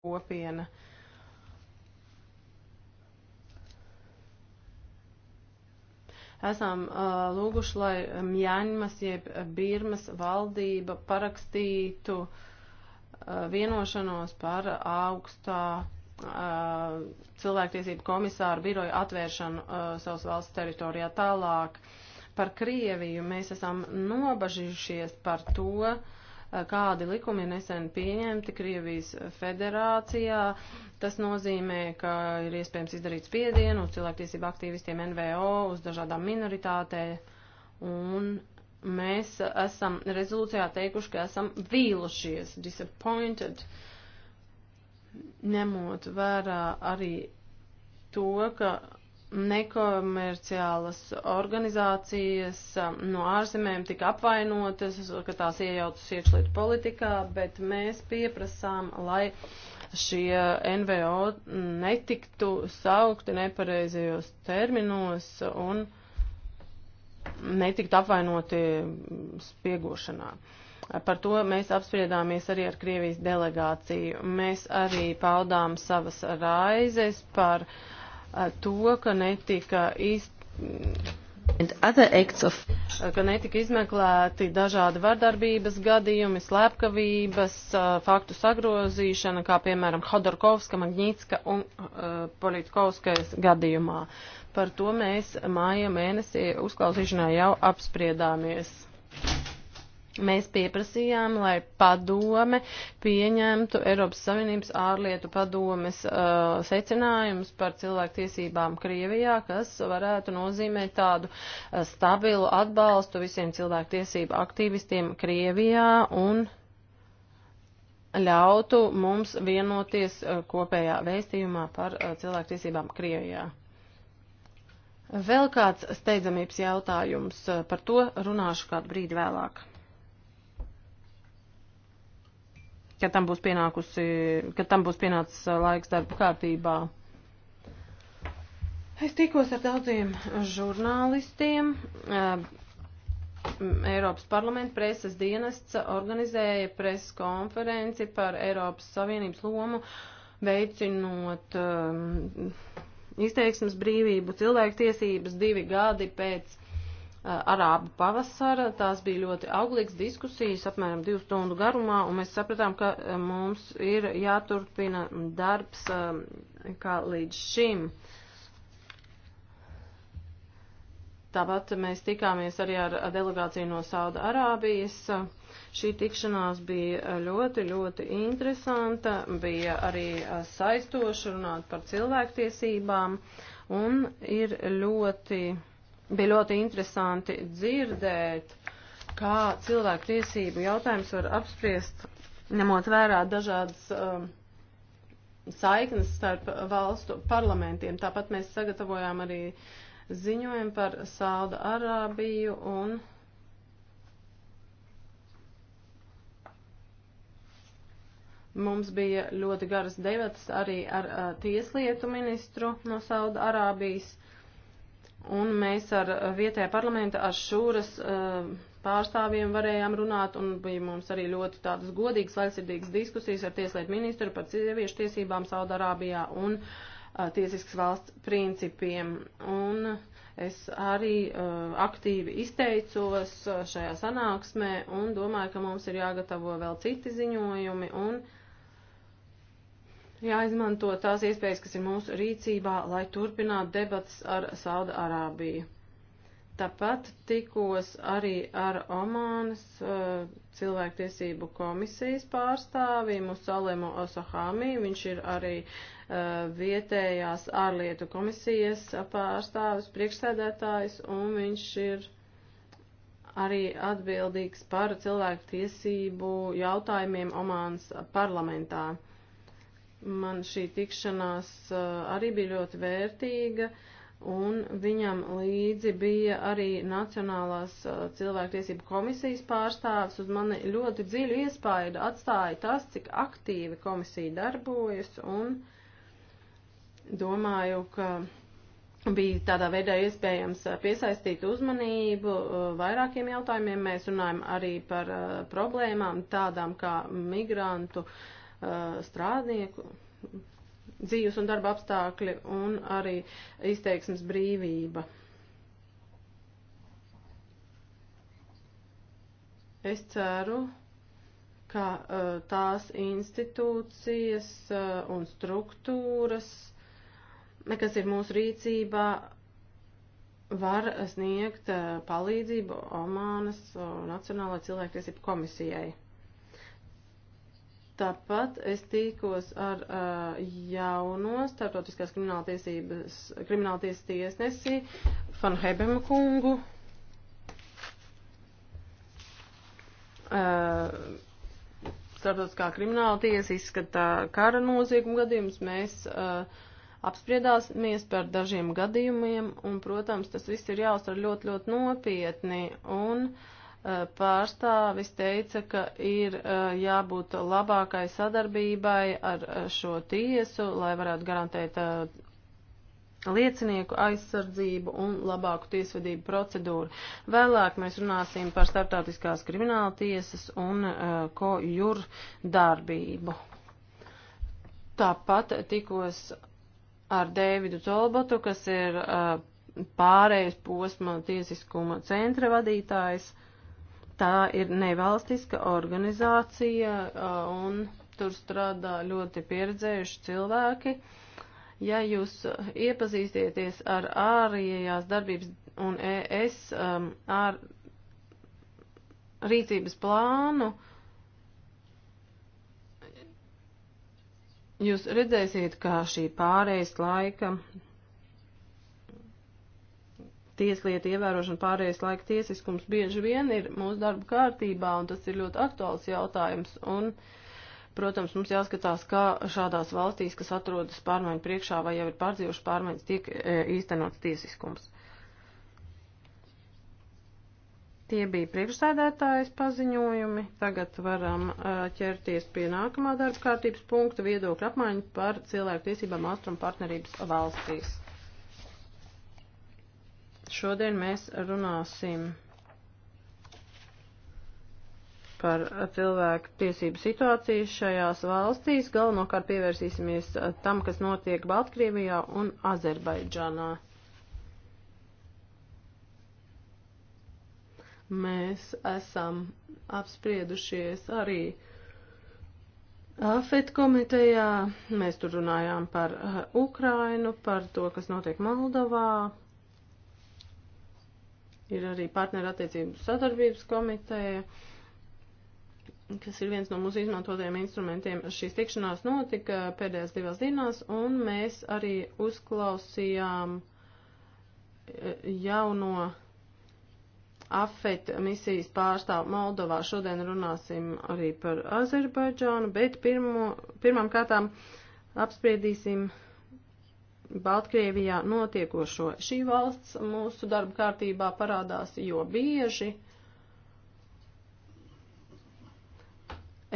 kopiena. Esam uh, lūguši, lai Mjaņmas jeb Birmas valdība parakstītu uh, vienošanos par augstā uh, cilvēktiesību komisāru biroju atvēršanu uh, savas valsts teritorijā tālāk. Par Krieviju mēs esam nobažījušies par to, uh, Eh, kādi likumi nesen pieņemti Krievijas federācijā. Tas nozīmē, ka ir iespējams izdarīt spiedienu uz cilvēktiesību aktīvistiem NVO, uz dažādām minoritātēm. Un mēs esam rezolūcijā teikuši, ka esam vīlušies, disappointed, ņemot vērā arī to, ka nekomerciālas organizācijas um, no ārzemēm tika apvainotas, ka tās iejaucas iekšlietu politikā, bet mēs pieprasām, lai šie NVO netiktu saukti nepareizajos terminos un netikt apvainoti spiegošanā. Par to mēs apspriedāmies arī ar Krievijas delegāciju. Mēs arī paudām savas raizes par uh, Eh, to, ka netika īst Of... Eh, ka netika izmeklēti dažādi vardarbības gadījumi, slepkavības, eh, faktu sagrozīšana, kā piemēram Hodorkovska, Magnītska un uh, Politkovskais gadījumā. Par to mēs māja mēnesī uzklausīšanā jau apspriedāmies. Mēs pieprasījām, lai padome pieņemtu Eiropas Savienības ārlietu padomes uh, secinājumus par cilvēktiesībām Krievijā, kas varētu nozīmēt tādu uh, stabilu atbalstu visiem cilvēktiesību aktīvistiem Krievijā un ļautu mums vienoties uh, kopējā vēstījumā par uh, cilvēktiesībām Krievijā. Vēl kāds steidzamības jautājums, uh, par to runāšu kādu brīdi vēlāk. kad tam būs pienākusi, kad tam būs pienācis uh, laiks darba kārtībā. Es tikos ar daudziem žurnālistiem. Uh, Eiropas parlamenta preses dienests organizēja preses konferenci par Eiropas Savienības lomu veicinot um, izteiksmes brīvību, cilvēktiesības divi gadi pēc Eh, arābu pavasara. Tās bija ļoti auglīgas diskusijas, apmēram divu stundu garumā, un mēs sapratām, ka eh, mums ir jāturpina darbs eh, kā līdz šim. Tāpat mēs tikāmies arī ar delegāciju no Sauda Arābijas. Šī tikšanās bija ļoti, ļoti interesanta, bija arī saistoša runāt par cilvēktiesībām un ir ļoti Bija ļoti interesanti dzirdēt, kā cilvēku tiesību jautājums var apspriest, ņemot vērā dažādas um, saiknes starp valstu parlamentiem. Tāpat mēs sagatavojām arī ziņojumu par Sauda Arābiju un Mums bija ļoti garas debatas arī ar uh, tieslietu ministru no Sauda Arābijas. Un mēs ar vietējā parlamenta, ar šūras eh, pārstāvjiem varējām runāt, un bija mums arī ļoti tādas godīgas, laicīgas diskusijas ar tieslietu ministru par sieviešu tiesībām Saudārābijā un a, eh, tiesisks valsts principiem. Un es arī a, eh, aktīvi izteicos šajā sanāksmē un domāju, ka mums ir jāgatavo vēl citi ziņojumi un uh, jāizmanto tās iespējas, kas ir mūsu rīcībā, lai turpinātu debatas ar Sauda Arābiju. Tāpat tikos arī ar Omānas uh, cilvēktiesību komisijas pārstāvī Musalemu Osahami, viņš ir arī uh, vietējās ārlietu komisijas pārstāvis, priekšsēdētājs, un viņš ir arī atbildīgs par cilvēktiesību jautājumiem Omānas parlamentā. Man šī tikšanās eh, arī bija ļoti vērtīga, un viņam līdzi bija arī Nacionālās eh, cilvēktiesību komisijas pārstāvis. Uz mani ļoti dziļu iespaidu atstāja tas, cik aktīvi komisija darbojas, un domāju, ka bija tādā veidā iespējams eh, piesaistīt uzmanību vairākiem jautājumiem. Mēs runājam arī par problēmām tādām kā migrantu Uh, strādnieku dzīves un darba apstākļi un arī izteiksmes brīvība. Es ceru, ka uh, tās institūcijas uh, un struktūras, kas ir mūsu rīcībā, var sniegt uh, palīdzību Omānas uh, Nacionālajai cilvēktiesību komisijai. Tāpat es tīkos ar uh, jauno starptautiskās krimināltiesības, krimināltiesas tiesnesi Fan Hebema kungu. Uh, starptautiskā krimināltiesa izskatā kara noziegumu gadījumus. Mēs uh, apspriedāmies par dažiem gadījumiem, un, protams, tas viss ir jāuztver ļoti, ļoti nopietni. Un, uh, Eh, pārstāvis teica, ka ir eh, jābūt labākai sadarbībai ar eh, šo tiesu, lai varētu garantēt liecinieku aizsardzību un labāku tiesvedību procedūru. Vēlāk mēs runāsim par starptautiskās krimināla tiesas un uh, ko jur darbību. Tāpat tikos ar Dēvidu Tolbotu, kas ir uh, pārējais posma tiesiskuma centra vadītājs. Uh, Tā ir nevalstiska organizācija un tur strādā ļoti pieredzējuši cilvēki. Ja jūs iepazīsieties ar ārējās darbības un ES um, ār, rīcības plānu, jūs redzēsiet, kā šī pārējais laika tieslietu ievērošana pārējais laika tiesiskums bieži vien ir mūsu darba kārtībā, un tas ir ļoti aktuāls jautājums. Un, protams, mums jāskatās, kā šādās valstīs, kas atrodas pārmaiņu priekšā vai jau ir pārdzīvuši pārmaiņas, tiek e, īstenots tiesiskums. Tie bija priekšsēdētājas paziņojumi. Tagad varam e, ķerties pie nākamā darba kārtības punkta viedokļa apmaiņa par cilvēku tiesībām austrum partnerības valstīs. Šodien mēs runāsim par cilvēku tiesību situāciju šajās valstīs. Galvenokārt pievērsīsimies tam, kas notiek Baltkrievijā un Azerbaidžānā. Mēs esam apspriedušies arī AFET komitejā. Mēs tur runājām par uh, Ukrainu, par to, kas notiek Moldovā, ir arī partnerattiecības sadarbības komiteja, kas ir viens no mūsu izmantotajiem instrumentiem. Šīs tikšanās notika pēdējās divās dienās, un mēs arī uzklausījām e, jauno AFET misijas pārstāvu Moldovā. Šodien runāsim arī par Azerbaidžānu, bet pirmo, pirmām kārtām apspriedīsim Baltkrievijā notiekošo. Šī valsts mūsu darba kārtībā parādās jo bieži.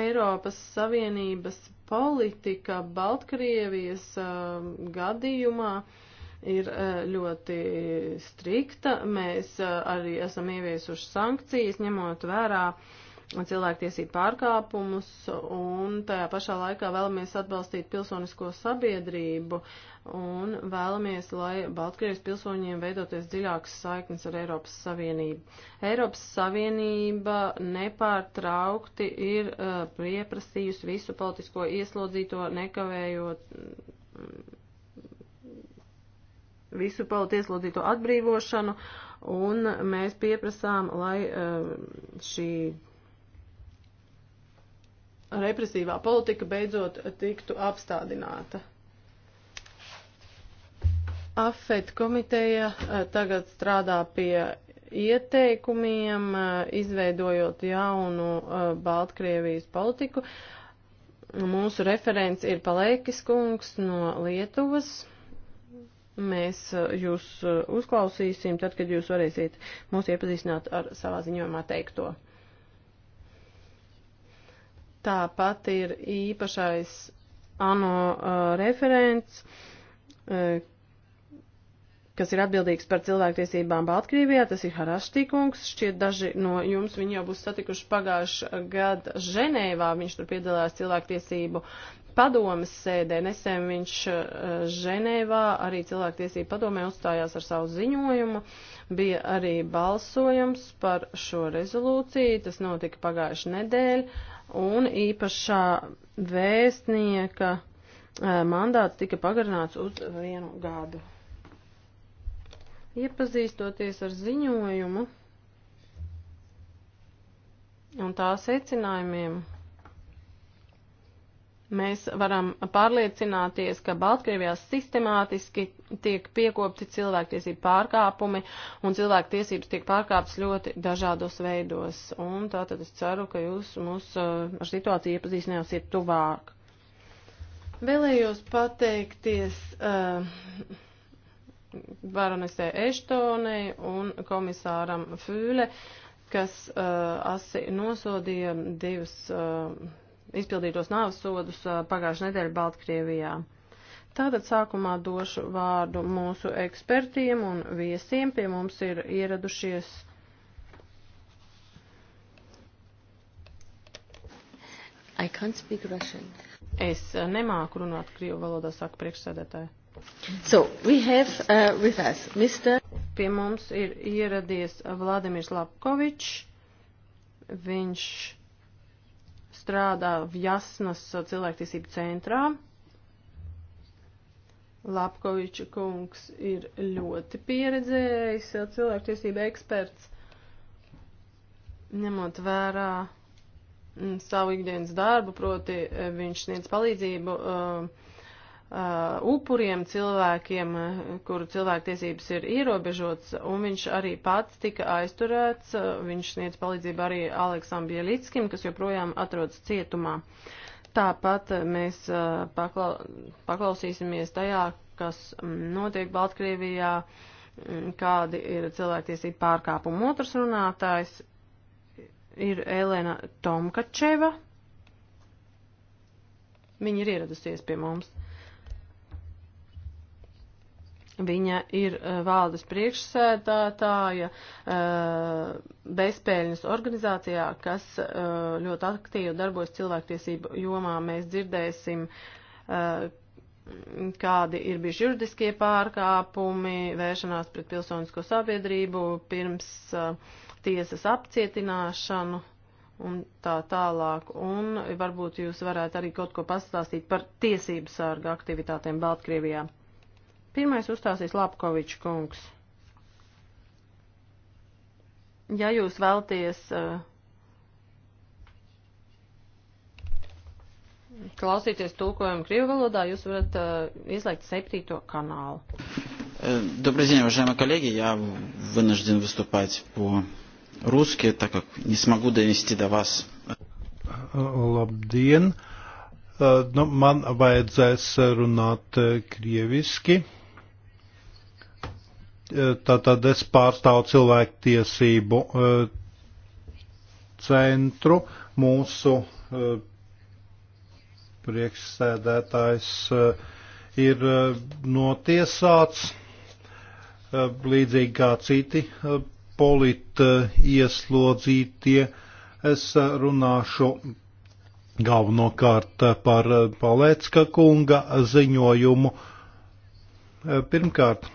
Eiropas Savienības politika Baltkrievijas uh, gadījumā ir uh, ļoti strikta. Mēs uh, arī esam ieviesuši sankcijas, ņemot vērā uh, cilvēktiesību pārkāpumus un tajā pašā laikā vēlamies atbalstīt pilsonisko sabiedrību un vēlamies, lai Baltkrievis pilsoņiem veidoties dziļākas saiknes ar Eiropas Savienību. Eiropas Savienība nepārtraukti ir uh, pieprasījusi visu politisko ieslodzīto, nekavējot mm, visu politiski ieslodzīto atbrīvošanu un mēs pieprasām, lai uh, šī represīvā politika beidzot tiktu apstādināta. AFET komiteja eh, tagad strādā pie ieteikumiem, eh, izveidojot jaunu eh, Baltkrievijas politiku. Mūsu referents ir Palēkis kungs no Lietuvas. Mēs jūs uzklausīsim tad, kad jūs varēsiet mūs iepazīstināt ar savā ziņojumā teikto. Tāpat ir īpašais ANO uh, referents, uh, kas ir atbildīgs par cilvēktiesībām Baltkrievijā, tas ir Haraštīkungs. Šķiet, daži no jums viņu jau būs satikuši pagājušā gada Ženēvā. Viņš tur piedalās cilvēktiesību padomas sēdē. Nesen viņš uh, Ženēvā arī cilvēktiesību padomē uzstājās ar savu ziņojumu. Bija arī balsojums par šo rezolūciju. Tas notika pagājušā nedēļa un īpašā vēstnieka eh, mandāts tika pagarināts uz vienu gadu. Iepazīstoties ar ziņojumu un tā secinājumiem, mēs varam pārliecināties, ka Baltkrievijā sistemātiski tiek piekopti cilvēktiesību pārkāpumi un cilvēktiesības tiek pārkāptas ļoti dažādos veidos. Un tātad es ceru, ka jūs mūs uh, ar situāciju iepazīstināsiet tuvāk. Vēlējos pateikties uh, Baronesē Eštonei un komisāram Fūle, kas uh, asi nosodīja divas. Uh, izpildītos nāves sodus pagājušajā nedēļā Baltkrievijā. Tātad sākumā došu vārdu mūsu ekspertiem un viesiem. Pie mums ir ieradušies. I can't speak Russian. Es nemāku runāt krievu valodā, saka priekšsēdētāji. So, we have uh, with us Mr. Pie mums ir ieradies Vladimirs Lapkovičs. Viņš strādā Vjasnas cilvēktiesību centrā. Lapkoviča kungs ir ļoti pieredzējis eh, cilvēktiesība eksperts, ņemot vērā mm, savu ikdienas darbu, proti eh, viņš sniedz palīdzību uh, uh, upuriem cilvēkiem, kuru cilvēktiesības ir ierobežots, un viņš arī pats tika aizturēts. Viņš sniedz palīdzību arī Aleksam Bielickim, kas joprojām atrodas cietumā. Tāpat mēs uh, pakla paklausīsimies tajā, kas notiek Baltkrievijā, mm, kādi ir cilvēktiesība pārkāpumi. Otrs runātājs ir Elena Tomkačeva. Viņa ir ieradusies pie mums. Uh, Viņa ir e, valdes priekšsēdētāja e, bezpēļņas organizācijā, kas e, ļoti aktīvi darbojas cilvēktiesību jomā. Mēs dzirdēsim, kādi ir bijuši juridiskie pārkāpumi, vēršanās pret pilsonisko sabiedrību, pirms tiesas apcietināšanu un tā tālāk. Un varbūt jūs varētu arī kaut ko pastāstīt par tiesību sārga aktivitātēm Baltkrievijā. Pirmais uzstāsies Lapkovičs kungs. Ja jūs vēlties uh, klausīties tulkojumu krievu valodā, jūs varat uh, izlaikt septīto kanālu. Э, добрый день, уважаемые коллеги. Я вынужден выступать по-русски, так как не смогу донести до вас. Labdien! Nu, man vajadzēs runāt krieviski. Tātad es pārstāvu cilvēktiesību eh, centru. Mūsu eh, priekšsēdētājs eh, ir notiesāts līdzīgi kā citi politi ieslodzītie. Es runāšu galvenokārt par Palecka kunga ziņojumu. Pirmkārt,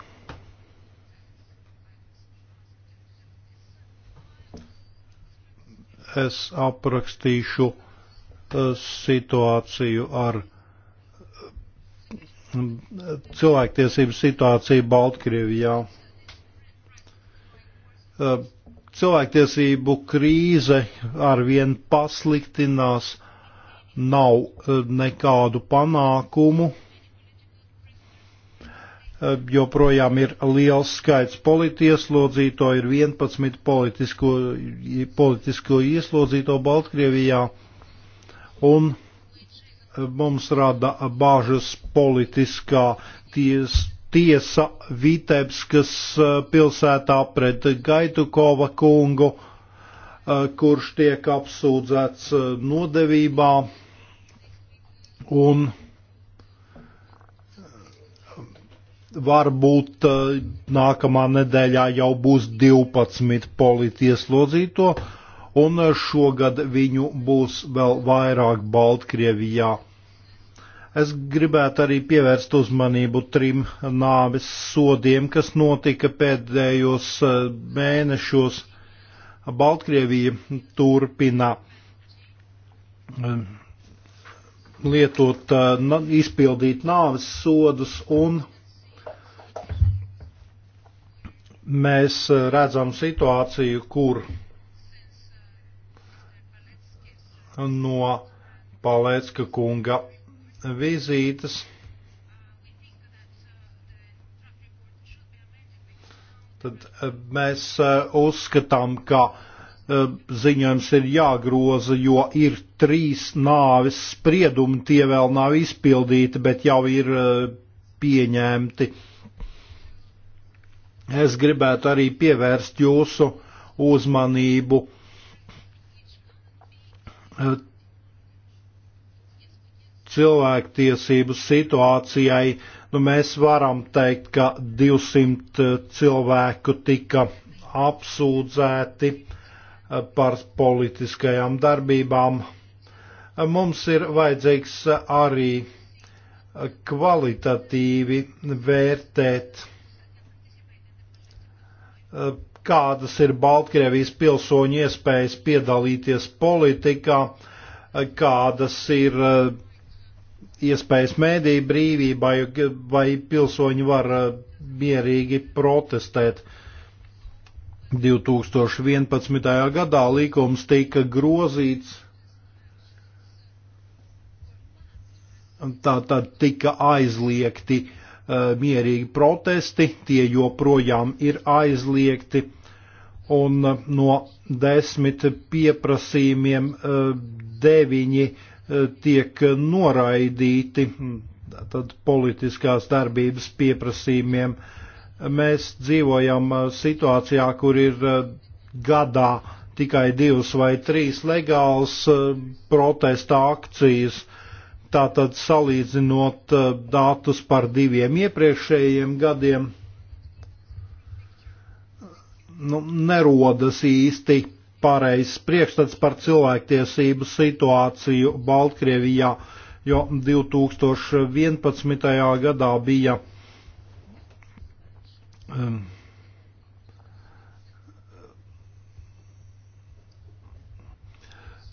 es aprakstīšu eh, situāciju ar eh, cilvēktiesību situāciju Baltkrievijā. Eh, cilvēktiesību krīze arvien pasliktinās, nav nekādu panākumu Eh, joprojām ir liels skaits politieslodzīto, ir 11 politisko, politisko ieslodzīto Baltkrievijā, un eh, mums rada bāžas politiskā ties, tiesa Vitebskas eh, pilsētā pret Gaitukova kungu, kurš tiek apsūdzēts nodevībā, un varbūt eh, nākamā nedēļā jau būs 12 politieslodzīto, un eh, šogad viņu būs vēl vairāk Baltkrievijā. Es gribētu arī pievērst uzmanību trim nāves sodiem, kas notika pēdējos eh, mēnešos. Baltkrievija turpina lietot, izpildīt nāves sodus un mēs eh, redzam situāciju, kur no Palēcka kunga vizītes tad eh, mēs eh, uzskatām, ka ziņojums ir jāgroza, jo ir trīs nāves spriedumi, tie vēl nav izpildīti, bet jau ir pieņemti es gribētu arī pievērst jūsu uzmanību eh, cilvēktiesību situācijai. Nu, mēs varam teikt, ka 200 eh, cilvēku tika apsūdzēti eh, par politiskajām darbībām. Mums ir vajadzīgs arī kvalitatīvi vērtēt Eh, kādas ir Baltkrievijas pilsoņu iespējas piedalīties politikā, eh, kādas ir eh, iespējas mēdī brīvībai, vai pilsoņi var mierīgi protestēt. 2011. gadā likums tika grozīts, tā tad tika aizliegti uh, Eh, mierīgi protesti, tie joprojām ir aizliegti, un eh, no desmit pieprasījumiem eh, deviņi tiek noraidīti, mm, tad politiskās darbības pieprasījumiem. Mēs dzīvojam situācijā, kur ir gadā tikai divas vai trīs legālas protesta akcijas, uh, Tātad salīdzinot eh, datus par diviem iepriekšējiem gadiem, nu, nerodas īsti pareizs priekšstats par cilvēktiesību situāciju Baltkrievijā, jo 2011. gadā bija um,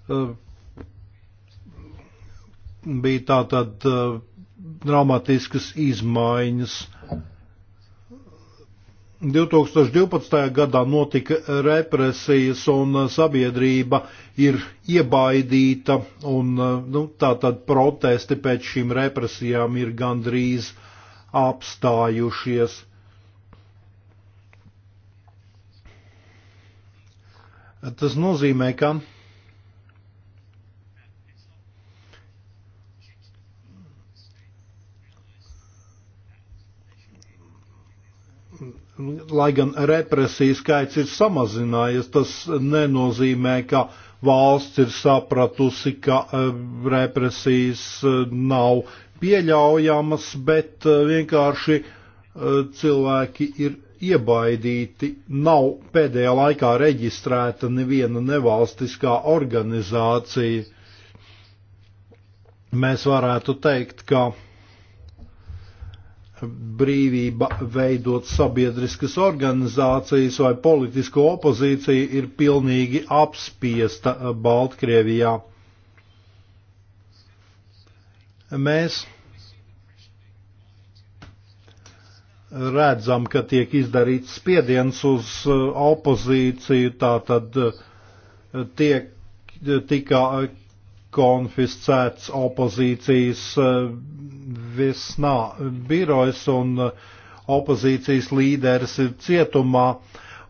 um bija tātad uh, dramatiskas izmaiņas. 2012. gadā notika represijas un uh, sabiedrība ir iebaidīta un uh, nu, tātad protesti pēc šīm represijām ir gandrīz apstājušies. Tas nozīmē, ka lai gan represiju skaits ir samazinājies, tas nenozīmē, ka valsts ir sapratusi, ka e, represijas e, nav pieļaujamas, bet e, vienkārši cilvēki ir iebaidīti. Nav pēdējā laikā reģistrēta neviena nevalstiskā organizācija. Mēs varētu teikt, ka brīvība veidot sabiedriskas organizācijas vai politisko opozīciju ir pilnīgi apspiesta Baltkrievijā. Mēs redzam, ka tiek izdarīts spiediens uz opozīciju, tā tad tiek tika konfiscēts opozīcijas eh, visnā birojas un eh, opozīcijas līderis ir cietumā.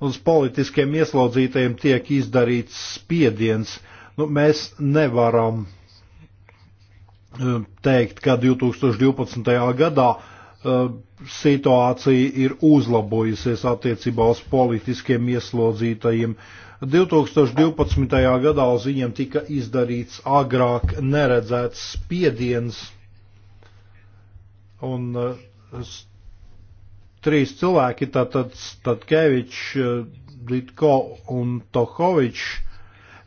Uz politiskiem ieslodzītajiem tiek izdarīts spiediens. Nu, mēs nevaram eh, teikt, ka 2012. gadā Uh, situācija ir uzlabojusies attiecībā uz politiskiem ieslodzītajiem. 2012. gadā uz viņiem tika izdarīts agrāk neredzēts spiediens, un uh, trīs cilvēki, tātad Statkevičs, Ditko uh, un Tohovičs,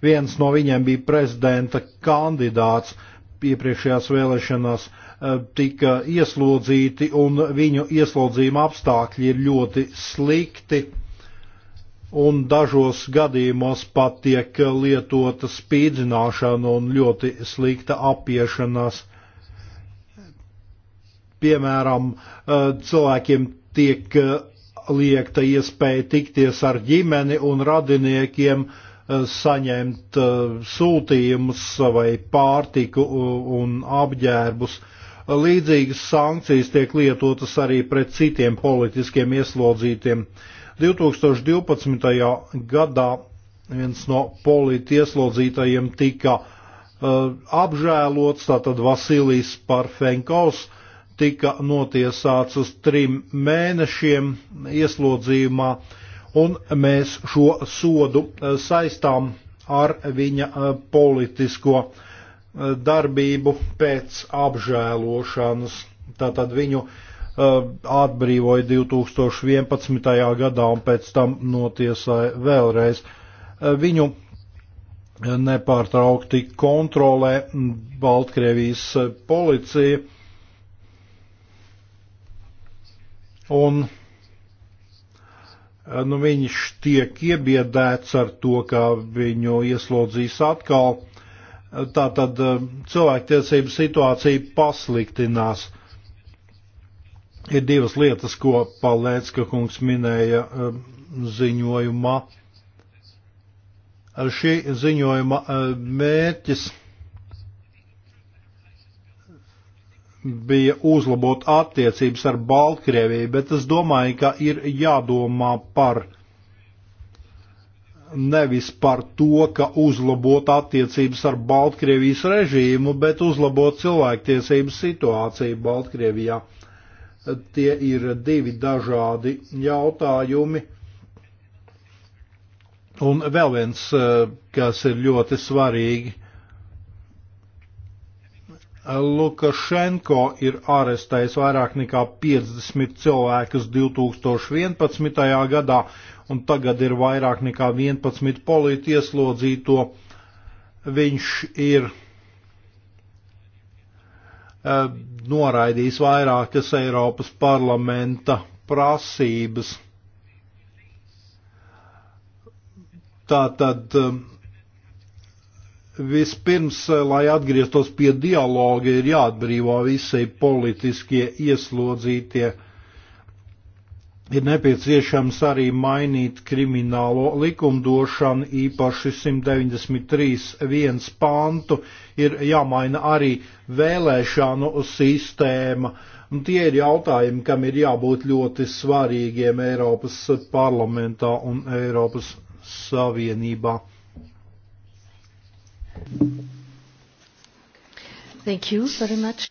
viens no viņiem bija prezidenta kandidāts, iepriekšējās vēlēšanās eh, tika ieslodzīti, un viņu ieslodzījuma apstākļi ir ļoti slikti, un dažos gadījumos pat tiek lietota spīdzināšana un ļoti slikta apiešanās. Piemēram, eh, cilvēkiem tiek eh, liekta iespēja tikties ar ģimeni un radiniekiem, uh, Eh, saņemt eh, sūtījumus vai pārtiku un apģērbus. Līdzīgas sankcijas tiek lietotas arī pret citiem politiskiem ieslodzītiem. 2012. gadā viens no politi ieslodzītajiem tika uh, apžēlots, tātad Vasilijs Parfenkovs tika notiesāts uz trim mēnešiem ieslodzījumā. Uh, un mēs šo sodu eh, saistām ar viņa eh, politisko eh, darbību pēc apžēlošanas. Tātad viņu atbrīvoja 2011. gadā un pēc tam notiesāja vēlreiz. Viņu nepārtraukti kontrolē mm, Baltkrievijas policija. Un Eh, nu, viņš tiek iebiedēts ar to, ka viņu ieslodzīs atkal. Eh, tā tad eh, cilvēktiesību situācija pasliktinās. Ir divas lietas, ko Palēcka kungs minēja ziņojumā. Šī ziņojuma mērķis bija uzlabot attiecības ar Baltkrieviju, bet es domāju, ka ir jādomā par nevis par to, ka uzlabot attiecības ar Baltkrievijas režīmu, bet uzlabot cilvēktiesību situāciju Baltkrievijā. Tie ir divi dažādi jautājumi. Un vēl viens, eh, kas ir ļoti svarīgi, Lukašenko ir arestējis vairāk nekā 50 cilvēkus 2011. gadā, un tagad ir vairāk nekā 11 polīti ieslodzīto. Viņš ir e, noraidījis vairākas Eiropas parlamenta prasības. Tātad e, Vispirms, eh, lai atgrieztos pie dialoga, ir jāatbrīvo visi politiskie ieslodzītie. Ir nepieciešams arī mainīt kriminālo likumdošanu, īpaši 193.1 pantu ir jāmaina arī vēlēšanu sistēma. Un tie ir jautājumi, kam ir jābūt ļoti svarīgiem Eiropas parlamentā un Eiropas Savienībā. Thank you very much.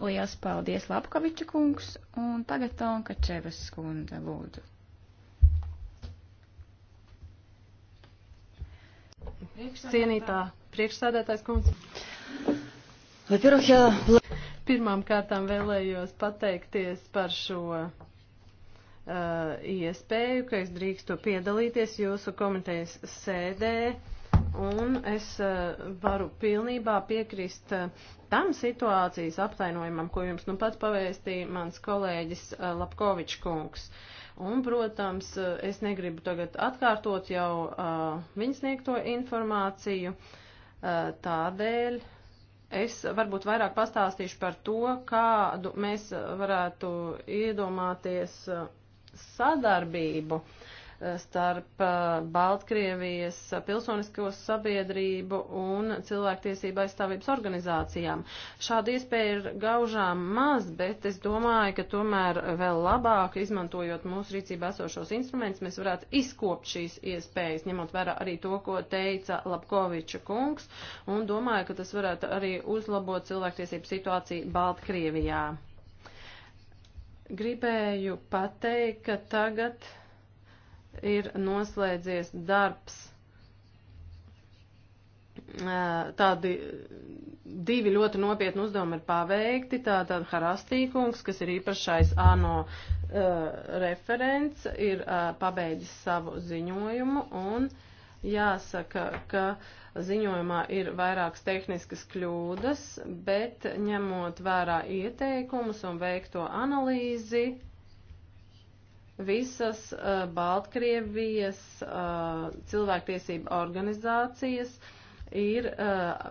Lielas paldies, Lapkaviča kungs, un tagad Tonka Čevas skundze, lūdzu. Cienītā priekšsēdētājs kungs. Pirmām kārtām vēlējos pateikties par šo uh, iespēju, ka es drīkstu piedalīties jūsu komitejas sēdē. Uh, Un es eh, varu pilnībā piekrist eh, tam situācijas aptainojumam, ko jums nu pats pavēstīja mans kolēģis eh, Lapkovičs kungs. Un, protams, es negribu tagad atkārtot jau uh, viņas sniegto informāciju, uh, tādēļ es varbūt vairāk pastāstīšu par to, kādu mēs varētu iedomāties sadarbību. Uh, Eh, starp eh, Baltkrievijas pilsonisko sabiedrību un cilvēktiesība aizstāvības organizācijām. Šāda iespēja ir gaužām maz, bet es domāju, ka tomēr vēl labāk, izmantojot mūsu rīcībā esošos instrumentus, mēs varētu izkopt šīs iespējas, ņemot vērā arī to, ko teica Lapkoviča kungs, un domāju, ka tas varētu arī uzlabot cilvēktiesību situāciju Baltkrievijā gribēju pateikt, ka tagad ir noslēdzies darbs tādi divi ļoti nopietni uzdevumi ir paveikti. Tātad Harastīkungs, kas ir īpašais ANO uh, referents, ir uh, pabeidzis savu ziņojumu un jāsaka, ka ziņojumā ir vairākas tehniskas kļūdas, bet ņemot vērā ieteikumus un veikto analīzi, visas uh, Baltkrievijas uh, eh, cilvēktiesība organizācijas ir uh,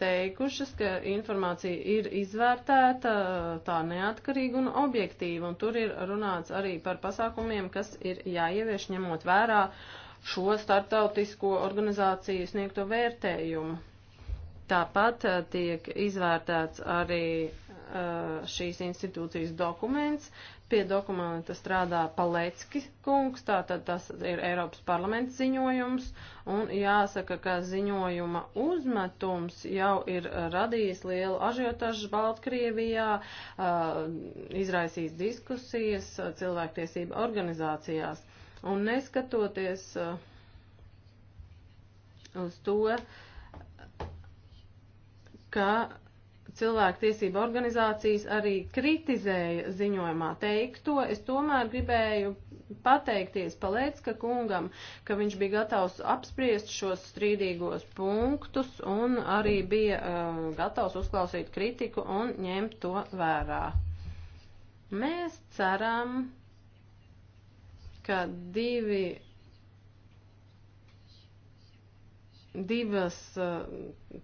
teikušas, ka informācija ir izvērtēta tā neatkarīga un objektīva, un tur ir runāts arī par pasākumiem, kas ir jāievieš ņemot vērā šo startautisko organizāciju sniegto vērtējumu. Tāpat tiek izvērtēts arī Uh, šīs institūcijas dokuments. Pie dokumenta strādā Palecki kungs, tātad tas ir Eiropas parlaments ziņojums, un jāsaka, ka ziņojuma uzmetums jau ir radījis lielu ažiotažu Baltkrievijā, uh, izraisījis diskusijas uh, cilvēktiesība organizācijās. Un neskatoties uz to, ka cilvēktiesība organizācijas arī kritizēja ziņojumā teikto. Es tomēr gribēju pateikties Palecka kungam, ka viņš bija gatavs apspriest šos strīdīgos punktus un arī bija uh, gatavs uzklausīt kritiku un ņemt to vērā. Mēs ceram, ka divi divas eh,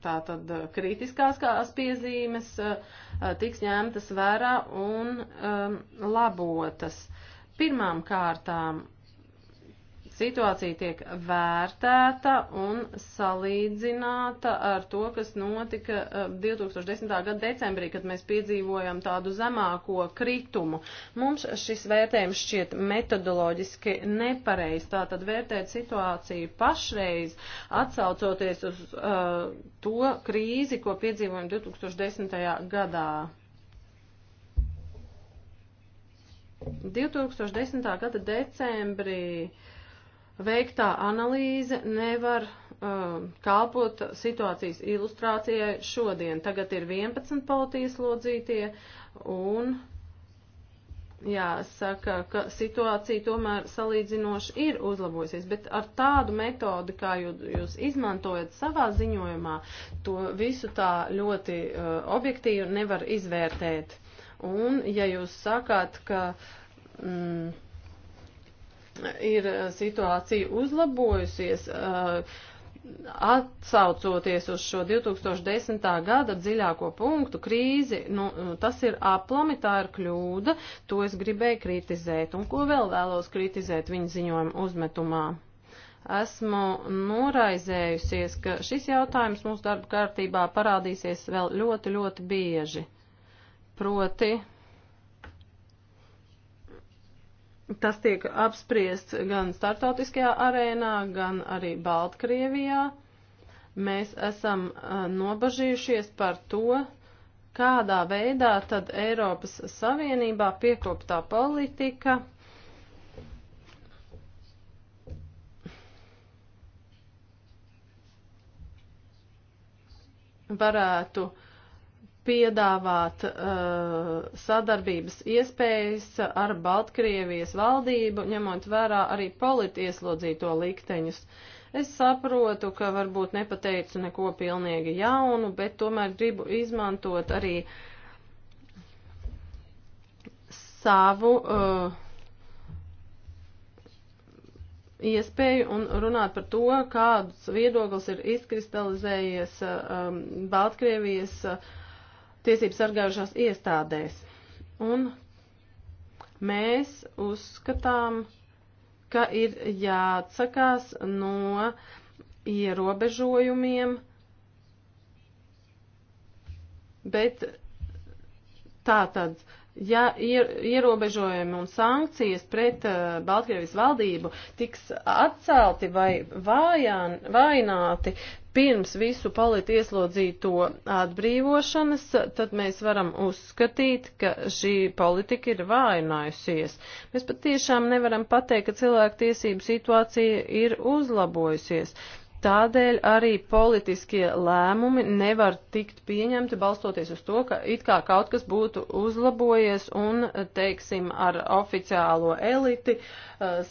tātad eh, kritiskās piezīmes eh, tiks ņemtas vērā un um, labotas. Pirmām kārtām situācija tiek vērtēta un salīdzināta ar to, kas notika 2010. Eh, gada decembrī, kad mēs piedzīvojam tādu zemāko kritumu. Mums šis vērtējums šķiet metodoloģiski nepareiz. Tātad vērtēt situāciju pašreiz, atsaucoties uz uh, to krīzi, ko piedzīvojam 2010. gadā. 2010. gada decembrī veiktā analīze nevar um, kalpot situācijas ilustrācijai šodien. Tagad ir 11 politieslodzītie un jāsaka, ka situācija tomēr salīdzinoši ir uzlabojusies, bet ar tādu metodi, kā jūs izmantojat savā ziņojumā, to visu tā ļoti uh, objektīvi nevar izvērtēt. Un ja jūs sakāt, ka. Mm, ir situācija uzlabojusies, atsaucoties uz šo 2010. gada dziļāko punktu krīzi, nu, tas ir aplami, tā ir kļūda, to es gribēju kritizēt. Un ko vēl vēlos kritizēt viņa ziņojuma uzmetumā? Esmu noraizējusies, ka šis jautājums mūsu darba kārtībā parādīsies vēl ļoti, ļoti bieži. Proti, Tas tiek apspriests gan startautiskajā arēnā, gan arī Baltkrievijā. Mēs esam nobažījušies par to, kādā veidā tad Eiropas Savienībā piekoptā politika varētu uh, piedāvāt uh, sadarbības iespējas ar Baltkrievijas valdību, ņemot vērā arī politieslodzīto likteņus. Es saprotu, ka varbūt nepateicu neko pilnīgi jaunu, bet tomēr gribu izmantot arī savu uh, iespēju un runāt par to, kāds viedoklis ir izkristalizējies uh, Baltkrievijas uh, tiesību sargājušās iestādēs. Un mēs uzskatām, ka ir jāatsakās no ierobežojumiem, bet tātad, ja ierobežojumi un sankcijas pret uh, Baltkrievis valdību tiks atcelti vai vājā, vājināti, pirms visu politieslodzīto atbrīvošanas, tad mēs varam uzskatīt, ka šī politika ir vājinājusies. Mēs patiešām nevaram pateikt, ka cilvēku tiesību situācija ir uzlabojusies. Uh, Tādēļ arī politiskie lēmumi nevar tikt pieņemti balstoties uz to, ka it kā kaut kas būtu uzlabojies un, teiksim, ar oficiālo eliti eh,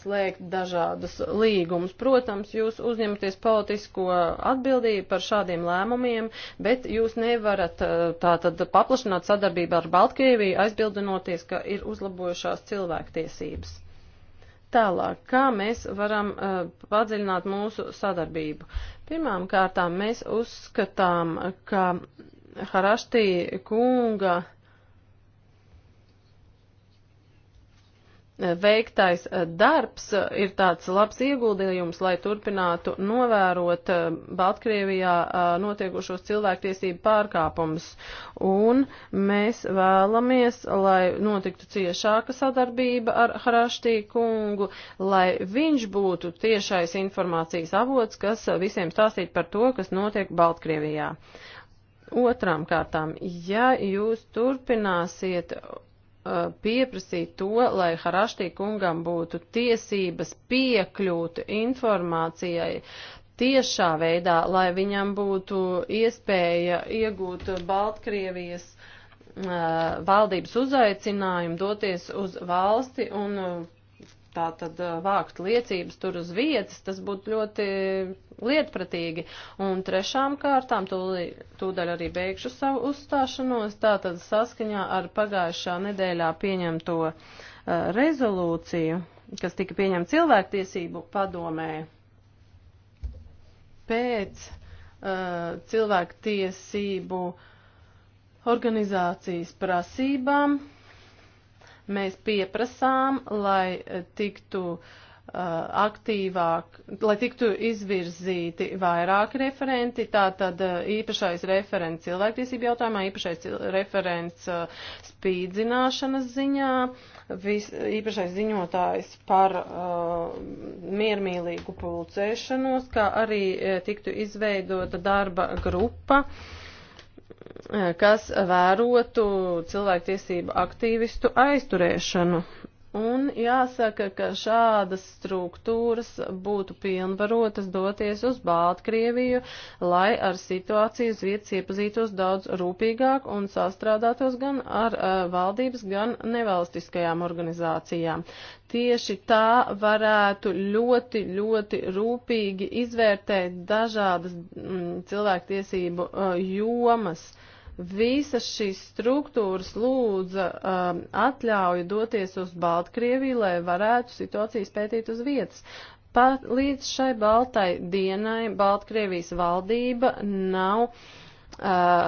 slēgt dažādas līgumus. Protams, jūs uzņematies politisko atbildību par šādiem lēmumiem, bet jūs nevarat eh, tātad paplašināt sadarbību ar Baltkrieviju, aizbildinoties, ka ir uzlabojušās cilvēktiesības. Tālāk, kā mēs varam uh, padziļināt mūsu sadarbību? Pirmām kārtām mēs uzskatām, ka Haraštī kunga uh, veiktais eh, darbs eh, ir tāds labs ieguldījums, lai turpinātu novērot eh, Baltkrievijā notiekušos cilvēktiesību pārkāpumus. Un mēs vēlamies, lai notiktu ciešāka sadarbība ar Hraštī kungu, lai viņš būtu tiešais informācijas avots, kas visiem stāstītu par to, kas notiek Baltkrievijā. Otrām kārtām, ja jūs turpināsiet Uh, pieprasīt to, lai Haraštī kungam būtu tiesības piekļūt informācijai tiešā veidā, lai viņam būtu iespēja iegūt Baltkrievijas uh, valdības uzaicinājumu doties uz valsti un uh, tā tad uh, vākt liecības tur uz vietas, tas būtu ļoti lietpratīgi. Un trešām kārtām, tūlī, tūdaļ arī beigšu savu uzstāšanos, tātad saskaņā ar pagājušā nedēļā pieņemto uh, rezolūciju, kas tika pieņemta cilvēktiesību padomē pēc uh, cilvēktiesību organizācijas prasībām mēs pieprasām, lai eh, tiktu uh, Uh, aktīvāk, lai tiktu izvirzīti vairāki referenti, tātad uh, īpašais referents cilvēktiesību jautājumā, īpašais referents uh, spīdzināšanas ziņā, vis, īpašais ziņotājs par uh, miermīlīgu pulcēšanos, kā arī tiktu izveidota darba grupa kas vērotu cilvēktiesību aktīvistu aizturēšanu Un jāsaka, ka šādas struktūras būtu pilnvarotas doties uz Baltkrieviju, lai ar situāciju uz vietas iepazītos daudz rūpīgāk un sastrādātos gan ar uh, valdības, gan nevalstiskajām organizācijām. Tieši tā varētu ļoti, ļoti rūpīgi izvērtēt dažādas mm, cilvēktiesību uh, jomas. Uh, Visas šīs struktūras lūdza um, atļauju doties uz Baltkrieviju, lai varētu situācijas pētīt uz vietas. Pat līdz šai baltai dienai Baltkrievijas valdība nav uh,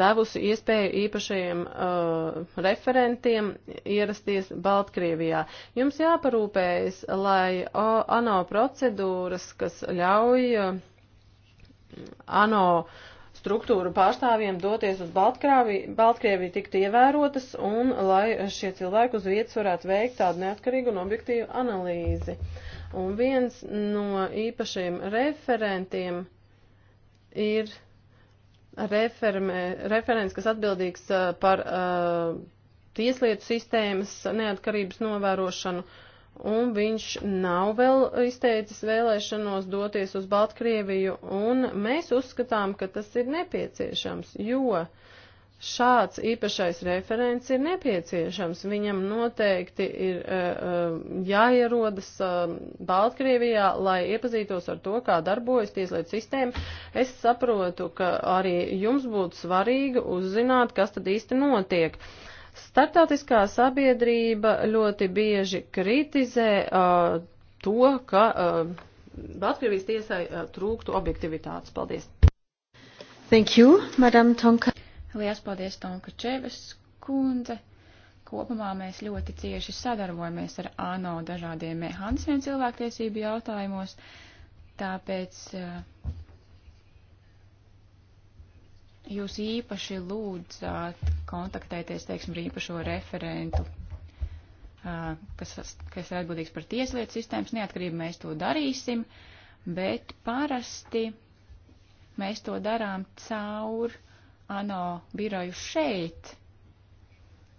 devusi iespēju īpašajiem uh, referentiem ierasties Baltkrievijā. Jums jāparūpējas, lai o, ANO procedūras, kas ļauj uh, ANO uh, struktūru pārstāvjiem doties uz Baltkrieviju, Baltkrieviju tiktu ievērotas un lai šie cilvēki uz vietas varētu veikt tādu neatkarīgu un objektīvu analīzi. Un viens no īpašiem referentiem ir referme, referents, kas atbildīgs uh, par uh, tieslietu sistēmas neatkarības novērošanu. Uh, un viņš nav vēl izteicis vēlēšanos doties uz Baltkrieviju, un mēs uzskatām, ka tas ir nepieciešams, jo šāds īpašais referents ir nepieciešams. Viņam noteikti ir uh, jāierodas uh, Baltkrievijā, lai iepazītos ar to, kā darbojas tieslietu sistēma. Es saprotu, ka arī jums būtu svarīgi uzzināt, kas tad īsti notiek. Uh, Startautiskā sabiedrība ļoti bieži kritizē uh, to, ka uh, Baltkrievijas tiesai uh, trūktu objektivitātes. Paldies! Thank you, Madam Tonka. Lielas paldies, Tonka Čevas kundze. Kopumā mēs ļoti cieši sadarbojamies ar ANO dažādiem mehānismiem cilvēktiesību jautājumos, tāpēc uh, jūs īpaši lūdzāt kontaktēties, teiksim, ar īpašo referentu, kas, kas ir atbildīgs par tieslietu sistēmas neatkarību. Mēs to darīsim, bet parasti mēs to darām caur ANO biroju šeit,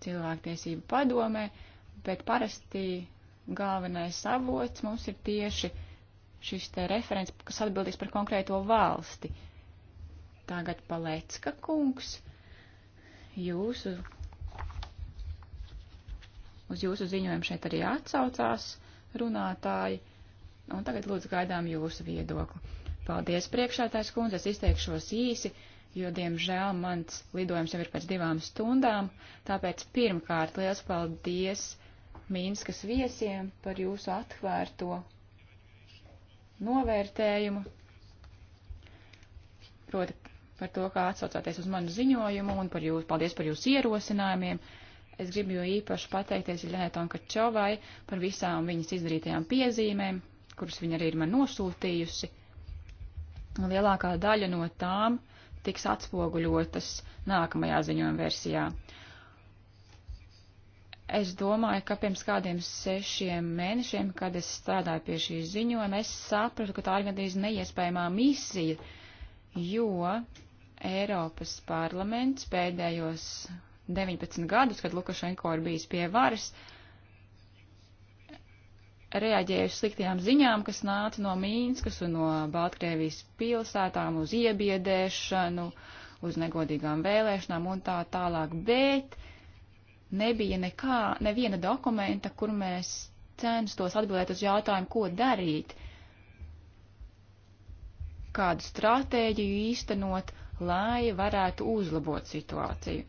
cilvēktiesību padomē, bet parasti galvenais avots mums ir tieši šis te referents, kas atbildīgs par konkrēto valsti. Uh, Tagad Palecka kungs, jūsu, uz jūsu ziņojumu šeit arī atsaucās runātāji, un tagad lūdzu gaidām jūsu viedokli. Paldies priekšētājs kundze, es izteikšos īsi, jo, diemžēl, mans lidojums jau ir pēc divām stundām, tāpēc pirmkārt liels paldies Mīnskas viesiem par jūsu atvērto novērtējumu proti par to, kā atsaucāties uz manu ziņojumu un par jūs, paldies par jūsu ierosinājumiem. Es gribu jo īpaši pateikties Ilenai Tonkačovai par visām viņas izdarītajām piezīmēm, kuras viņa arī ir man nosūtījusi. Un lielākā daļa no tām tiks atspoguļotas nākamajā ziņojuma versijā. Es domāju, ka pirms kādiem sešiem mēnešiem, kad es strādāju pie šī ziņojuma, es sapratu, ka tā ir gandrīz neiespējamā misija, jo Eiropas parlaments pēdējos 19 gadus, kad Lukašenko ir bijis pie varas, reaģēja uz sliktajām ziņām, kas nāca no Mīnskas un no Baltkrievijas pilsētām, uz iebiedēšanu, uz negodīgām vēlēšanām un tā tālāk, bet nebija nekā, neviena dokumenta, kur mēs censtos atbildēt uz jautājumu, ko darīt, kādu stratēģiju īstenot, lai varētu uzlabot situāciju.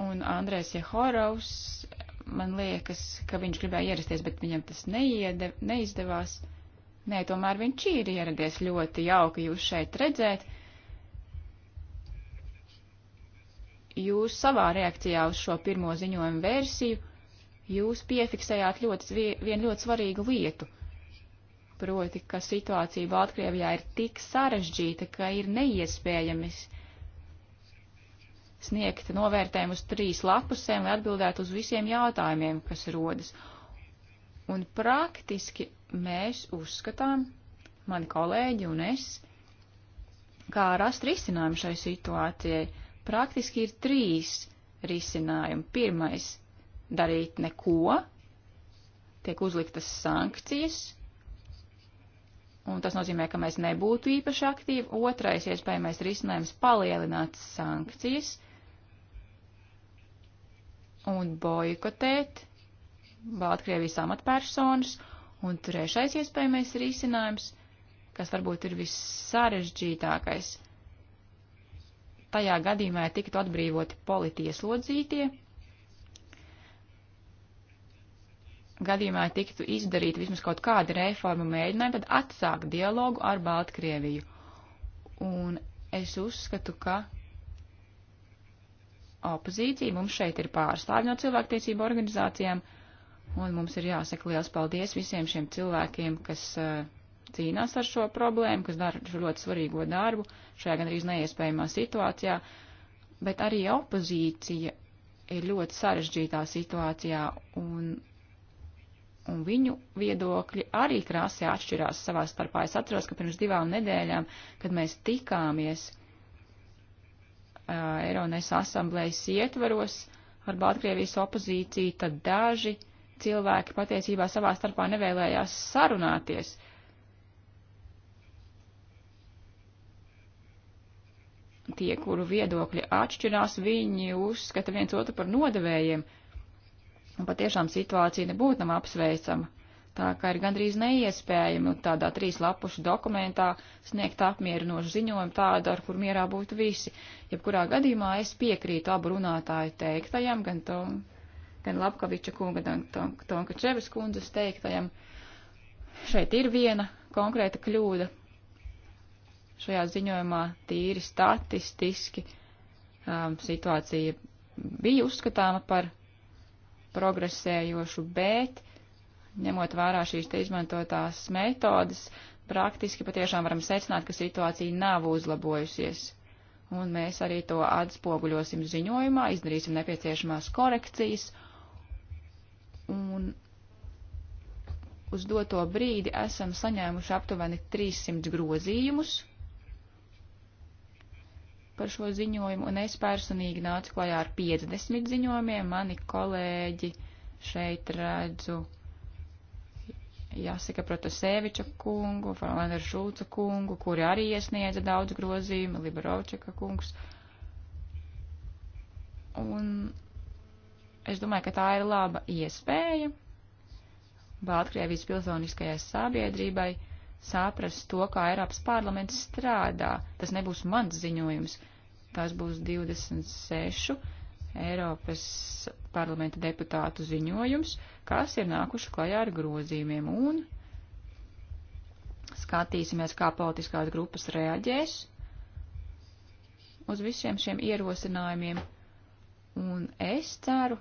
Un Andrēs Jehorovs, man liekas, ka viņš gribēja ierasties, bet viņam tas neiede, neizdevās. Nē, tomēr viņš ir ieradies ļoti jauki jūs šeit redzēt. Jūs savā reakcijā uz šo pirmo ziņojumu versiju jūs piefiksējāt ļoti, vienu ļoti svarīgu lietu proti, ka situācija Baltkrievijā ir tik sarežģīta, ka ir neiespējami sniegt novērtējumu uz trīs lapusēm, lai atbildētu uz visiem jautājumiem, kas rodas. Un praktiski mēs uzskatām, mani kolēģi un es, kā rast risinājumu šai situācijai. Praktiski ir trīs risinājumi. Pirmais - darīt neko, tiek uzliktas sankcijas, un tas nozīmē, ka mēs nebūtu īpaši aktīvi. Otrais iespējamais risinājums - palielināt sankcijas un boikotēt Baltkrievijas amatpersonas. Un trešais iespējamais risinājums, kas varbūt ir vissarežģītākais, tajā gadījumā tiktu atbrīvoti politieslodzītie gadījumā tiktu izdarīta vismaz kaut kāda reforma mēģinājuma, tad atsākt dialogu ar Baltkrieviju. Un es uzskatu, ka opozīcija mums šeit ir pārstāvja no cilvēktiesību organizācijām, un mums ir jāsaka liels paldies visiem šiem cilvēkiem, kas uh, cīnās ar šo problēmu, kas dara šo ļoti svarīgo darbu šajā gan arī neiespējamā situācijā, bet arī opozīcija ir ļoti sarežģītā situācijā, un un viņu viedokļi arī krāsē atšķirās savā starpā. Es atceros, ka pirms divām nedēļām, kad mēs tikāmies uh, Eironēs asamblējas ietvaros ar Baltkrievijas opozīciju, tad daži cilvēki patiesībā savā starpā nevēlējās sarunāties. Tie, kuru viedokļi atšķirās, viņi uzskata viens otru par nodevējiem. Uh, Un nu, patiešām situācija nebūtu nav apsveicama. Tā kā ir gandrīz neiespējami tādā trīs lapušu dokumentā sniegt apmierinošu ziņojumu tādu, ar kur mierā būtu visi. Jebkurā gadījumā es piekrītu abu runātāju teiktajam, gan, tom, gan Lapkaviča kunga, gan Tonka tom, Čevas kundzes teiktajam. Šeit ir viena konkrēta kļūda. Šajā ziņojumā tīri statistiski um, situācija bija uzskatāma par progresējošu, bet ņemot vērā šīs te izmantotās metodas, praktiski patiešām varam secināt, ka situācija nav uzlabojusies. Un mēs arī to atspoguļosim ziņojumā, izdarīsim nepieciešamās korekcijas. Un uz doto brīdi esam saņēmuši aptuveni 300 grozījumus par šo ziņojumu, un es personīgi nācu klajā ar 50 ziņojumiem. Mani kolēģi šeit redzu Jāsaka Protaseviča kungu, Falanda Šulca kungu, kuri arī iesniedza daudz grozījumu, Liberovčaka kungs. Un es domāju, ka tā ir laba iespēja Baltkrievijas pilsoniskajai sabiedrībai saprast to, kā Eiropas parlaments strādā. Tas nebūs mans ziņojums, tas būs 26 Eiropas parlamenta deputātu ziņojums, kas ir nākuši klajā ar grozījumiem un skatīsimies, kā politiskās grupas reaģēs uz visiem šiem ierosinājumiem. Un es ceru,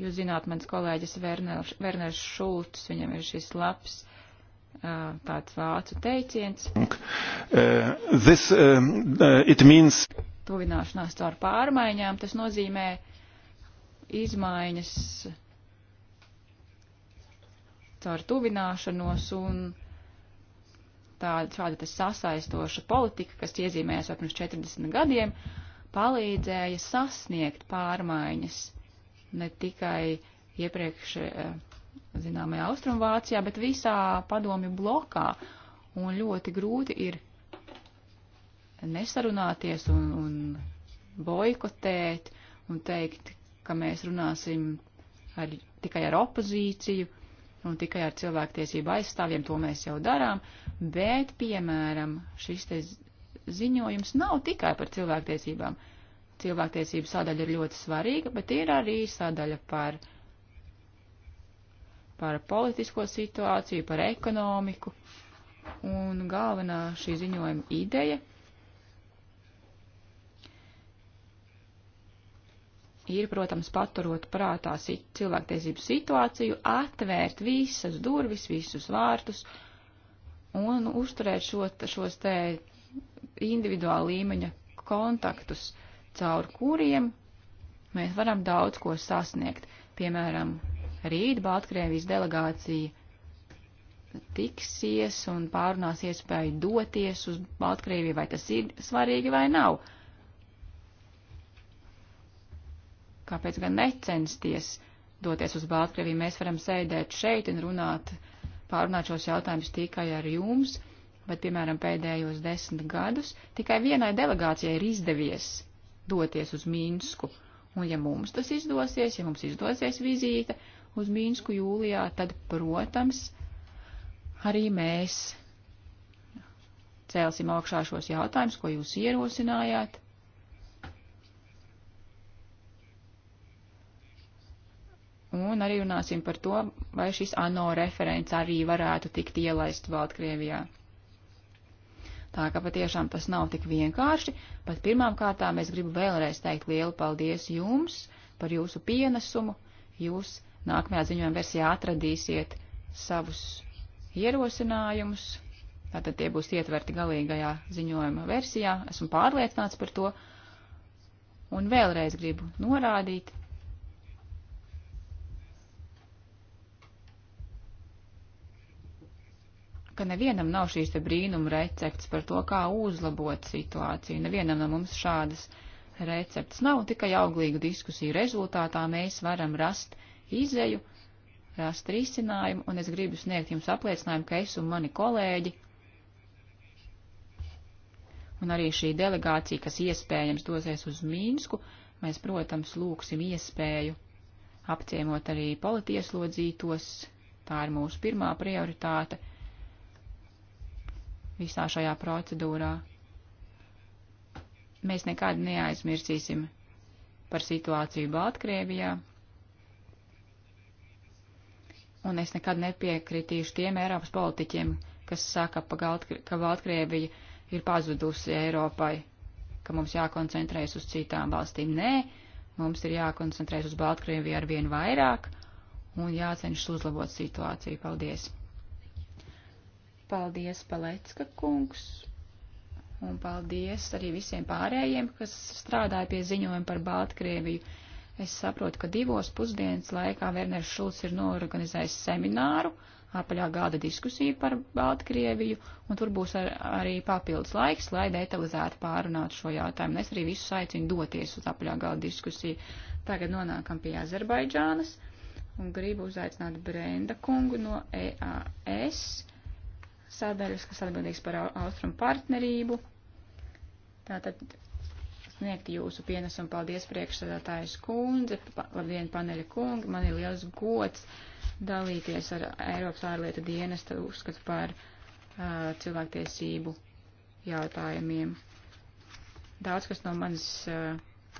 Jūs zināt, mans kolēģis Werners, Werners Šulcs, viņam ir šis labs tāds vācu teiciens. Uh, this, uh, it means... Tuvināšanās caur pārmaiņām, tas nozīmē izmaiņas caur tuvināšanos un tāda, šāda tas sasaistoša politika, kas iezīmējās vēl pirms 40 gadiem, palīdzēja sasniegt pārmaiņas ne tikai iepriekš eh, zināmajā Austrumvācijā, bet visā padomju blokā. Un ļoti grūti ir nesarunāties un, un boikotēt un teikt, ka mēs runāsim ar, tikai ar opozīciju un tikai ar cilvēktiesību aizstāvjiem, to mēs jau darām, bet, piemēram, šis te ziņojums nav tikai par cilvēktiesībām. Uh, cilvēktiesību sādaļa ir ļoti svarīga, bet ir arī sādaļa par, par politisko situāciju, par ekonomiku. Un galvenā šī ziņojuma ideja ir, protams, paturot prātā cilvēktiesību situāciju, atvērt visas durvis, visus vārtus un uzturēt šo, šos te individuāla līmeņa kontaktus caur kuriem mēs varam daudz ko sasniegt. Piemēram, rīt Baltkrievijas delegācija tiksies un pārunās iespēju doties uz Baltkrieviju, vai tas ir svarīgi vai nav. Kāpēc gan necensties doties uz Baltkrieviju? Mēs varam sēdēt šeit un runāt, pārunāt šos jautājumus tikai ar jums, bet, piemēram, pēdējos desmit gadus tikai vienai delegācijai ir izdevies doties uz Mīnsku. Un ja mums tas izdosies, ja mums izdosies vizīte uz Mīnsku jūlijā, tad, protams, arī mēs cēlsim augšā šos jautājumus, ko jūs ierosinājāt. Un arī runāsim par to, vai šis ANO referents arī varētu tikt ielaist Baltkrievijā. Tā ka patiešām tas nav tik vienkārši, pat pirmām kārtām es gribu vēlreiz teikt lielu paldies jums par jūsu pienesumu. Jūs nākamajā ziņojuma versijā atradīsiet savus ierosinājumus, tātad tie būs ietverti galīgajā ziņojuma versijā, esmu pārliecināts par to. Un vēlreiz gribu norādīt, ka nevienam nav šīs te brīnuma recepts par to, kā uzlabot situāciju. Nevienam no mums šādas recepts nav, tikai auglīgu diskusiju rezultātā mēs varam rast izēju, rast risinājumu, un es gribu sniegt jums apliecinājumu, ka es un mani kolēģi un arī šī delegācija, kas iespējams dosies uz Mīnsku, mēs, protams, lūksim iespēju apciemot arī politieslodzītos, tā ir mūsu pirmā prioritāte visā šajā procedūrā. Mēs nekad neaizmirsīsim par situāciju Baltkrievijā, un es nekad nepiekritīšu tiem Eiropas politiķiem, kas saka, ka Baltkrievija ir pazudusi Eiropai, ka mums jākoncentrējas uz citām valstīm. Nē, mums ir jākoncentrējas uz Baltkrieviju ar vien vairāk un jācenšas uzlabot situāciju. Paldies! Paldies, Palecka kungs! Un paldies arī visiem pārējiem, kas strādāja pie ziņojuma par Baltkrieviju. Es saprotu, ka divos pusdienas laikā Werners Šulcs ir norganizējis semināru, apaļā gada diskusiju par Baltkrieviju, un tur būs ar, arī papildus laiks, lai detalizēti pārunātu šo jautājumu. Es arī visus aicinu doties uz apaļā gada diskusiju. Tagad nonākam pie Azerbaidžānas, un gribu uzaicināt Brenda kungu no EAS sadaļas, kas atbildīgs par austrumu partnerību. Tātad sniegt jūsu pienesumu. Paldies priekšsēdētājas kundze, pa, labdien paneļa kungi, man ir liels gods dalīties ar Eiropas ārlietu dienesta uzskatu par uh, cilvēktiesību jautājumiem. Daudz, kas no manis, uh,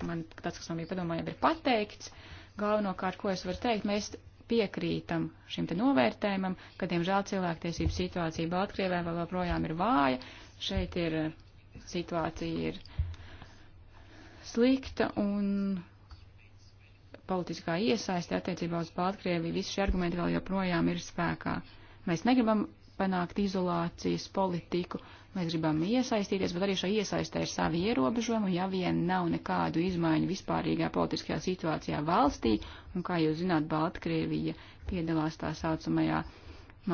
man, tāds, kas man bija padomājot, ir pateikts. Galvenokārt, ko es varu teikt, mēs piekrītam šim te novērtējumam, ka, diemžēl, cilvēktiesību situācija Baltkrievē vēl joprojām ir vāja. Šeit ir situācija ir slikta un politiskā iesaiste attiecībā uz Baltkrieviju, visi šie argumenti vēl joprojām ir spēkā. Mēs negribam panākt izolācijas politiku, Mēs gribam iesaistīties, bet arī šai iesaistē ir savi ierobežojumi, ja vien nav nekādu izmaiņu vispārīgā politiskajā situācijā valstī, un kā jūs zināt, Baltkrievija piedalās tā saucamajā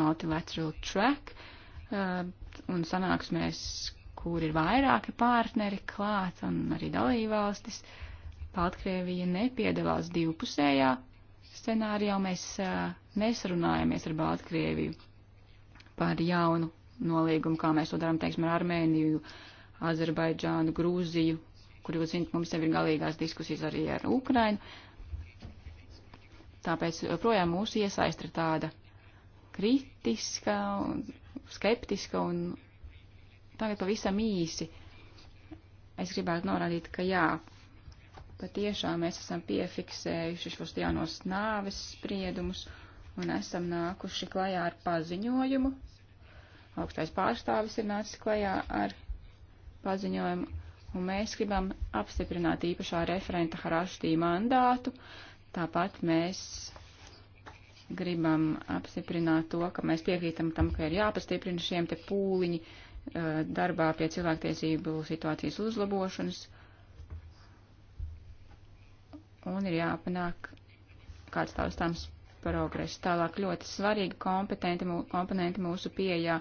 multilateral track, eh, un sanāksmēs, kur ir vairāki partneri klāt, un arī dalībvalstis, Baltkrievija nepiedalās divpusējā scenārijā mēs eh, nesarunājamies ar Baltkrieviju par jaunu nolīgumu, kā mēs to darām, teiksim, ar Armēniju, Azerbaidžānu, Grūziju, kur jūs zinat, mums jau ir galīgās diskusijas arī ar Ukrainu. Tāpēc projām mūsu iesaistra tāda kritiska, un skeptiska un tagad pavisam īsi. Es gribētu norādīt, ka jā, patiešām mēs esam piefiksējuši šos jaunos nāves spriedumus un esam nākuši klajā ar paziņojumu, augstais pārstāvis ir nācis klajā ar paziņojumu, un mēs gribam apstiprināt īpašā referenta Haraštī mandātu. Tāpat mēs gribam apstiprināt to, ka mēs piekrītam tam, ka ir jāpastiprina šiem te pūliņi uh, darbā pie cilvēktiesību situācijas uzlabošanas, un ir jāpanāk kāds taustāms progresu. Tālāk ļoti svarīga komponente mūsu pieejā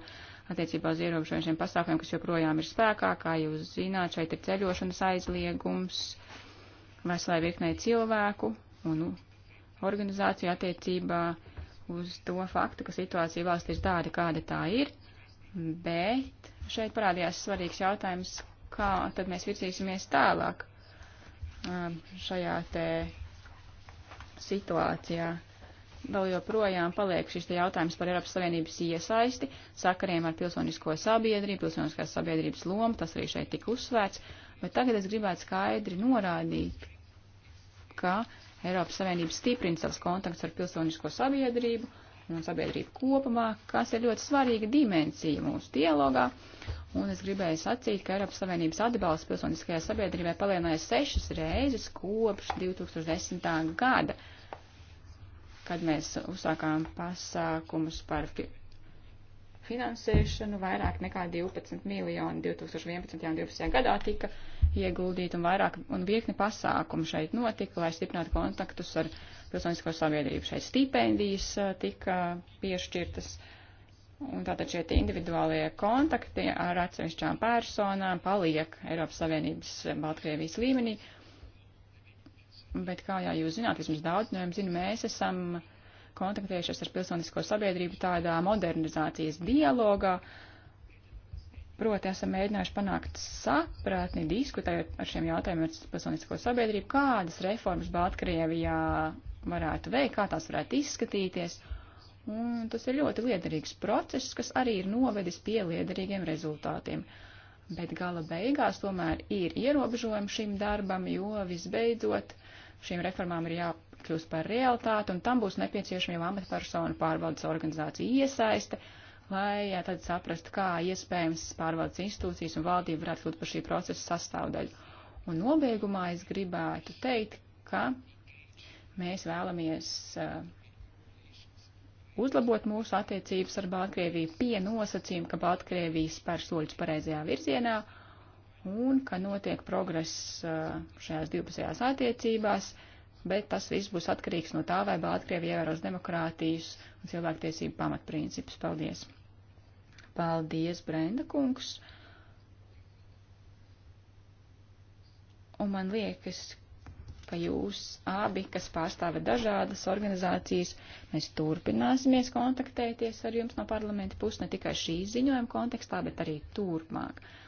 attiecībā uz ierobežojušiem pasākumiem, kas joprojām ir spēkā. Kā jūs zināt, šeit ir ceļošanas aizliegums veselai virknei cilvēku un nu, organizāciju attiecībā uz to faktu, ka situācija valstī ir tāda, kāda tā ir, bet šeit parādījās svarīgs jautājums, kā tad mēs virzīsimies tālāk um, šajā te situācijā vēl joprojām paliek šis jautājums par Eiropas Savienības iesaisti, sakariem ar pilsonisko sabiedrību, pilsoniskās sabiedrības lomu, tas arī šeit tika uzsvērts, bet tagad es gribētu skaidri norādīt, ka Eiropas Savienība stiprina savus kontaktus ar pilsonisko sabiedrību un sabiedrību kopumā, kas ir ļoti svarīga dimensija mūsu dialogā, un es gribēju sacīt, ka Eiropas Savienības atbalsts pilsoniskajā sabiedrībai palielinājas sešas reizes kopš 2010. gada kad mēs uzsākām pasākumus par finansēšanu, vairāk nekā 12 miljoni 2011. un 2012. gadā tika ieguldīti un vairāk un virkni pasākumu šeit notika, lai stiprinātu kontaktus ar pilsonisko sabiedrību. Šeit stipendijas tika piešķirtas. Un tātad šie individuālie kontakti ar atsevišķām personām paliek Eiropas Savienības Baltkrievijas līmenī, bet kā jau jūs zināt, vismaz daudz no jums zina, mēs esam kontaktējušies ar pilsonisko sabiedrību tādā modernizācijas dialogā, proti esam mēģinājuši panākt sapratni, diskutējot ar šiem jautājumiem ar pilsonisko sabiedrību, kādas reformas Baltkrievijā varētu veikt, kā tās varētu izskatīties. Un tas ir ļoti liederīgs process, kas arī ir novedis pie liederīgiem rezultātiem. Bet gala beigās tomēr ir ierobežojumi šim darbam, jo visbeidzot Šīm reformām ir jākļūst par realitāti, un tam būs nepieciešama jau amatpersonu pārvaldes organizācija iesaiste, lai jā, tad saprastu, kā iespējams pārvaldes institūcijas un valdība varētu kļūt par šī procesa sastāvdaļu. Un nobeigumā es gribētu teikt, ka mēs vēlamies uh, uzlabot mūsu attiecības ar Baltkrieviju pie nosacījuma, ka Baltkrievija spēr soļus pareizajā virzienā un ka notiek progress uh, šajās divpusējās attiecībās, bet tas viss būs atkarīgs no tā, vai Baltkrievi ievēros demokrātijas un cilvēktiesību pamatprincipus. Paldies! Paldies, Brenda kungs! Un man liekas, ka jūs abi, kas pārstāvat dažādas organizācijas, mēs turpināsimies kontaktēties ar jums no parlamenta puses ne tikai šī ziņojuma kontekstā, bet arī turpmāk. Uh,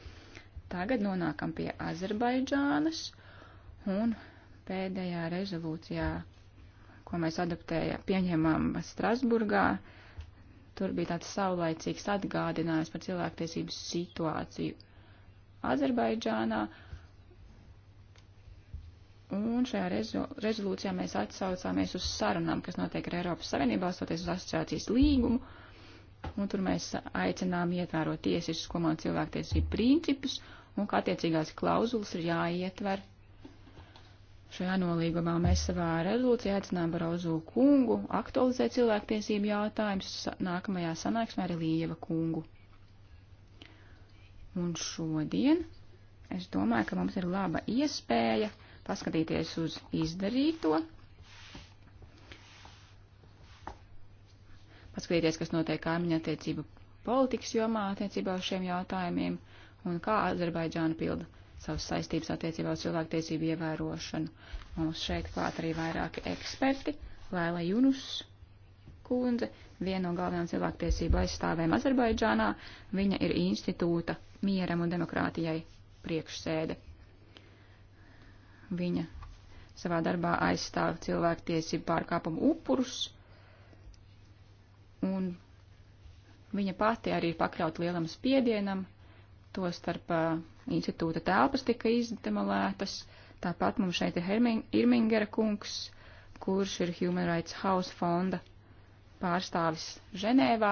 Tagad nonākam pie Azerbaidžānas un pēdējā rezolūcijā, ko mēs adaptējām, pieņemam Strasburgā, tur bija tāds saulaicīgs atgādinājums par cilvēktiesību situāciju Azerbaidžānā. Un šajā rezo, rezolūcijā mēs atsaucāmies uz sarunām, kas notiek ar Eiropas Savienību, balstoties uz asociācijas līgumu. Un tur mēs aicinām ievērot tiesiskumu un cilvēktiesību principus un nu, ka attiecīgās klauzulas ir jāietver šajā nolīgumā. Mēs savā rezolūcijā aicinām Barozu kungu aktualizēt cilvēktiesību jautājumus nākamajā sanāksmē arī Lieva kungu. Un šodien es domāju, ka mums ir laba iespēja paskatīties uz izdarīto, paskatīties, kas notiek kaimiņa attiecību politikas jomā attiecībā uz šiem jautājumiem, un kā Azerbaidžāna pilda savas saistības attiecībā uz cilvēktiesību ievērošanu. Mums šeit klāt arī vairāki eksperti. Laila Junus kundze, viena no galvenajām cilvēktiesību aizstāvēm Azerbaidžānā, viņa ir institūta mieram un demokrātijai priekšsēde. Viņa savā darbā aizstāv cilvēktiesību pārkāpumu upurus, un viņa pati arī ir pakļaut lielam spiedienam tostarp institūta telpas tika izdemolētas. Tāpat mums šeit ir Herming, Irmingera kungs, kurš ir Human Rights House fonda pārstāvis Ženēvā.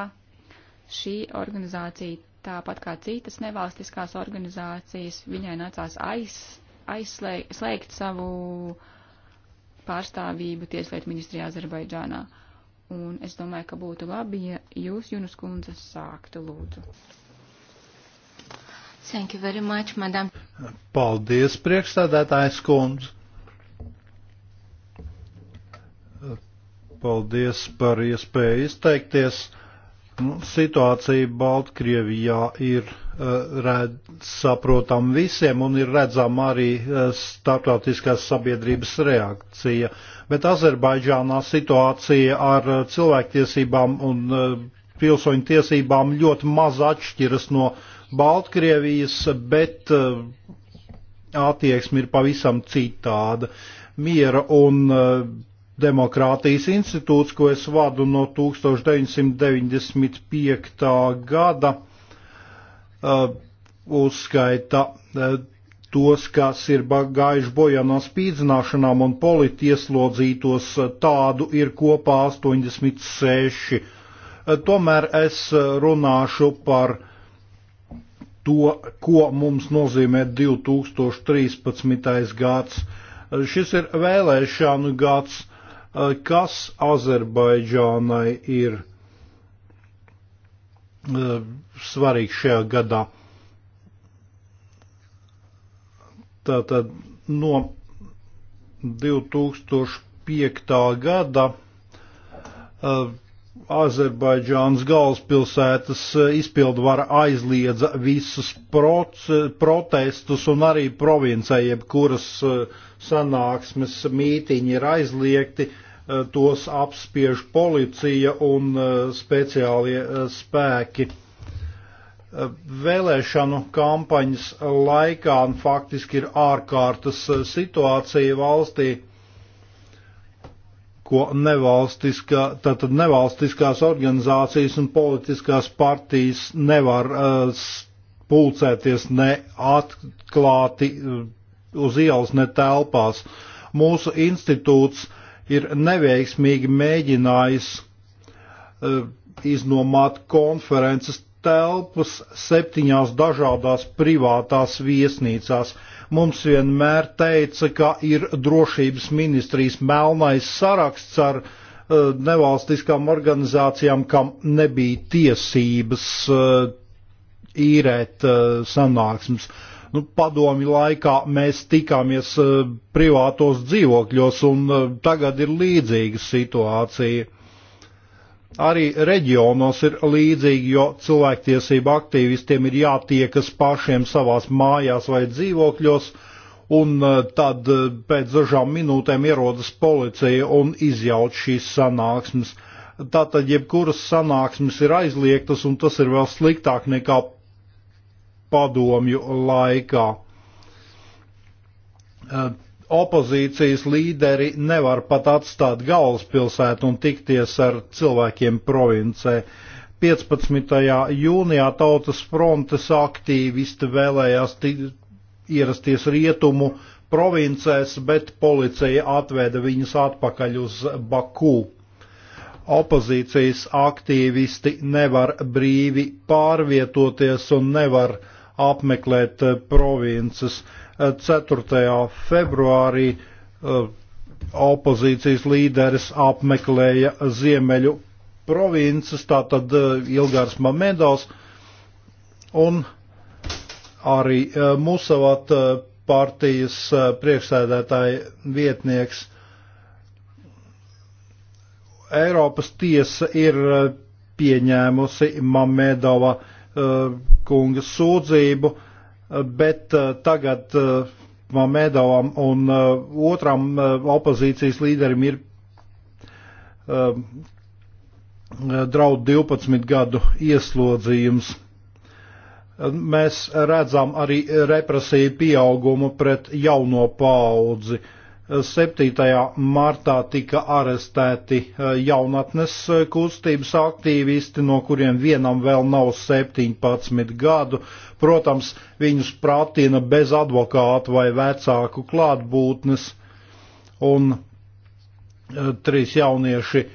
Šī organizācija, tāpat kā citas nevalstiskās organizācijas, viņai nācās aiz, aizslēgt savu pārstāvību Tieslietu ministrijā Azerbaidžānā. Un es domāju, ka būtu labi, ja jūs, Junus kundze, sāktu lūdzu. Thank you very much, madam. Paldies, priekšstādātājs kundz. Paldies par iespēju izteikties. Nu, situācija Baltkrievijā ir uh, eh, red, saprotam visiem un ir redzama arī uh, starptautiskās sabiedrības reakcija. Bet Azerbaidžānā situācija ar uh, cilvēktiesībām un pilsoņu tiesībām ļoti maz atšķiras no uh, Baltkrievijas, bet eh, attieksme ir pavisam citāda. Miera un eh, demokrātijas institūts, ko es vadu no 1995. gada, eh, uzskaita tos, kas ir gājuši bojā no spīdzināšanām un politieslodzītos, tādu ir kopā 86. Tomēr es runāšu par uh, to, ko mums nozīmē 2013. gads. Šis ir vēlēšanu gads, eh, kas Azerbaidžānai ir eh, svarīgs šajā gadā. Tātad no 2005. gada eh, Azerbaidžānas galvaspilsētas e, izpildvara aizliedza visus protestus un arī provincē, jebkuras e, sanāksmes mītiņi ir aizliegti, e, tos apspiež policija un speciālie spēki. Vēlēšanu kampaņas laikā un faktiski ir ārkārtas situācija valstī ko nevalstiskā, tātad nevalstiskās organizācijas un politiskās partijas nevar uh, pulcēties neatklāti uh, uz ielas, ne telpās. Mūsu institūts ir neveiksmīgi mēģinājis uh, iznomāt konferences telpas septiņās dažādās privātās viesnīcās. Uh, mums vienmēr teica, ka ir drošības ministrijas melnais saraksts ar eh, nevalstiskām organizācijām, kam nebija tiesības eh, īrēt eh, sanāksmes. Nu, padomi laikā mēs tikāmies privātos dzīvokļos, un tagad ir līdzīga situācija arī reģionos ir līdzīgi, jo cilvēktiesība aktīvistiem ir jātiekas pašiem savās mājās vai dzīvokļos, un e, tad e, pēc dažām minūtēm ierodas policija un izjauc šīs sanāksmes. Tātad jebkuras sanāksmes ir aizliegtas, un tas ir vēl sliktāk nekā padomju laikā e, opozīcijas līderi nevar pat atstāt galvaspilsētu un tikties ar cilvēkiem provincē. 15. jūnijā Tautas frontes aktīvisti vēlējās ierasties rietumu provincēs, bet policija atveda viņus atpakaļ uz Baku. Opozīcijas aktīvisti nevar brīvi pārvietoties un nevar apmeklēt eh, provinces. Uh, 4. februārī e, opozīcijas līderis apmeklēja ziemeļu provinces, tātad e, Ilgārs Mamedovs un arī e, Musavat partijas priekšsēdētāja vietnieks. Eiropas tiesa ir pieņēmusi Mamedova kunga sūdzību bet uh, tagad uh, Mamedovam un uh, otram opozīcijas līderim ir draud 12 gadu ieslodzījums. Mēs redzam arī represiju pieaugumu pret jauno paudzi. Uh, 7. martā tika arestēti eh, jaunatnes eh, kustības aktīvisti, no kuriem vienam vēl nav 17 gadu. Protams, viņus prātina bez advokāta vai vecāku klātbūtnes, un eh, trīs jaunieši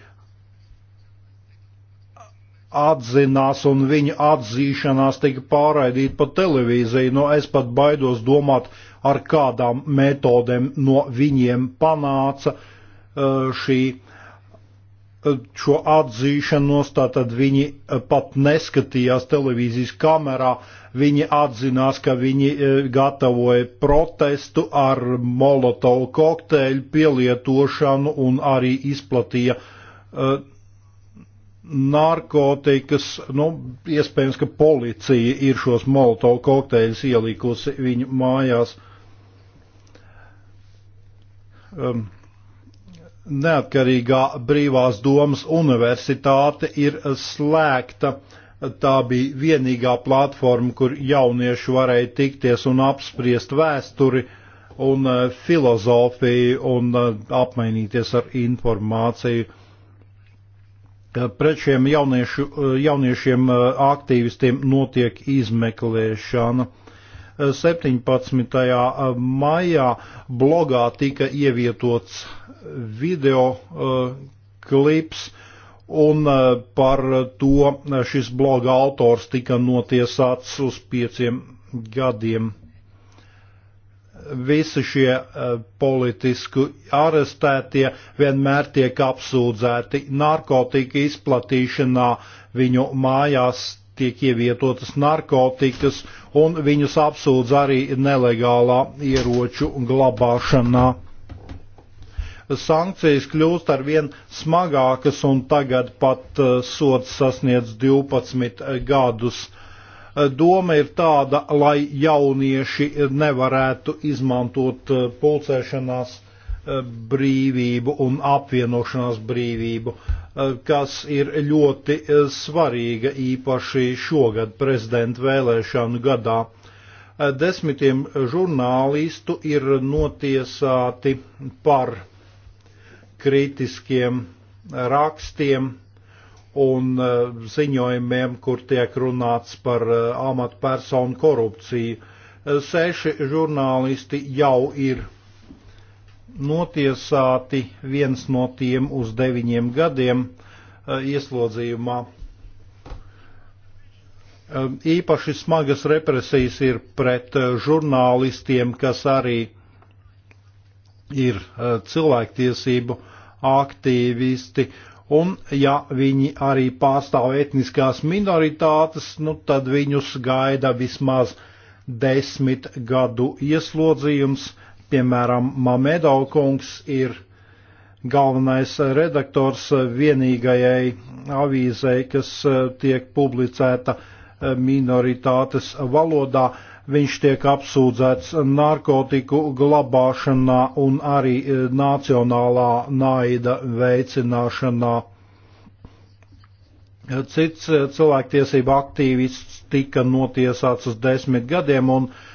atzinās, un viņa atzīšanās tika pārraidīta pa televīziju. No nu, es pat baidos domāt, ar kādām metodēm no viņiem panāca uh, šī, uh, šo atzīšanos, tātad viņi uh, pat neskatījās televīzijas kamerā, viņi atzinās, ka viņi gatavoja protestu ar molotovu kokteļu pielietošanu un arī izplatīja narkotikas, nu, iespējams, ka policija ir šos molotovu kokteļus ielikusi viņu mājās. Uh, um, neatkarīgā brīvās domas universitāte ir slēgta. Tā bija vienīgā platforma, kur jaunieši varēja tikties un apspriest vēsturi un uh, filozofiju un uh, apmainīties ar informāciju. Pret šiem jauniešu, uh, jauniešiem aktīvistiem notiek izmeklēšana. 17. Eh, maijā blogā tika ievietots video eh, klips, un eh, par to šis bloga autors tika notiesāts uz pieciem gadiem. Visi šie politisku arestētie vienmēr tiek apsūdzēti narkotika izplatīšanā viņu mājās tiek ievietotas narkotikas, un viņus apsūdz arī nelegālā ieroču glabāšanā. Sankcijas kļūst ar vien smagākas, un tagad pat eh, sots sasniedz 12 gadus. Eh, doma ir tāda, lai jaunieši nevarētu izmantot eh, pulcēšanās Eh, brīvību un apvienošanās brīvību, eh, kas ir ļoti eh, svarīga īpaši šogad prezidenta vēlēšanu gadā. Desmitiem žurnālistu ir notiesāti par kritiskiem rakstiem un ziņojumiem, kur tiek runāts par amatpersonu korupciju. Seši žurnālisti jau ir notiesāti, viens no tiem uz deviņiem gadiem eh, ieslodzījumā. Eh, īpaši smagas represijas ir pret eh, žurnālistiem, kas arī ir cilvēktiesību aktīvisti, un ja viņi arī pārstāv etniskās minoritātes, nu tad viņus gaida vismaz desmit gadu ieslodzījums Piemēram, Mamedo kungs ir galvenais redaktors vienīgajai avīzei, kas eh, tiek publicēta eh, minoritātes valodā. Viņš tiek apsūdzēts narkotiku glabāšanā un arī eh, nacionālā naida veicināšanā. Cits cilvēktiesība aktīvists tika notiesāts uz desmit gadiem un uh,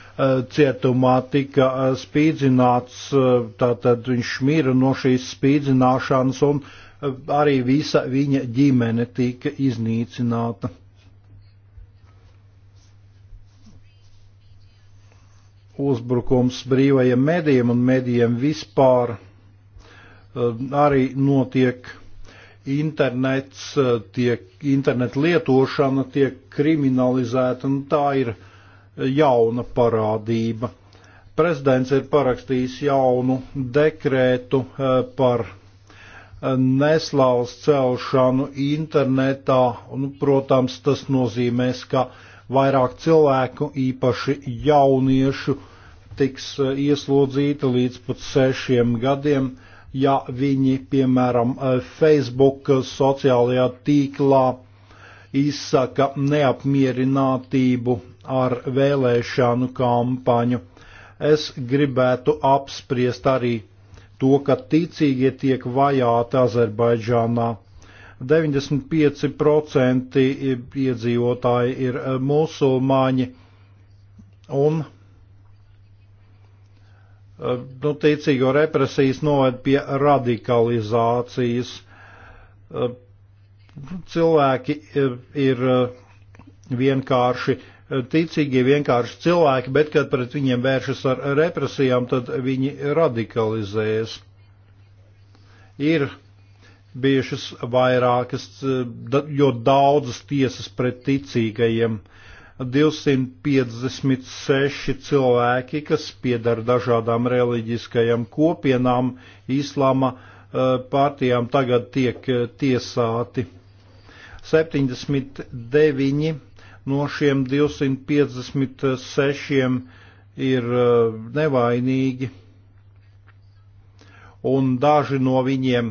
cietumā tika spīdzināts, tātad viņš mira no šīs spīdzināšanas un arī visa viņa ģimene tika iznīcināta. Uzbrukums brīvajiem medijiem un medijiem vispār arī notiek internets, tiek, internet lietošana tiek kriminalizēta, un tā ir uh, jauna parādība. Prezidents ir parakstījis jaunu dekrētu eh, par eh, neslāvas celšanu internetā, un, nu, protams, tas nozīmēs, ka vairāk cilvēku, īpaši jauniešu, tiks eh, ieslodzīti līdz pat sešiem gadiem, ja viņi, piemēram, Facebook sociālajā tīklā izsaka neapmierinātību ar vēlēšanu kampaņu. Es gribētu apspriest arī to, ka ticīgie tiek vajāti Azerbaidžānā. 95% iedzīvotāji ir eh, musulmaņi, un eh, nu, ticīgo represijas noved pie radikalizācijas. Eh, cilvēki ir vienkārši ticīgie vienkārši cilvēki, bet kad pret viņiem vēršas ar represijām, tad viņi radikalizējas. Ir bijušas vairākas, jo daudzas tiesas pret ticīgajiem. 256 cilvēki, kas piedara dažādām reliģiskajām kopienām, islāma eh, partijām tagad tiek eh, tiesāti. 79 no šiem 256 ir eh, nevainīgi, un daži no viņiem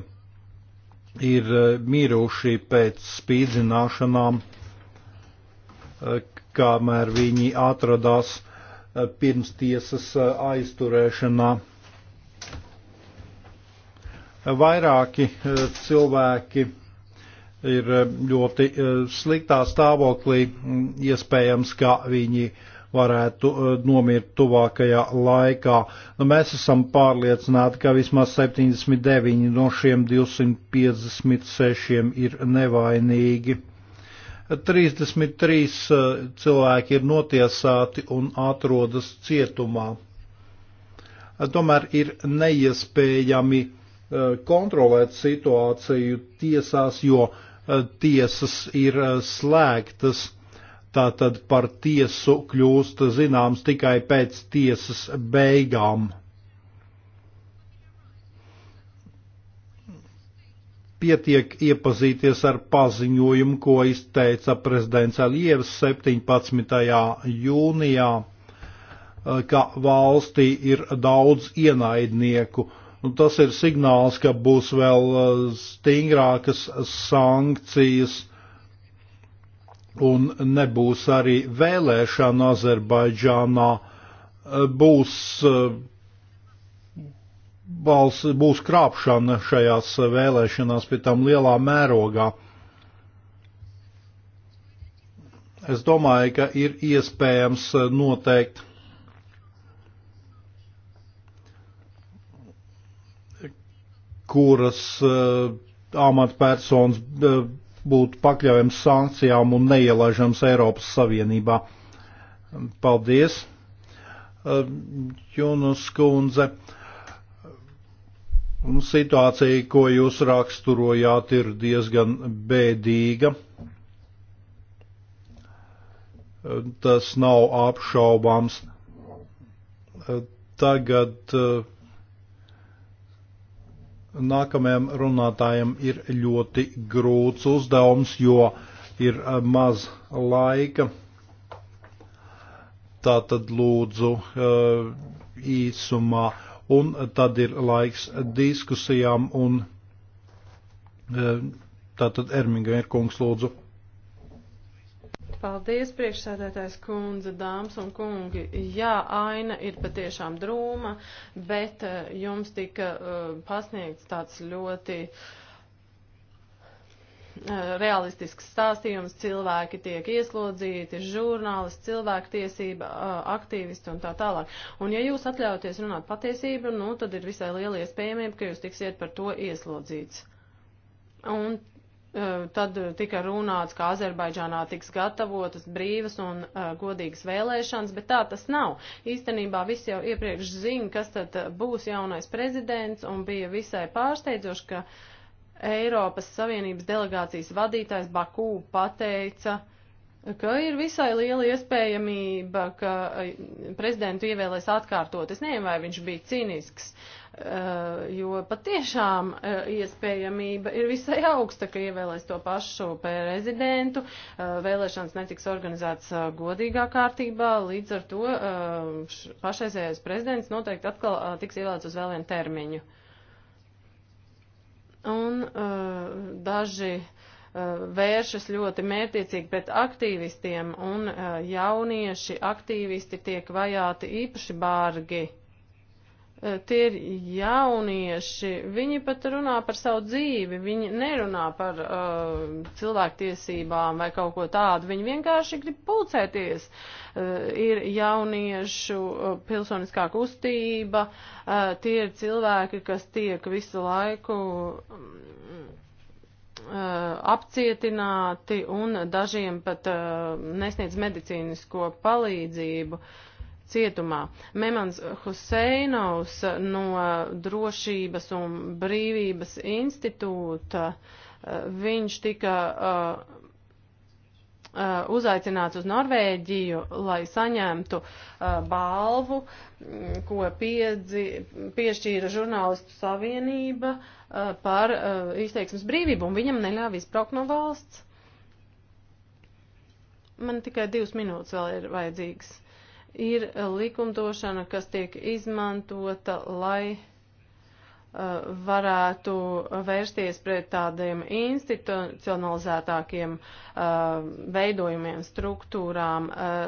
ir eh, miruši pēc spīdzināšanām, eh, kamēr viņi atradās pirms tiesas aizturēšanā. Vairāki cilvēki ir eh, ļoti eh, sliktā stāvoklī, mm, iespējams, ka viņi varētu eh, nomirt tuvākajā laikā. Nu, mēs esam pārliecināti, ka vismaz 79 no šiem 256 ir nevainīgi. 33 cilvēki ir notiesāti un atrodas cietumā. Tomēr ir neiespējami kontrolēt situāciju tiesās, jo uh, Eh, tiesas ir eh, slēgtas. Tātad par tiesu kļūst zināms tikai pēc tiesas beigām. pietiek iepazīties ar paziņojumu, ko izteica prezidents Alievs 17. jūnijā, eh, ka valstī ir daudz ienaidnieku Un tas ir signāls, ka būs vēl uh, stingrākas sankcijas un nebūs arī vēlēšana Azerbaidžānā. Uh, būs, uh, balss, būs krāpšana šajās vēlēšanās pie tam lielā mērogā. Es domāju, ka ir iespējams noteikt kuras uh, amatpersonas uh, būtu pakļaujams sankcijām un neielaižams Eiropas Savienībā. Paldies, uh, Junus Kunze. Situācija, ko jūs raksturojāt, ir diezgan bēdīga. Tas nav apšaubāms. Tagad uh, nākamajam runātājam ir ļoti grūts uzdevums, jo ir eh, maz laika. Tā tad lūdzu eh, īsumā, un tad ir laiks diskusijām, un eh, tā tad Erminga ir kungs lūdzu. Paldies, priekšsēdētājs kundze, dāmas un kungi. Jā, aina ir patiešām drūma, bet eh, jums tika uh, pasniegts tāds ļoti uh, realistisks stāstījums. Cilvēki tiek ieslodzīti, žurnālisti, cilvēktiesība, uh, aktīvisti un tā tālāk. Un ja jūs atļauties runāt patiesību, nu, tad ir visai liela iespējamība, ka jūs tiksiet par to ieslodzīts. Un Eh, tad tika runāts, ka Azerbaidžānā tiks gatavotas brīvas un uh, godīgas vēlēšanas, bet tā tas nav. Īstenībā visi jau iepriekš zina, kas tad eh, būs jaunais prezidents, un bija visai pārsteidzoši, ka Eiropas Savienības delegācijas vadītājs Bakū pateica, ka ir visai liela iespējamība, ka prezidentu ievēlēs atkārtot. Es nezinu, vai viņš bija cīnisks. Uh, Eh, jo patiešām eh, iespējamība ir visai augsta, ka ievēlēs to pašu prezidentu, eh, vēlēšanas netiks organizētas godīgā kārtībā, līdz ar to pašreizējais prezidents noteikti atkal tiks ievēlēts uz vēl vienu termiņu. Un daži vēršas ļoti mērtiecīgi pret aktīvistiem, un jaunieši aktīvisti tiek vajāti īpaši bārgi. Uh, E, tie ir jaunieši, viņi pat runā par savu dzīvi, viņi nerunā par uh, cilvēktiesībām vai kaut ko tādu, viņi vienkārši grib pulcēties. Uh, ir jauniešu uh, pilsoniskā kustība, uh, tie ir cilvēki, kas tiek visu laiku. Um, apcietināti un dažiem pat uh, nesniedz medicīnisko palīdzību. Uh, cietumā. Memans Huseinovs no Drošības un brīvības institūta, eh, viņš tika eh, eh, uzaicināts uz Norvēģiju, lai saņemtu balvu, mm, ko piedzi, piešķīra žurnālistu savienība par izteiksmes brīvību, un viņam neļāva izbraukt no valsts. Man tikai divas minūtes vēl ir vajadzīgas ir likumdošana, kas tiek izmantota, lai uh, varētu vērsties pret tādiem institucionalizētākiem uh, veidojumiem, struktūrām. Uh,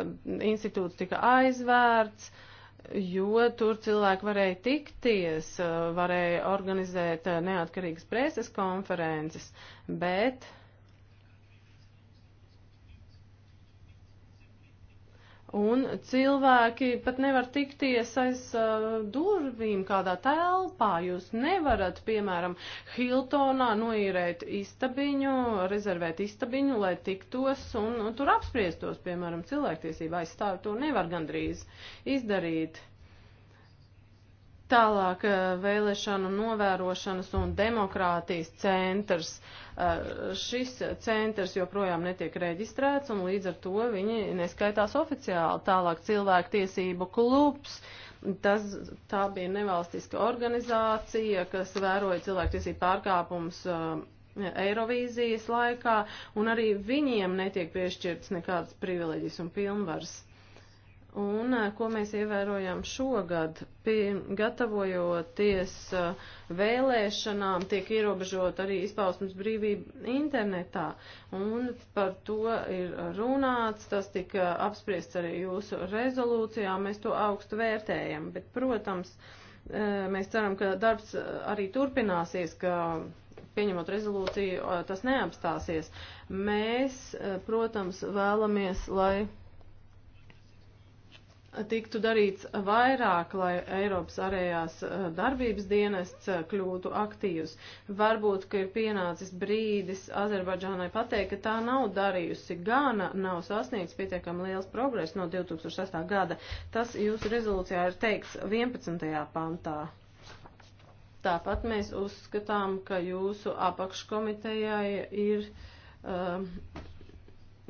institūts tika aizvērts, jo tur cilvēki varēja tikties, uh, varēja organizēt uh, neatkarīgas preses konferences, bet Un cilvēki pat nevar tikties aiz uh, durvīm kādā telpā. Jūs nevarat, piemēram, Hiltonā noīrēt istabiņu, rezervēt istabiņu, lai tiktos un, un tur apspriestos, piemēram, cilvēktiesība aizstāvi to nevar gandrīz izdarīt. Tālāk eh, vēlēšanu novērošanas un demokrātijas centrs. Eh, šis centrs joprojām netiek reģistrēts un līdz ar to viņi neskaitās oficiāli. Tālāk cilvēktiesību klubs. Tas, tā bija nevalstiska organizācija, kas vēroja cilvēktiesību pārkāpums eh, Eirovīzijas laikā, un arī viņiem netiek piešķirts nekādas privileģijas un pilnvaras. Un eh, ko mēs ievērojam šogad, pie, gatavojoties eh, vēlēšanām, tiek ierobežot arī izpausmes brīvība internetā. Un par to ir runāts, tas tika apspriests arī jūsu rezolūcijā, mēs to augstu vērtējam. Bet, protams, eh, mēs ceram, ka darbs arī turpināsies, ka pieņemot rezolūciju, tas neapstāsies. Mēs, protams, vēlamies, lai tiktu darīts vairāk, lai Eiropas arējās eh, darbības dienests eh, kļūtu aktīvs. Varbūt, ka ir pienācis brīdis Azerbaidžānai pateikt, ka tā nav darījusi gana, nav sasniegts pietiekam liels progress no 2006. gada. Tas jūsu rezolūcijā ir teikts 11. pantā. Tāpat mēs uzskatām, ka jūsu apakškomitejai ir um,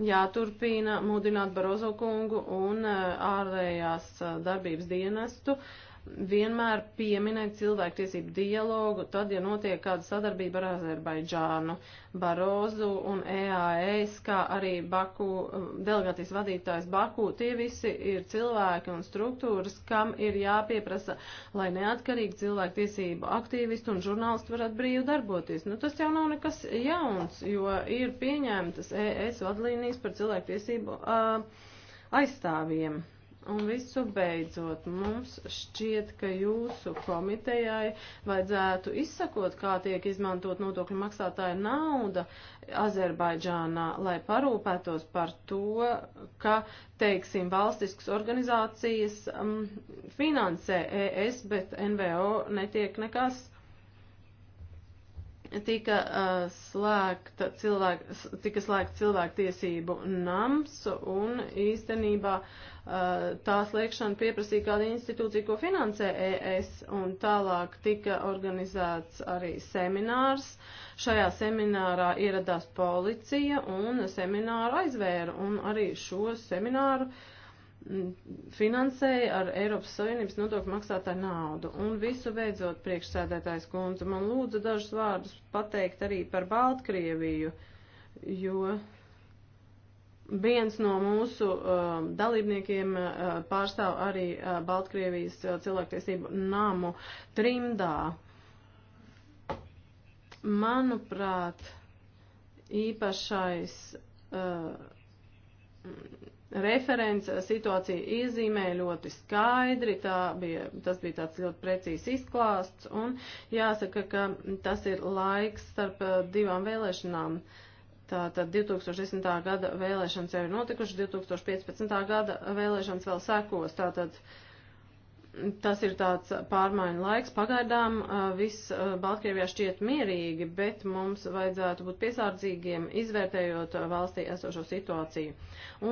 jāturpina mudināt Barozo kungu un eh, ārējās eh, darbības dienestu vienmēr pieminēt cilvēktiesību dialogu, tad, ja notiek kāda sadarbība ar Azerbaidžānu, Barozu un EAS, kā arī Baku, um, delegācijas vadītājs Baku, tie visi ir cilvēki un struktūras, kam ir jāpieprasa, lai neatkarīgi cilvēktiesību aktīvisti un žurnālisti varētu brīvi darboties. Nu, tas jau nav nekas jauns, jo ir pieņemtas ES vadlīnijas par cilvēktiesību uh, aizstāvjiem. Un visu beidzot, mums šķiet, ka jūsu komitejai vajadzētu izsakot, kā tiek izmantot nodokļu maksātāja nauda Azerbaidžānā, lai parūpētos par to, ka, teiksim, valstiskas organizācijas um, finansē ES, bet NVO netiek nekas tika uh, slēgta cilvēku, tika slēgta cilvēktiesību nams un īstenībā uh, tā slēgšana pieprasīja kādu institūciju, ko finansē ES un tālāk tika organizēts arī seminārs. Šajā seminārā ieradās policija un semināru aizvēra un arī šo semināru uh, finansēja ar Eiropas Savienības nodokļu maksātāju naudu. Un visu beidzot, priekšsēdētājs kundze, man lūdza dažus vārdus pateikt arī par Baltkrieviju, jo viens no mūsu uh, dalībniekiem uh, pārstāv arī uh, Baltkrievijas uh, cilvēktiesību namu trimdā. Manuprāt, īpašais. Uh, Referents eh, situāciju iezīmē ļoti skaidri, tā bija, tas bija tāds ļoti precīzs izklāsts, un jāsaka, ka tas ir laiks starp eh, divām vēlēšanām. Tātad 2010. gada vēlēšanas jau ir notikušas, 2015. gada vēlēšanas vēl sekos, tātad uh, tas ir tāds pārmaiņu laiks. Pagaidām viss Baltkrievijā šķiet mierīgi, bet mums vajadzētu būt piesardzīgiem, izvērtējot valstī esošo situāciju.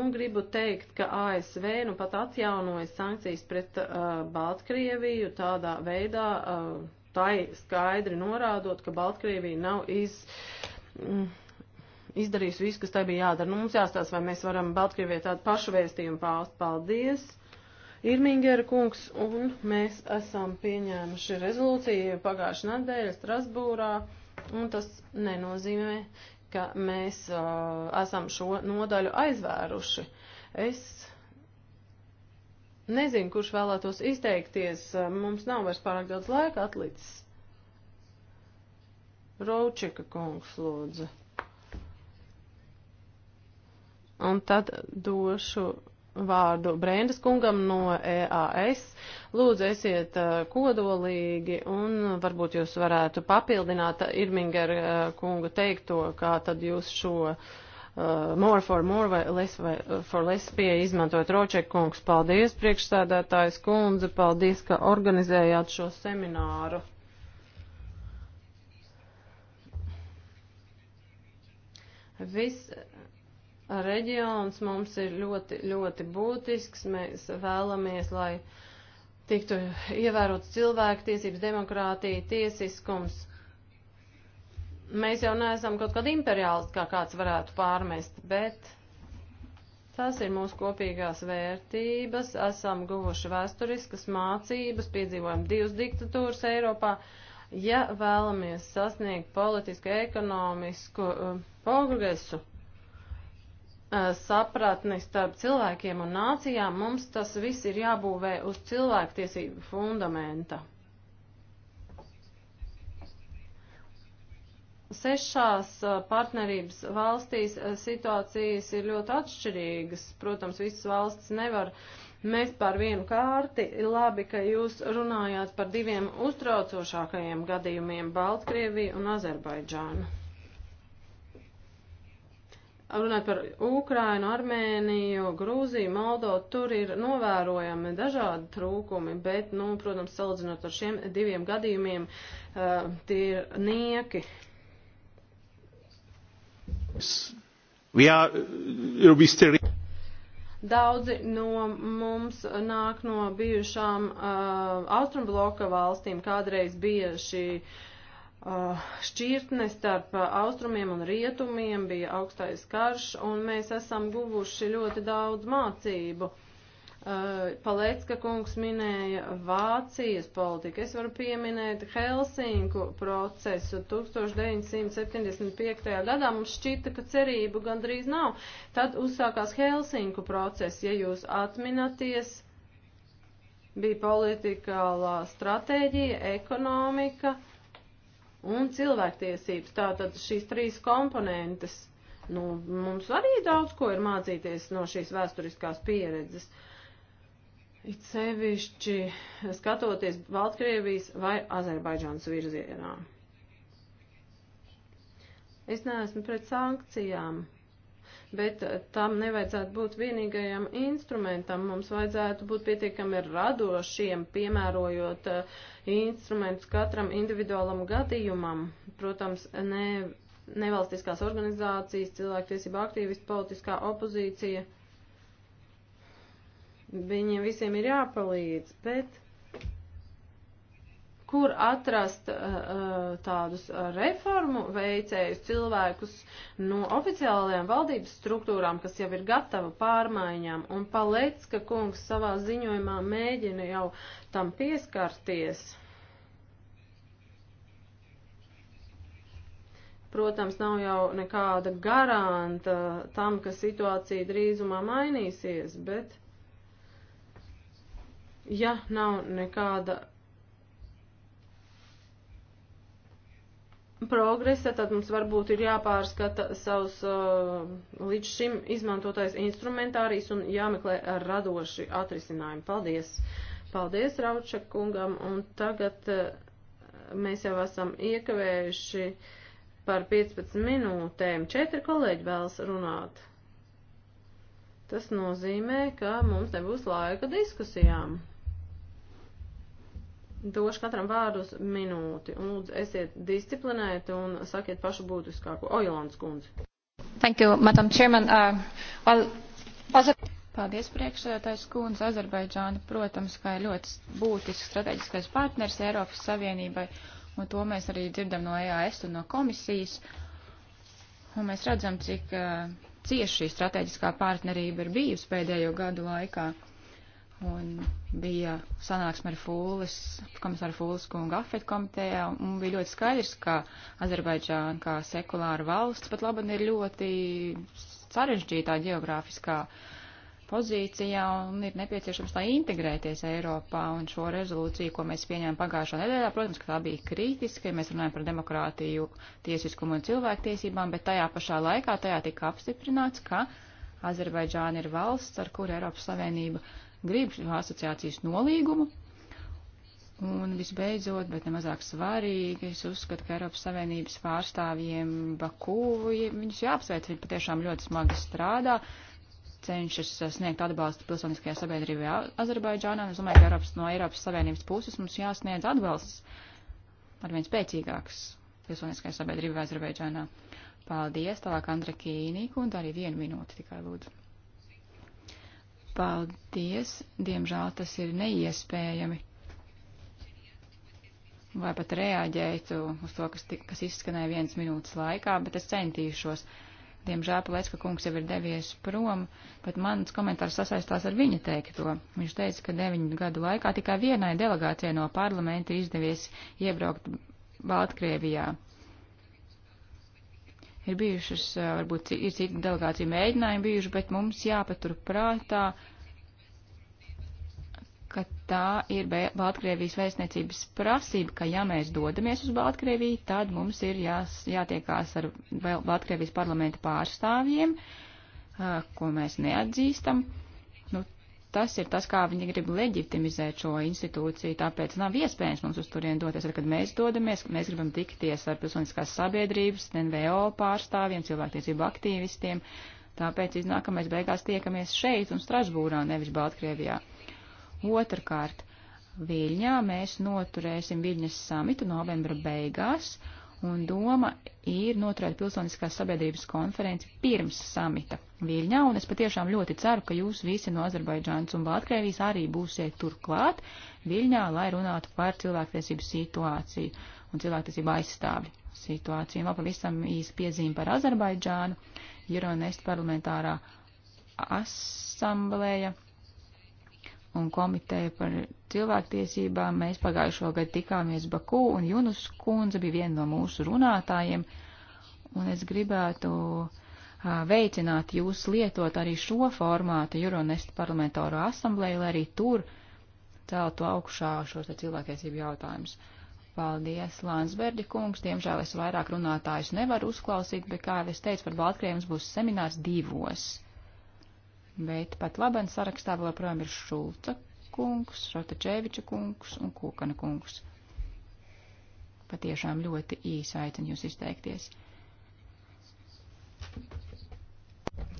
Un gribu teikt, ka ASV nu pat atjaunoja sankcijas pret uh, Baltkrieviju tādā veidā, uh, tai skaidri norādot, ka Baltkrievija nav iz. Mm, Izdarījis visu, kas tai bija jādara. Nu, mums jāstāsta, vai mēs varam Baltkrievijai tādu pašu vēstījumu paust. Paldies! Irmingera kungs, un mēs esam pieņēmuši rezolūciju pagājušā nedēļa Strasbūrā, un tas nenozīmē, ka mēs uh, esam šo nodaļu aizvēruši. Es nezinu, kurš vēlētos izteikties, mums nav vairs pārāk daudz laika atlicis. Raučika kungs lūdzu. Un tad došu vārdu Brendas kungam no EAS. Lūdzu, esiet uh, kodolīgi un varbūt jūs varētu papildināt Irmingera uh, kungu teikto, kā tad jūs šo uh, more for more vai less vai uh, for less pieeja izmantojat. Roček kungs, paldies priekšstādātājs kundze, paldies, ka organizējāt šo semināru. Viss reģions mums ir ļoti, ļoti būtisks. Mēs vēlamies, lai tiktu ievērots cilvēku tiesības, demokrātija, tiesiskums. Mēs jau neesam kaut kādi imperiālisti, kā kāds varētu pārmest, bet tās ir mūsu kopīgās vērtības, esam guvuši vēsturiskas mācības, piedzīvojam divas diktatūras Eiropā. Ja vēlamies sasniegt politisku, ekonomisku uh, progresu, sapratni starp cilvēkiem un nācijām, mums tas viss ir jābūvē uz cilvēktiesību fundamenta. Sešās partnerības valstīs situācijas ir ļoti atšķirīgas. Protams, visas valstis nevar mest par vienu kārti. Labi, ka jūs runājāt par diviem uztraucošākajiem gadījumiem - Baltkrieviju un Azerbaidžānu runāt par Ukrainu, Armēniju, Grūziju, Moldovu, tur ir novērojami dažādi trūkumi, bet, nu, protams, salīdzinot ar šiem diviem gadījumiem, uh, tie ir nieki. Uh, Daudzi no mums nāk no bijušām uh, Austrumbloka valstīm, kādreiz bija šī uh, Eh, šķirtne starp eh, austrumiem un rietumiem, bija augstais karš, un mēs esam guvuši ļoti daudz mācību. Eh, Palecka kungs minēja Vācijas politiku. Es varu pieminēt Helsinku procesu. 1975. gadā mums šķita, ka cerību gandrīz nav. Tad uzsākās Helsinku process, ja jūs atminaties. Bija politikālā stratēģija, ekonomika, uh, un cilvēktiesības. Tātad šīs trīs komponentes, nu, mums arī daudz ko ir mācīties no šīs vēsturiskās pieredzes. It sevišķi skatoties Baltkrievijas vai Azerbaidžānas virzienā. Es neesmu pret sankcijām bet eh, tam nevajadzētu būt vienīgajam instrumentam. Mums vajadzētu būt pietiekami radošiem, piemērojot eh, instrumentus katram individuālam gadījumam. Protams, ne, nevalstiskās organizācijas, cilvēktiesība aktīvisti, politiskā opozīcija. Viņiem visiem ir jāpalīdz, bet kur atrast uh, tādus eh, reformu veicējus cilvēkus no oficiālajām valdības struktūrām, kas jau ir gatava pārmaiņām, un Palecka kungs savā ziņojumā mēģina jau tam pieskarties. Protams, nav jau nekāda garanta tam, ka situācija drīzumā mainīsies, bet ja nav nekāda progresa, tad mums varbūt ir jāpārskata savus uh, līdz šim izmantotais instrumentārijs un jāmeklē radoši atrisinājumi. Paldies! Paldies Rauča kungam! Un tagad uh, mēs jau esam iekavējuši par 15 minūtēm. Četri kolēģi vēlas runāt. Tas nozīmē, ka mums nebūs laika diskusijām. Došu katram vārdu uz minūti. Un lūdzu, esiet disciplinēti un sakiet pašu būtiskāko. Ojolāns kundze. Thank you, Madam Chairman. Uh, well, Azar... Paldies, priekšsēdētājs kundze. Azerbaidžāna, protams, kā ir ļoti būtisks strateģiskais partners Eiropas Savienībai, un to mēs arī dzirdam no EAS un no komisijas. Un mēs redzam, cik uh, cieši šī strateģiskā partnerība ir bijusi pēdējo gadu laikā. Uh, un bija sanāksme ar Fūles, komisāru Fūles kungu afet komitejā, un bija ļoti skaidrs, ka Azerbaidžāna kā sekulāra valsts pat labi ir ļoti sarežģītā geogrāfiskā pozīcijā un ir nepieciešams tā integrēties Eiropā un šo rezolūciju, ko mēs pieņēmām pagājušā nedēļā, protams, ka tā bija kritiska, ja mēs runājam par demokrātiju, tiesiskumu un cilvēktiesībām, bet tajā pašā laikā tajā tika apstiprināts, ka Azerbaidžāna ir valsts, ar kuru Eiropas Savienība uh, grib šo asociācijas nolīgumu. Un visbeidzot, bet nemazāk svarīgi, es uzskatu, ka Eiropas Savienības pārstāvjiem Baku, viņus jāapsveic, viņi patiešām ļoti smagi strādā, cenšas sniegt atbalstu pilsoniskajā sabiedrībā Azerbaidžānā. Es domāju, ka Eiropas, no Eiropas Savienības puses mums jāsniedz atbalsts arvien spēcīgāks pilsoniskajā sabiedrībā Azerbaidžānā. Paldies, tālāk Andra Kīnīku un arī vienu minūti tikai lūdzu. Paldies! Diemžēl tas ir neiespējami. Vai pat reaģētu uz to, kas, kas izskanēja viens minūtes laikā, bet es centīšos. Diemžēl Palecka kungs jau ir devies prom, bet mans komentārs sasaistās ar viņa teikto. Viņš teica, ka deviņu gadu laikā tikai vienai delegācijai no parlamenta izdevies iebraukt Baltkrievijā. Ir bijušas, varbūt ir citi delegācija mēģinājumi bijuši, bet mums jāpatur prātā, ka tā ir Baltkrievijas vēstniecības prasība, ka ja mēs dodamies uz Baltkrieviju, tad mums ir jās, jātiekās ar Baltkrievijas parlamenta pārstāvjiem, ko mēs neatzīstam. Uh, tas ir tas, kā viņi grib leģitimizēt šo institūciju, tāpēc nav iespējams mums uz turien doties, ar kad mēs dodamies, mēs gribam tikties ar pilsoniskās sabiedrības, NVO pārstāvjiem, cilvēktiesību aktīvistiem, tāpēc iznāk, ka mēs beigās tiekamies šeit un Strasbūrā, nevis Baltkrievijā. Otrakārt, Viļņā mēs noturēsim Viļņas samitu novembra beigās, uh, un doma ir noturēt pilsoniskās sabiedrības konferenci pirms samita Viļņā, un es patiešām ļoti ceru, ka jūs visi no Azerbaidžānas un Baltkrievijas arī būsiet turklāt Viļņā, lai runātu par cilvēktiesību situāciju un cilvēktiesību aizstāvi situāciju. Un vēl pavisam īsa piezīme par Azerbaidžānu, Euronest parlamentārā asamblēja un komiteja par cilvēktiesībām. Mēs pagājušo gadu tikāmies Baku, un Junus kundze bija viena no mūsu runātājiem, un es gribētu veicināt jūs lietot arī šo formātu Euronest parlamentāro asamblēju, lai arī tur celtu augšā šos cilvēktiesību jautājumus. Paldies, Lānsberģi kungs. Diemžēl es vairāk runātājus nevaru uzklausīt, bet, kā jau es teicu, par Baltkrievijas būs seminārs divos bet pat labam sarakstā vēl joprojām ir Šulca kungs, Rotačeviča kungs un Kūkana kungs. Patiešām ļoti īsi aicinu jūs izteikties.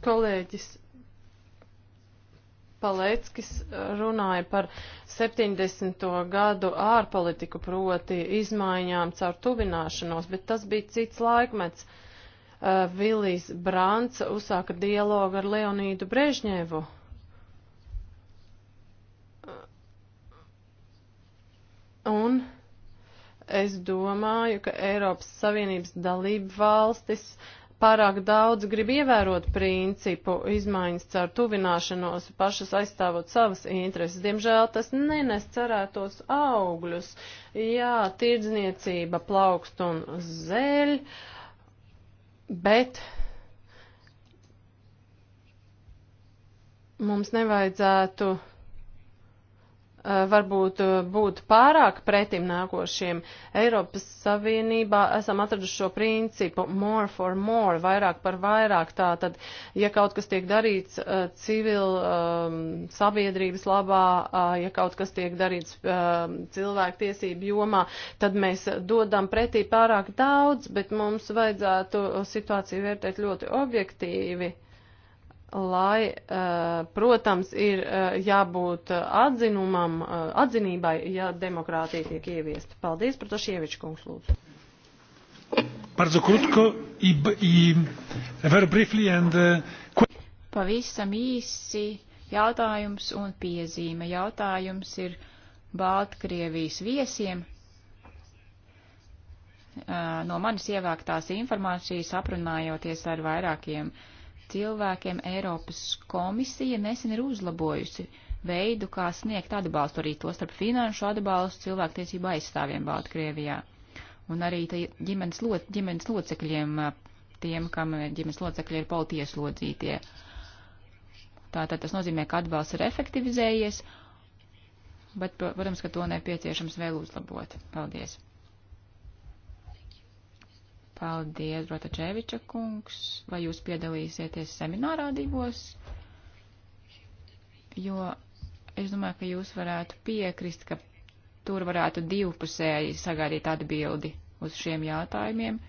Kolēģis Paleckis runāja par 70. gadu ārpolitiku proti izmaiņām caur tuvināšanos, bet tas bija cits laikmets. Uh, uh, Vilijs Brants uzsāka dialogu ar Leonīdu Brežņēvu. Un es domāju, ka Eiropas Savienības dalību valstis pārāk daudz grib ievērot principu izmaiņas caur tuvināšanos, pašas aizstāvot savas intereses. Diemžēl tas nenes cerētos augļus. Jā, tirdzniecība plaukst un zeļ. Uh, bet mums nevajadzētu Uh, varbūt uh, būt pārāk pretim nākošiem. Eiropas Savienībā esam atraduši šo principu more for more, vairāk par vairāk. Tātad, ja kaut kas tiek darīts uh, civil um, sabiedrības labā, ja kaut kas tiek darīts um, cilvēktiesību jomā, tad mēs dodam pretī pārāk daudz, bet mums vajadzētu situāciju vērtēt ļoti objektīvi lai, eh, protams, ir eh, jābūt atzinumam, eh, atzinībai, ja demokrātija tiek ieviesta. Paldies par to Šieviču kungs lūdzu. Bardzo krótko i, i very briefly and uh, Pavisam īsi jautājums un piezīme. Jautājums ir Baltkrievijas viesiem. No manis ievāktās informācijas aprunājoties ar vairākiem uh, cilvēkiem Eiropas komisija nesen ir uzlabojusi veidu, kā sniegt atbalstu arī to starp finanšu atbalstu cilvēktiesību aizstāvjiem Baltkrievijā. Un arī ģimenes, lo, ģimenes locekļiem, tiem, kam ģimenes locekļi ir politieslodzītie. Tātad tas nozīmē, ka atbalsts ir efektivizējies, bet, protams, ka to nepieciešams vēl uzlabot. Paldies! Paldies, Brota Čēviča kungs. Vai jūs piedalīsieties seminārā divos? Jo es domāju, ka jūs varētu piekrist, ka tur varētu divpusēji sagaidīt atbildi uz šiem jautājumiem.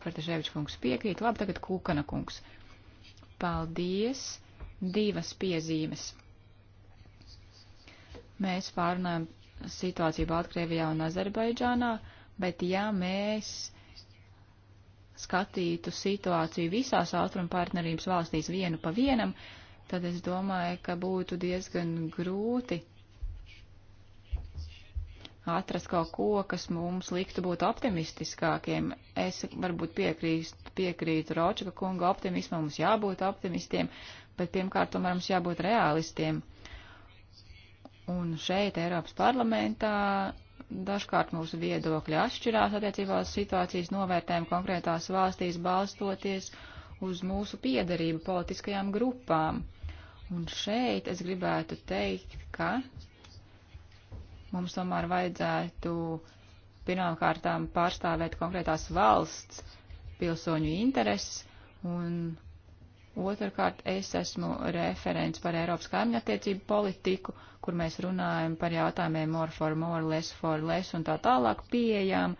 Brota Čēviča kungs piekrīt. Labi, tagad Kūkana kungs. Paldies. Divas piezīmes. Mēs pārunājam situāciju Baltkrievijā un Azerbaidžānā Bet ja mēs skatītu situāciju visās austrumu partnerības valstīs vienu pa vienam, tad es domāju, ka būtu diezgan grūti atrast kaut ko, kas mums liktu būt optimistiskākiem. Es varbūt piekrīst, piekrītu Ročaka kunga optimismam, mums jābūt optimistiem, bet pirmkārt tomēr mums jābūt realistiem. Un šeit Eiropas parlamentā dažkārt mūsu viedokļi atšķirās attiecībā uz situācijas novērtējumu konkrētās valstīs balstoties uz mūsu piedarību politiskajām grupām. Un šeit es gribētu teikt, ka mums tomēr vajadzētu pirmkārtām pārstāvēt konkrētās valsts pilsoņu intereses un Otrakārt, es esmu referents par Eiropas kaimiņattiecību politiku, kur mēs runājam par jautājumiem more for more, less for less un tā tālāk pieejām.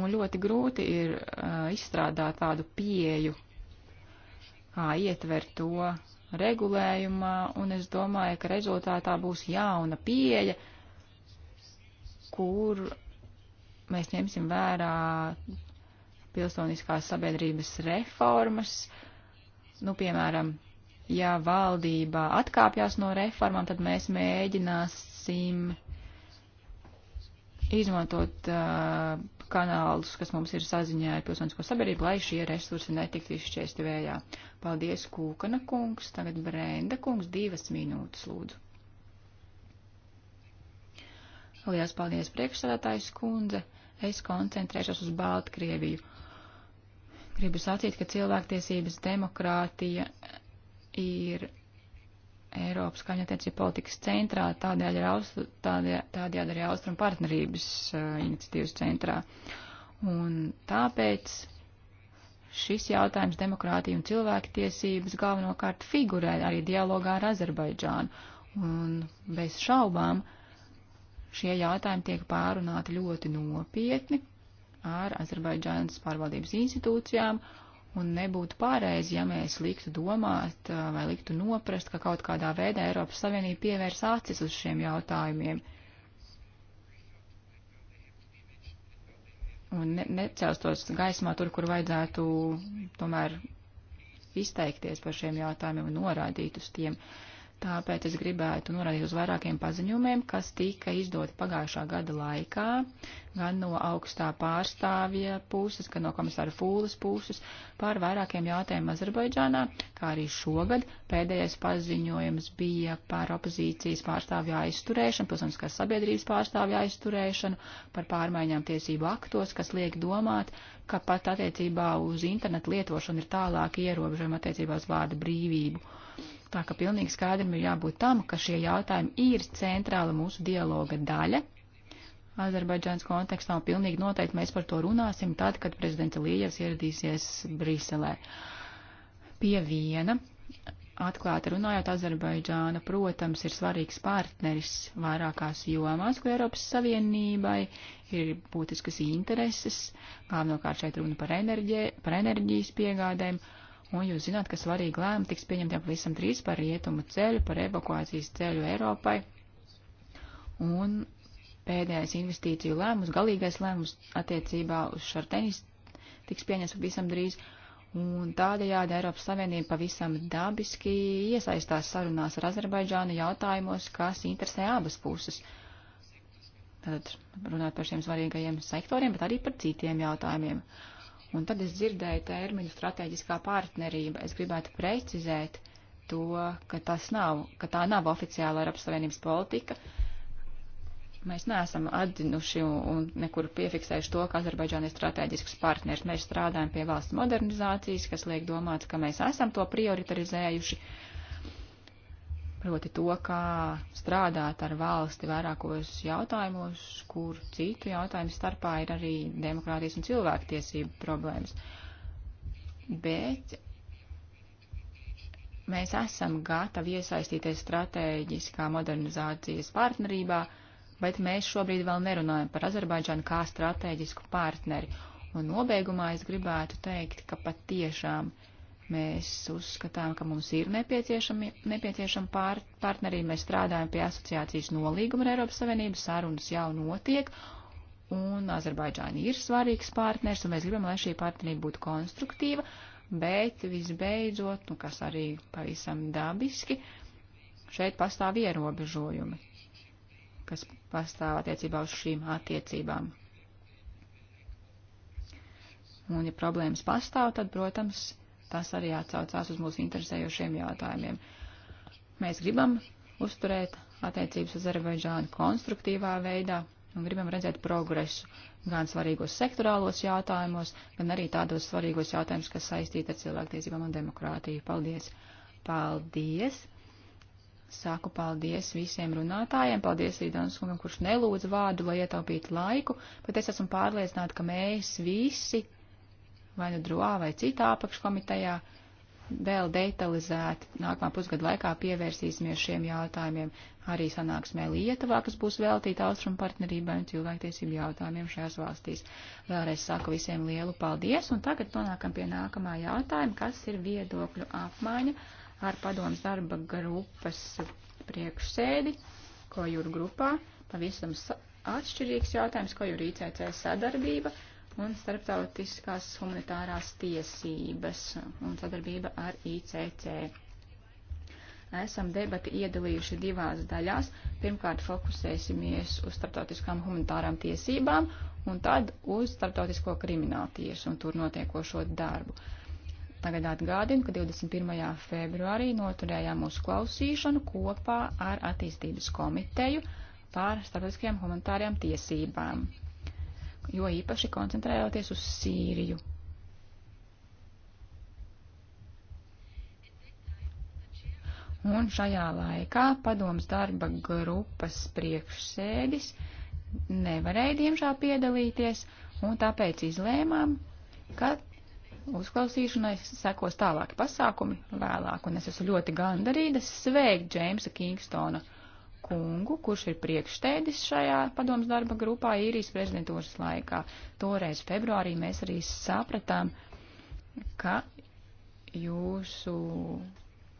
Un ļoti grūti ir uh, izstrādāt tādu pieju, kā ietver to regulējumā, un es domāju, ka rezultātā būs jauna pieeja, kur mēs ņemsim vērā pilsoniskās sabiedrības reformas, uh, nu, piemēram, ja valdība atkāpjas no reformām, tad mēs mēģināsim izmantot uh, kanālus, kas mums ir saziņā ar pilsonisko sabiedrību, lai šie resursi netiktu izšķiesti vējā. Paldies, Kūkana kungs, tagad Brenda kungs, divas minūtes lūdzu. Lielas paldies, priekšsādātājs kundze, es koncentrēšos uz Baltkrieviju. Uh, Gribu sacīt, ka cilvēktiesības demokrātija ir Eiropas kaņa tiecība politikas centrā, tādēļ, austru, tādēļ, tādēļ arī Austrum partnerības uh, iniciatīvas centrā. Un tāpēc šis jautājums demokrātija un cilvēktiesības galvenokārt figurē arī dialogā ar Azerbaidžānu. Un bez šaubām šie jautājumi tiek pārunāti ļoti nopietni, ar Azerbaidžānas pārvaldības institūcijām, un nebūtu pārreiz, ja mēs liktu domāt vai liktu noprast, ka kaut kādā veidā Eiropas Savienība pievērs acis uz šiem jautājumiem. Un ne, necelstos gaismā tur, kur vajadzētu tomēr izteikties par šiem jautājumiem un norādīt uz tiem. Uh, Tāpēc es gribētu norādīt uz vairākiem paziņojumiem, kas tika izdoti pagājušā gada laikā, gan no augstā pārstāvja puses, gan no komisāra Fūles puses, par vairākiem jautājumiem Azerbaidžānā, kā arī šogad. Pēdējais paziņojums bija par opozīcijas pārstāvju aizturēšanu, pilsoniskās sabiedrības pārstāvju aizturēšanu, par pārmaiņām tiesību aktos, kas liek domāt, ka pat attiecībā uz internetu lietošanu ir tālāk ierobežojumi attiecībā uz vārdu brīvību Tā ka pilnīgi skaidram ir jābūt tam, ka šie jautājumi ir centrāla mūsu dialoga daļa. Azerbaidžānas kontekstā un pilnīgi noteikti mēs par to runāsim tad, kad prezidents Lījas ieradīsies Briselē. Pie viena atklāti runājot, Azerbaidžāna, protams, ir svarīgs partneris vairākās jomās, ko Eiropas Savienībai ir būtiskas intereses, galvenokārt šeit runa par, enerģē, par enerģijas piegādēm un jūs zināt, ka svarīgi lēmumi tiks pieņemti pavisam drīz par rietumu ceļu, par evakuācijas ceļu Eiropai. Un pēdējais investīciju lēmums, galīgais lēmums attiecībā uz šartenis tiks pieņemts pavisam drīz. Un tādējādi Eiropas Savienība pavisam dabiski iesaistās sarunās ar Azerbaidžānu jautājumos, kas interesē abas puses. Tātad runāt par šiem svarīgajiem sektoriem, bet arī par citiem jautājumiem. Uh, Un tad es dzirdēju termiņu strateģiskā partnerība. Es gribētu precizēt to, ka, nav, ka tā nav oficiāla Eiropas Savienības politika. Mēs neesam atzinuši un nekur piefiksējuši to, ka Azerbaidžāna ir strateģisks partners. Mēs strādājam pie valsts modernizācijas, kas liek domāt, ka mēs esam to prioritarizējuši. Uh, proti to, kā strādāt ar valsti vairākos jautājumos, kur citu jautājumu starpā ir arī demokrātijas un cilvēktiesību problēmas. Bet mēs esam gatavi iesaistīties strateģiskā modernizācijas partnerībā, bet mēs šobrīd vēl nerunājam par Azerbaidžanu kā strateģisku partneri. Un nobeigumā es gribētu teikt, ka patiešām tiešām Mēs uzskatām, ka mums ir nepieciešami, nepieciešami pār, partneri. Mēs strādājam pie asociācijas nolīguma ar Eiropas Savienību, sarunas jau notiek, un Azerbaidžāna ir svarīgs partners, un mēs gribam, lai šī partnerība būtu konstruktīva, bet visbeidzot, nu, kas arī pavisam dabiski, šeit pastāv ierobežojumi, kas pastāv attiecībā uz šīm attiecībām. Un, ja problēmas pastāv, tad, protams, tas arī atsaucās uz mūsu interesējošiem jautājumiem. Mēs gribam uzturēt attiecības uz Azerbaidžānu konstruktīvā veidā un gribam redzēt progresu gan svarīgos sektorālos jautājumos, gan arī tādos svarīgos jautājumus, kas saistīti ar cilvēktiesībām un demokrātiju. Paldies! Paldies! Saku paldies visiem runātājiem, paldies arī Donas kungam, kurš nelūdz vārdu, lai ietaupītu laiku, bet es esmu pārliecināta, ka mēs visi vai nu droā vai citā apakškomitejā, vēl detalizēti nākamā pusgada laikā pievērsīsimies šiem jautājumiem. Arī sanāksmē Lietuvā, kas būs veltīta austrumu partnerībai un cilvēktiesību jautājumiem šajās valstīs. Vēlreiz saku visiem lielu paldies, un tagad nonākam pie nākamā jautājuma, kas ir viedokļu apmaiņa ar padomas darba grupas priekšsēdi, ko jūra grupā. Pavisam atšķirīgs jautājums, ko jūra ICC sadarbība un starptautiskās humanitārās tiesības un sadarbība ar ICC. Esam debati iedalījuši divās daļās. Pirmkārt, fokusēsimies uz starptautiskām humanitārām tiesībām un tad uz starptautisko krimināltiesu un tur notiekošo darbu. Tagad atgādinu, ka 21. februārī noturējām mūsu klausīšanu kopā ar attīstības komiteju pār starptautiskajām humanitārajām tiesībām jo īpaši koncentrējoties uz Sīriju. Un šajā laikā padoms darba grupas priekšsēdis nevarēja diemžēl piedalīties, un tāpēc izlēmām, ka uzklausīšanai sekos tālāki pasākumi vēlāk, un es esmu ļoti gandarīta sveikt Džeimsa Kingstona kungu, kurš ir priekšstēdis šajā padomas darba grupā īrijas prezidentūras laikā. Toreiz februārī mēs arī sapratām, ka jūsu,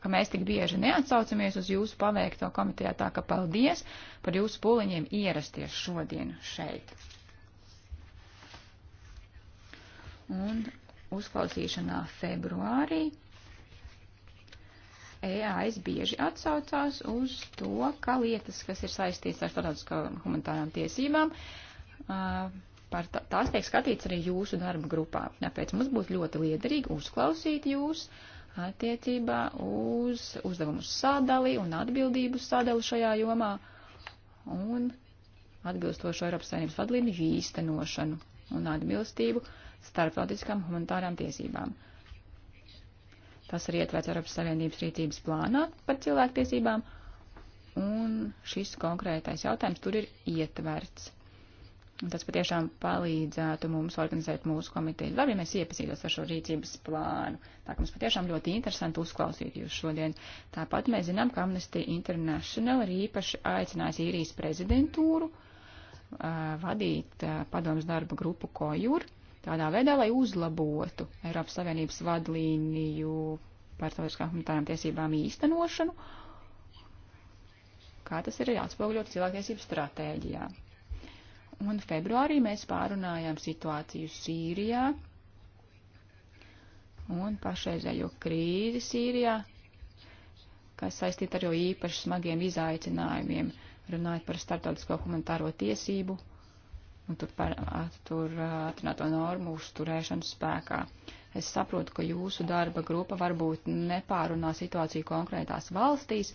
ka mēs tik bieži neatsaucamies uz jūsu paveikto komitejā, tā ka paldies par jūsu pūliņiem ierasties šodien šeit. Un uzklausīšanā februārī EAS bieži atsaucās uz to, ka lietas, kas ir saistītas ar starptautiskām humanitārām tiesībām, par tās tiek skatīts arī jūsu darba grupā. Tāpēc mums būtu ļoti liederīgi uzklausīt jūs attiecībā uz uzdevumu sadali un atbildību sadali šajā jomā un atbilstošu Eiropas Savienības vadlīniju īstenošanu un atbilstību starptautiskām humanitārām tiesībām. Tas ir ietverts Eiropas Savienības rīcības plānā par cilvēktiesībām, un šis konkrētais jautājums tur ir ietverts. Un tas patiešām palīdzētu mums organizēt mūsu komiteju darbu, ja mēs iepazītos ar šo rīcības plānu. Tā ka mums patiešām ļoti interesanti uzklausīt jūs šodien. Tāpat mēs zinām, ka Amnesty International ir īpaši aicinājis īrijas prezidentūru uh, vadīt uh, padomus darba grupu Kojur, tādā veidā, lai uzlabotu Eiropas Savienības vadlīniju par starptautiskām humanitārām tiesībām īstenošanu, kā tas ir atspoguļots cilvēktiesību stratēģijā. Un februārī mēs pārunājām situāciju Sīrijā un pašreizējo krīzi Sīrijā, kas saistīta ar jau īpaši smagiem izaicinājumiem, runājot par starptautisko humanitāro tiesību tur, par, tur uh, atrunāto normu uzturēšanu spēkā. Es saprotu, ka jūsu darba grupa varbūt nepārunā situāciju konkrētās valstīs,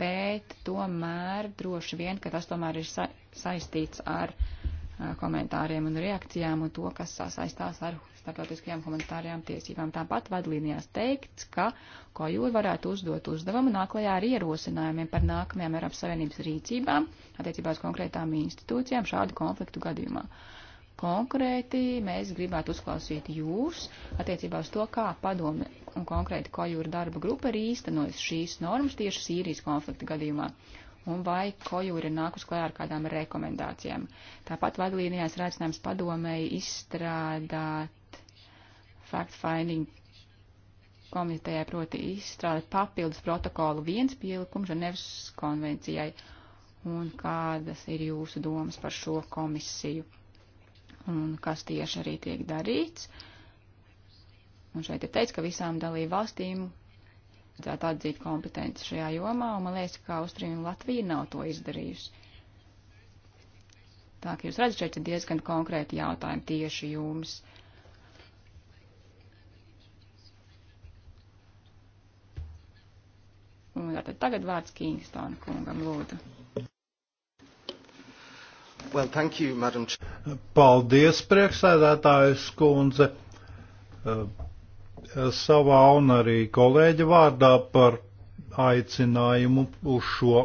bet tomēr droši vien, ka tas tomēr ir sa saistīts ar uh, komentāriem un reakcijām un to, kas sasaistās ar starptautiskajām humanitārajām tiesībām. Tāpat vadlīnijās teikts, ka kojūri varētu uzdot uzdevumu nākamajā ar ierosinājumiem par nākamajām Eiropas Savienības rīcībām attiecībā uz konkrētām institūcijām šādu konfliktu gadījumā. Konkrēti mēs gribētu uzklausīt jūs attiecībā uz to, kā padome un konkrēti kojūra darba grupa ir īstenojusi šīs normas tieši Sīrijas konflikta gadījumā un vai kojūri ir nākus klajā ar kādām rekomendācijām. Tāpat vadlīnijās ir aicinājums padomēji izstrādāt fact-finding komitejai proti izstrādāt papildus protokolu viens pielikumu Ženevas konvencijai. Un kādas ir jūsu domas par šo komisiju? Un kas tieši arī tiek darīts? Un šeit ir teikts, ka visām dalību valstīm vajadzētu atzīt kompetenci šajā jomā, un man liekas, ka Austrija un Latvija nav to izdarījusi. Tā kā jūs redzat, šeit ir diezgan konkrēti jautājumi tieši jums. Uh, Un tātad tagad vārds Kingstona kungam lūdzu. Well, thank you, madam. Paldies, priekšsēdētājas kundze. Eh, savā un arī kolēģa vārdā par aicinājumu uz šo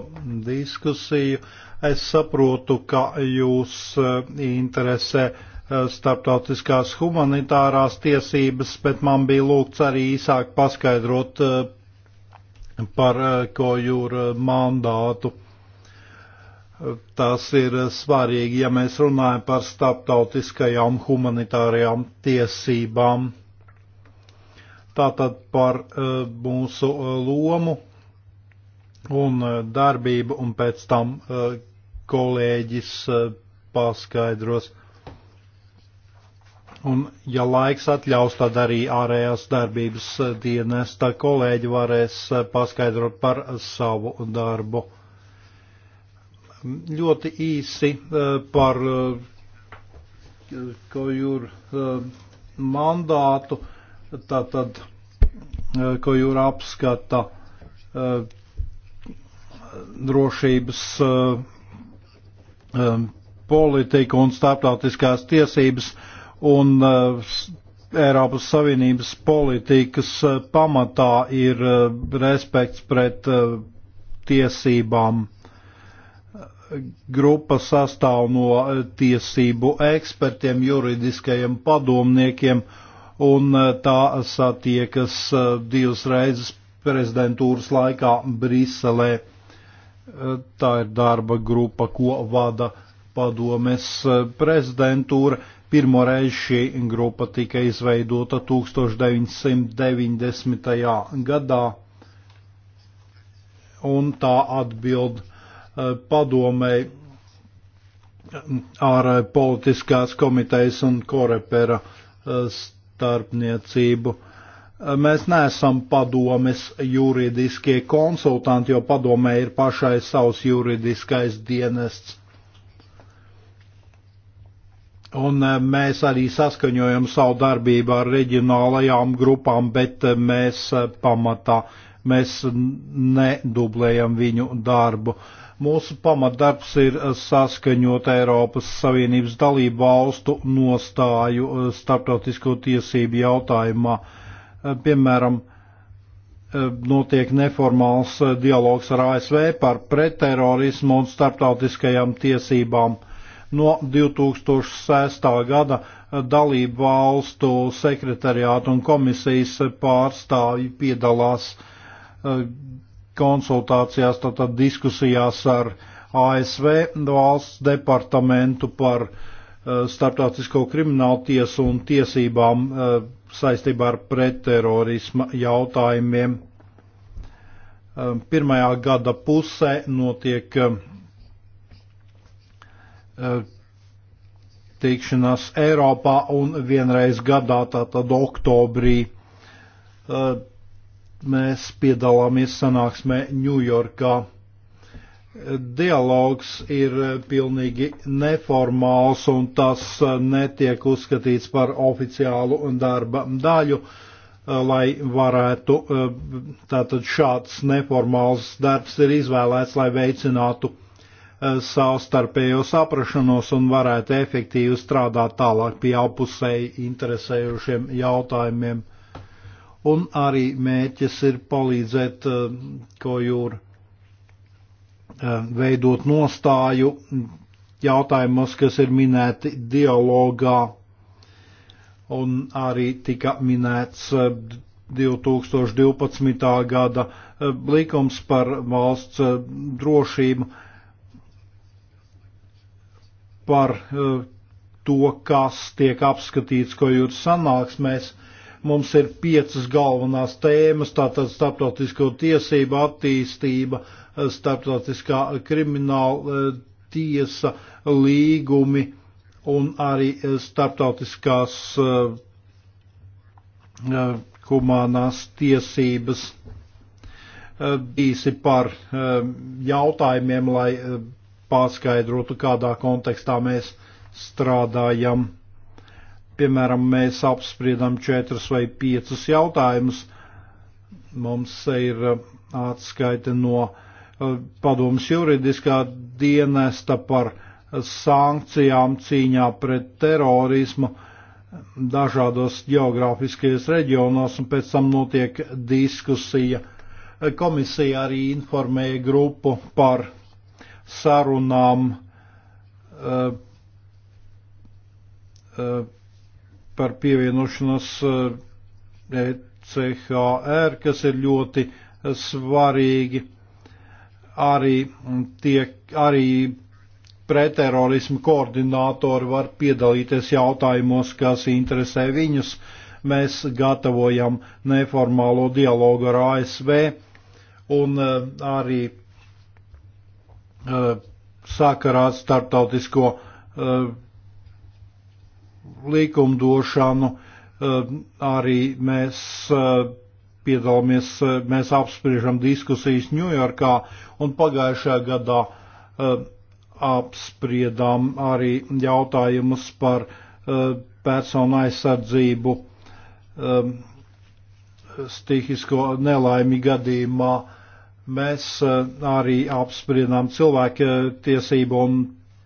diskusiju. Es saprotu, ka jūs eh, interesē eh, starptautiskās humanitārās tiesības, bet man bija lūgts arī īsāk paskaidrot par eh, kojūra mandātu. Tas ir svarīgi, ja mēs runājam par starptautiskajām humanitārajām tiesībām. Tātad par eh, mūsu eh, lomu un darbību, un pēc tam kolēģis paskaidros. Un, ja laiks atļaus, tad arī ārējās darbības dienesta kolēģi varēs eh, paskaidrot par savu darbu. Ļoti īsi eh, par eh, kojūru mandātu, tātad kojūra apskata drošības politiku un starptautiskās tiesības un eh, Eiropas Savienības politikas eh, pamatā ir eh, respekts pret tiesībām. Grupa sastāv no tiesību ekspertiem, juridiskajiem padomniekiem, un tā satiekas divas reizes prezidentūras laikā Briselē. Tā ir darba grupa, ko vada padomes prezidentūra Pirmoreiz šī grupa tika izveidota 1990. gadā, un tā atbild eh, padomēji ar politiskās komitejas un korepera eh, starpniecību. Eh, mēs neesam padomes juridiskie konsultanti, jo padomē ir pašai savs juridiskais dienests. Un eh, mēs arī saskaņojam savu darbību ar reģionālajām grupām, bet eh, mēs eh, pamatā mēs nedublējam viņu darbu. Mūsu pamatdarbs ir saskaņot Eiropas Savienības dalību valstu nostāju starptautisko tiesību jautājumā. Piemēram, notiek neformāls dialogs ar ASV par pretterorismu un starptautiskajām tiesībām no 2006. gada dalību valstu sekretariātu un komisijas pārstāvji piedalās eh, konsultācijās, tātad diskusijās ar ASV valsts departamentu par eh, starptautisko kriminālu tiesu un tiesībām eh, saistībā ar pretterorisma jautājumiem. Pirmajā gada pusē notiek Eh, tikšanās Eiropā un vienreiz gadā, tātad oktobrī, eh, mēs piedalāmies sanāksmē Ņujorkā. Eh, dialogs ir pilnīgi neformāls un tas netiek uzskatīts par oficiālu darba daļu, lai varētu, tātad šāds neformāls darbs ir izvēlēts, lai veicinātu Eh, savstarpējo saprašanos un varētu efektīvi strādāt tālāk pie apusēji interesējušiem jautājumiem. Un arī mēķis ir palīdzēt eh, kojūr eh, veidot nostāju jautājumos, kas ir minēti dialogā. Un arī tika minēts 2012. gada likums par valsts drošību par eh, to, kas tiek apskatīts, ko jūtas sanāksmēs. Mums ir piecas galvenās tēmas, tātad starptautisko tiesību attīstība, eh, starptautiskā krimināla eh, tiesa, līgumi un arī starptautiskās humanās tiesības. Īsi par jautājumiem, lai paskaidrotu, kādā kontekstā mēs strādājam. Piemēram, mēs apspriedam četrus vai piecus jautājumus. Mums ir uh, atskaite no uh, padomus juridiskā dienesta par sankcijām cīņā pret terorismu dažādos geogrāfiskajos reģionos, un pēc tam notiek diskusija. Komisija arī informēja grupu par sarunām eh, eh, par pievienošanos ECHR, eh, e kas ir ļoti svarīgi. Arī, tiek, arī pretterorismu koordinātori var piedalīties jautājumos, kas interesē viņus. Mēs gatavojam neformālo dialogu ar ASV un arī Uh, sakarā ar starptautisko uh, likumdošanu uh, arī mēs piedalāmies, mēs apspriežam diskusijas Ņujorkā un pagājušajā gadā apspriedām arī jautājumus par personu aizsardzību um, stihisko nelaimi gadījumā. Uh, Mēs eh, arī apspriedām cilvēku tiesību un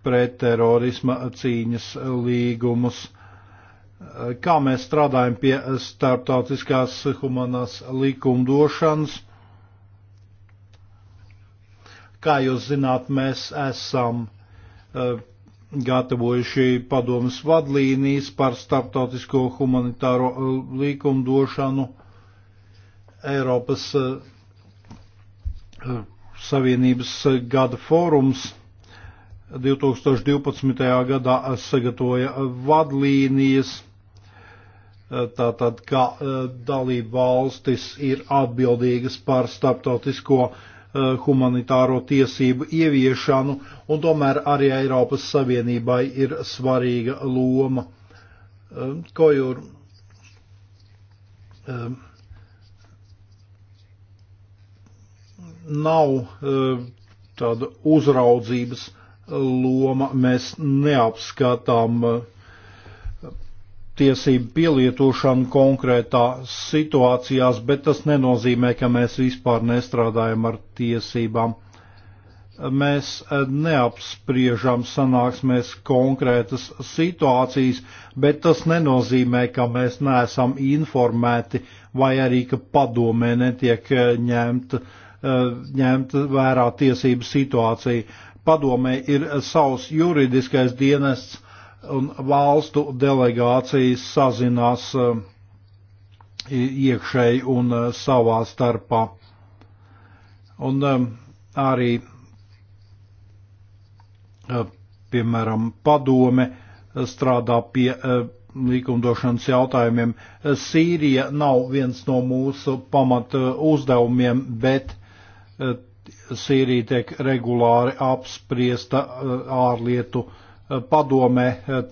pretterorisma cīņas līgumus. Eh, kā mēs strādājam pie starptautiskās humanās likumdošanas? Kā jūs zināt, mēs esam eh, gatavojuši padomas vadlīnijas par starptautisko humanitāro likumdošanu Eiropas Savienības gada fórums 2012. gadā sagatavoja vadlīnijas, tātad kā e, dalība valstis ir atbildīgas par starptautisko e, humanitāro tiesību ieviešanu, un tomēr arī Eiropas Savienībai ir svarīga loma. E, ko jau nav e, tāda uzraudzības loma. Mēs neapskatām e, tiesību pielietošanu konkrētā situācijās, bet tas nenozīmē, ka mēs vispār nestrādājam ar tiesībām. Mēs e, neapspriežam sanāksmēs konkrētas situācijas, bet tas nenozīmē, ka mēs neesam informēti vai arī, ka padomē netiek ņemta uh, Uh, ņemt vērā tiesību situāciju. Padomē ir savs juridiskais dienests un valstu delegācijas sazinās uh, iekšēji un uh, savā starpā. Un um, arī, piemēram, padome strādā pie likumdošanas jautājumiem. Sīrija nav viens no mūsu pamat uzdevumiem, bet Eh, Sīrija tiek regulāri apspriesta eh, ārlietu eh, padomē.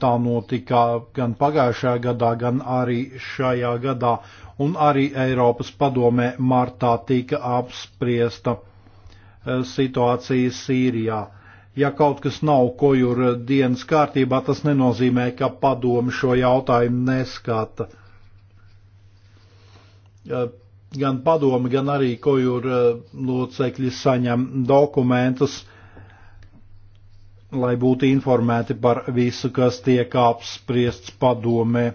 Tā notika gan pagājušajā gadā, gan arī šajā gadā, un arī Eiropas padomē martā tika apspriesta situācija Sīrijā. Ja kaut kas nav kojur dienas kārtībā, tas nenozīmē, ka padomi šo jautājumu neskata gan padomi, gan arī kojur eh, locekļi saņem dokumentus, lai būtu informēti par visu, kas tiek apspriests padomē.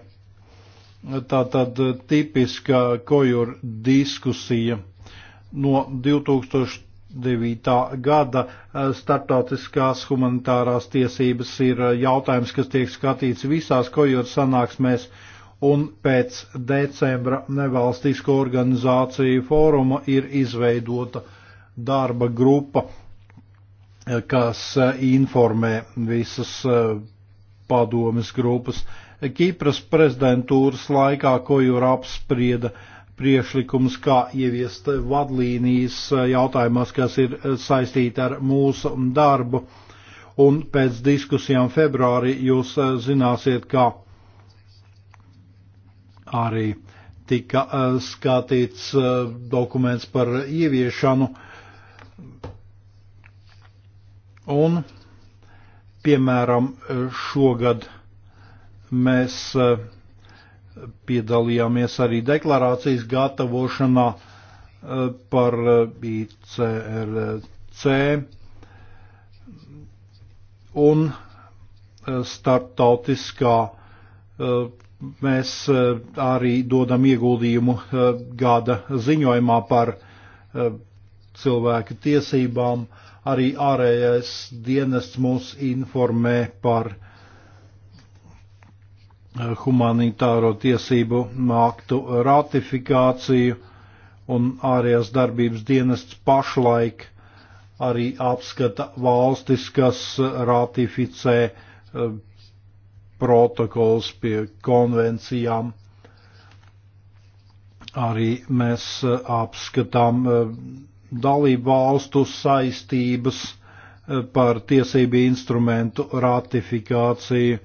Tā tad eh, tipiska kojur diskusija no 2009. gada eh, startautiskās humanitārās tiesības ir jautājums, kas tiek skatīts visās kojur sanāksmēs. mēs un pēc decembra nevalstisko organizāciju fóruma ir izveidota darba grupa, eh, kas eh, informē visas eh, padomes grupas. Kipras prezidentūras laikā, ko jau ir apsprieda priešlikums, kā ieviest vadlīnijas jautājumos, kas ir saistīti ar mūsu darbu, un pēc diskusijām februārī jūs zināsiet, kā arī tika eh, skatīts eh, dokuments par ieviešanu. Un, piemēram, šogad mēs eh, piedalījāmies arī deklarācijas gatavošanā par ICRC un starptautiskā Mēs eh, arī dodam ieguldījumu eh, gada ziņojumā par eh, cilvēku tiesībām. Arī ārējais dienests mūs informē par humanitāro tiesību aktu ratifikāciju, un ārējās darbības dienests pašlaik arī apskata valstis, kas ratificē protokols pie konvencijām. Arī mēs eh, apskatām eh, dalību valstu saistības eh, par tiesību instrumentu ratifikāciju.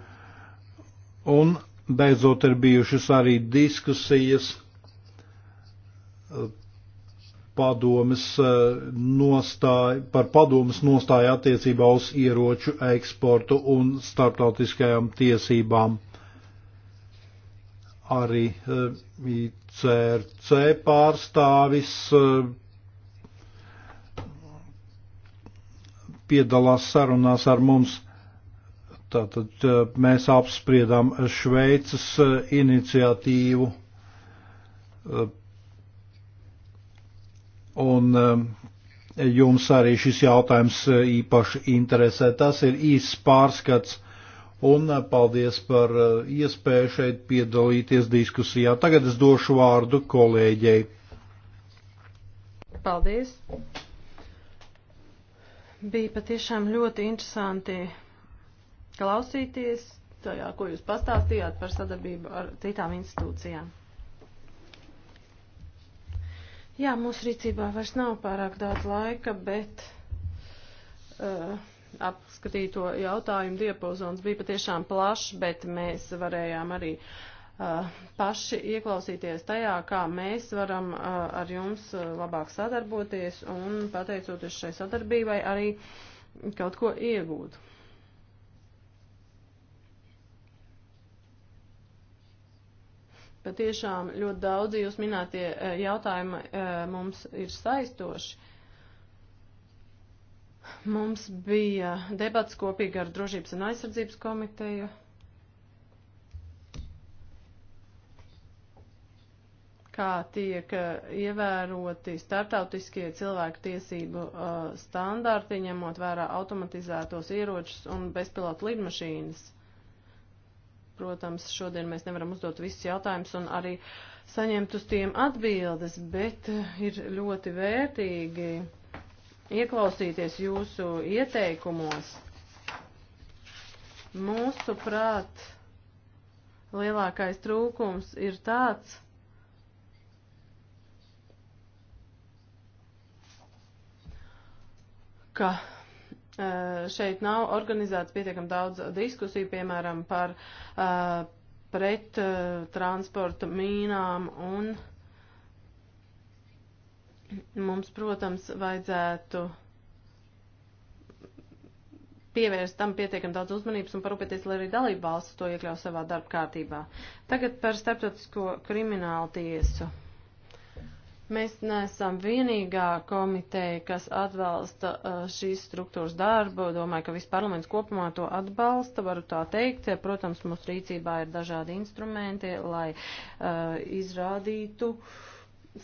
Un beidzot ir bijušas arī diskusijas padomes eh, nostāja, par padomes nostāju attiecībā uz ieroču eksportu un starptautiskajām tiesībām. Arī eh, ICRC pārstāvis eh, piedalās sarunās ar mums. Tātad mēs apspriedām Šveices iniciatīvu un um, jums arī šis jautājums uh, īpaši interesē. Tas ir īsts pārskats un uh, paldies par uh, iespēju šeit piedalīties diskusijā. Tagad es došu vārdu kolēģei. Paldies! Bija patiešām ļoti interesanti klausīties tajā, ko jūs pastāstījāt par sadarbību ar citām institūcijām. Jā, mūsu rīcībā vairs nav pārāk daudz laika, bet uh, apskatīto jautājumu diapazons bija patiešām plašs, bet mēs varējām arī uh, paši ieklausīties tajā, kā mēs varam uh, ar jums uh, labāk sadarboties un pateicoties šai sadarbībai arī kaut ko iegūt. Patiešām ļoti daudzi jūs minētie e, jautājumi e, mums ir saistoši. Mums bija debats kopīgi ar Drošības un aizsardzības komiteju. kā tiek e, ievēroti startautiskie cilvēku tiesību uh, standarti, ņemot vērā automatizētos ieročus un bezpilotu lidmašīnas. Protams, šodien mēs nevaram uzdot visus jautājumus un arī saņemt uz tiem atbildes, bet eh, ir ļoti vērtīgi ieklausīties jūsu ieteikumos. Mūsu prāt lielākais trūkums ir tāds, ka Eh, šeit nav organizēts pietiekam daudz diskusiju, piemēram, par uh, pret uh, transporta mīnām un mums, protams, vajadzētu pievērst tam pietiekam daudz uzmanības un parūpēties, lai arī dalība valsts to iekļaus savā darba kārtībā. Tagad par starptautisko kriminālu tiesu. Mēs neesam vienīgā komiteja, kas atbalsta uh, šīs struktūras darbu. Domāju, ka viss parlaments kopumā to atbalsta, varu tā teikt. Protams, mūsu rīcībā ir dažādi instrumenti, lai uh, izrādītu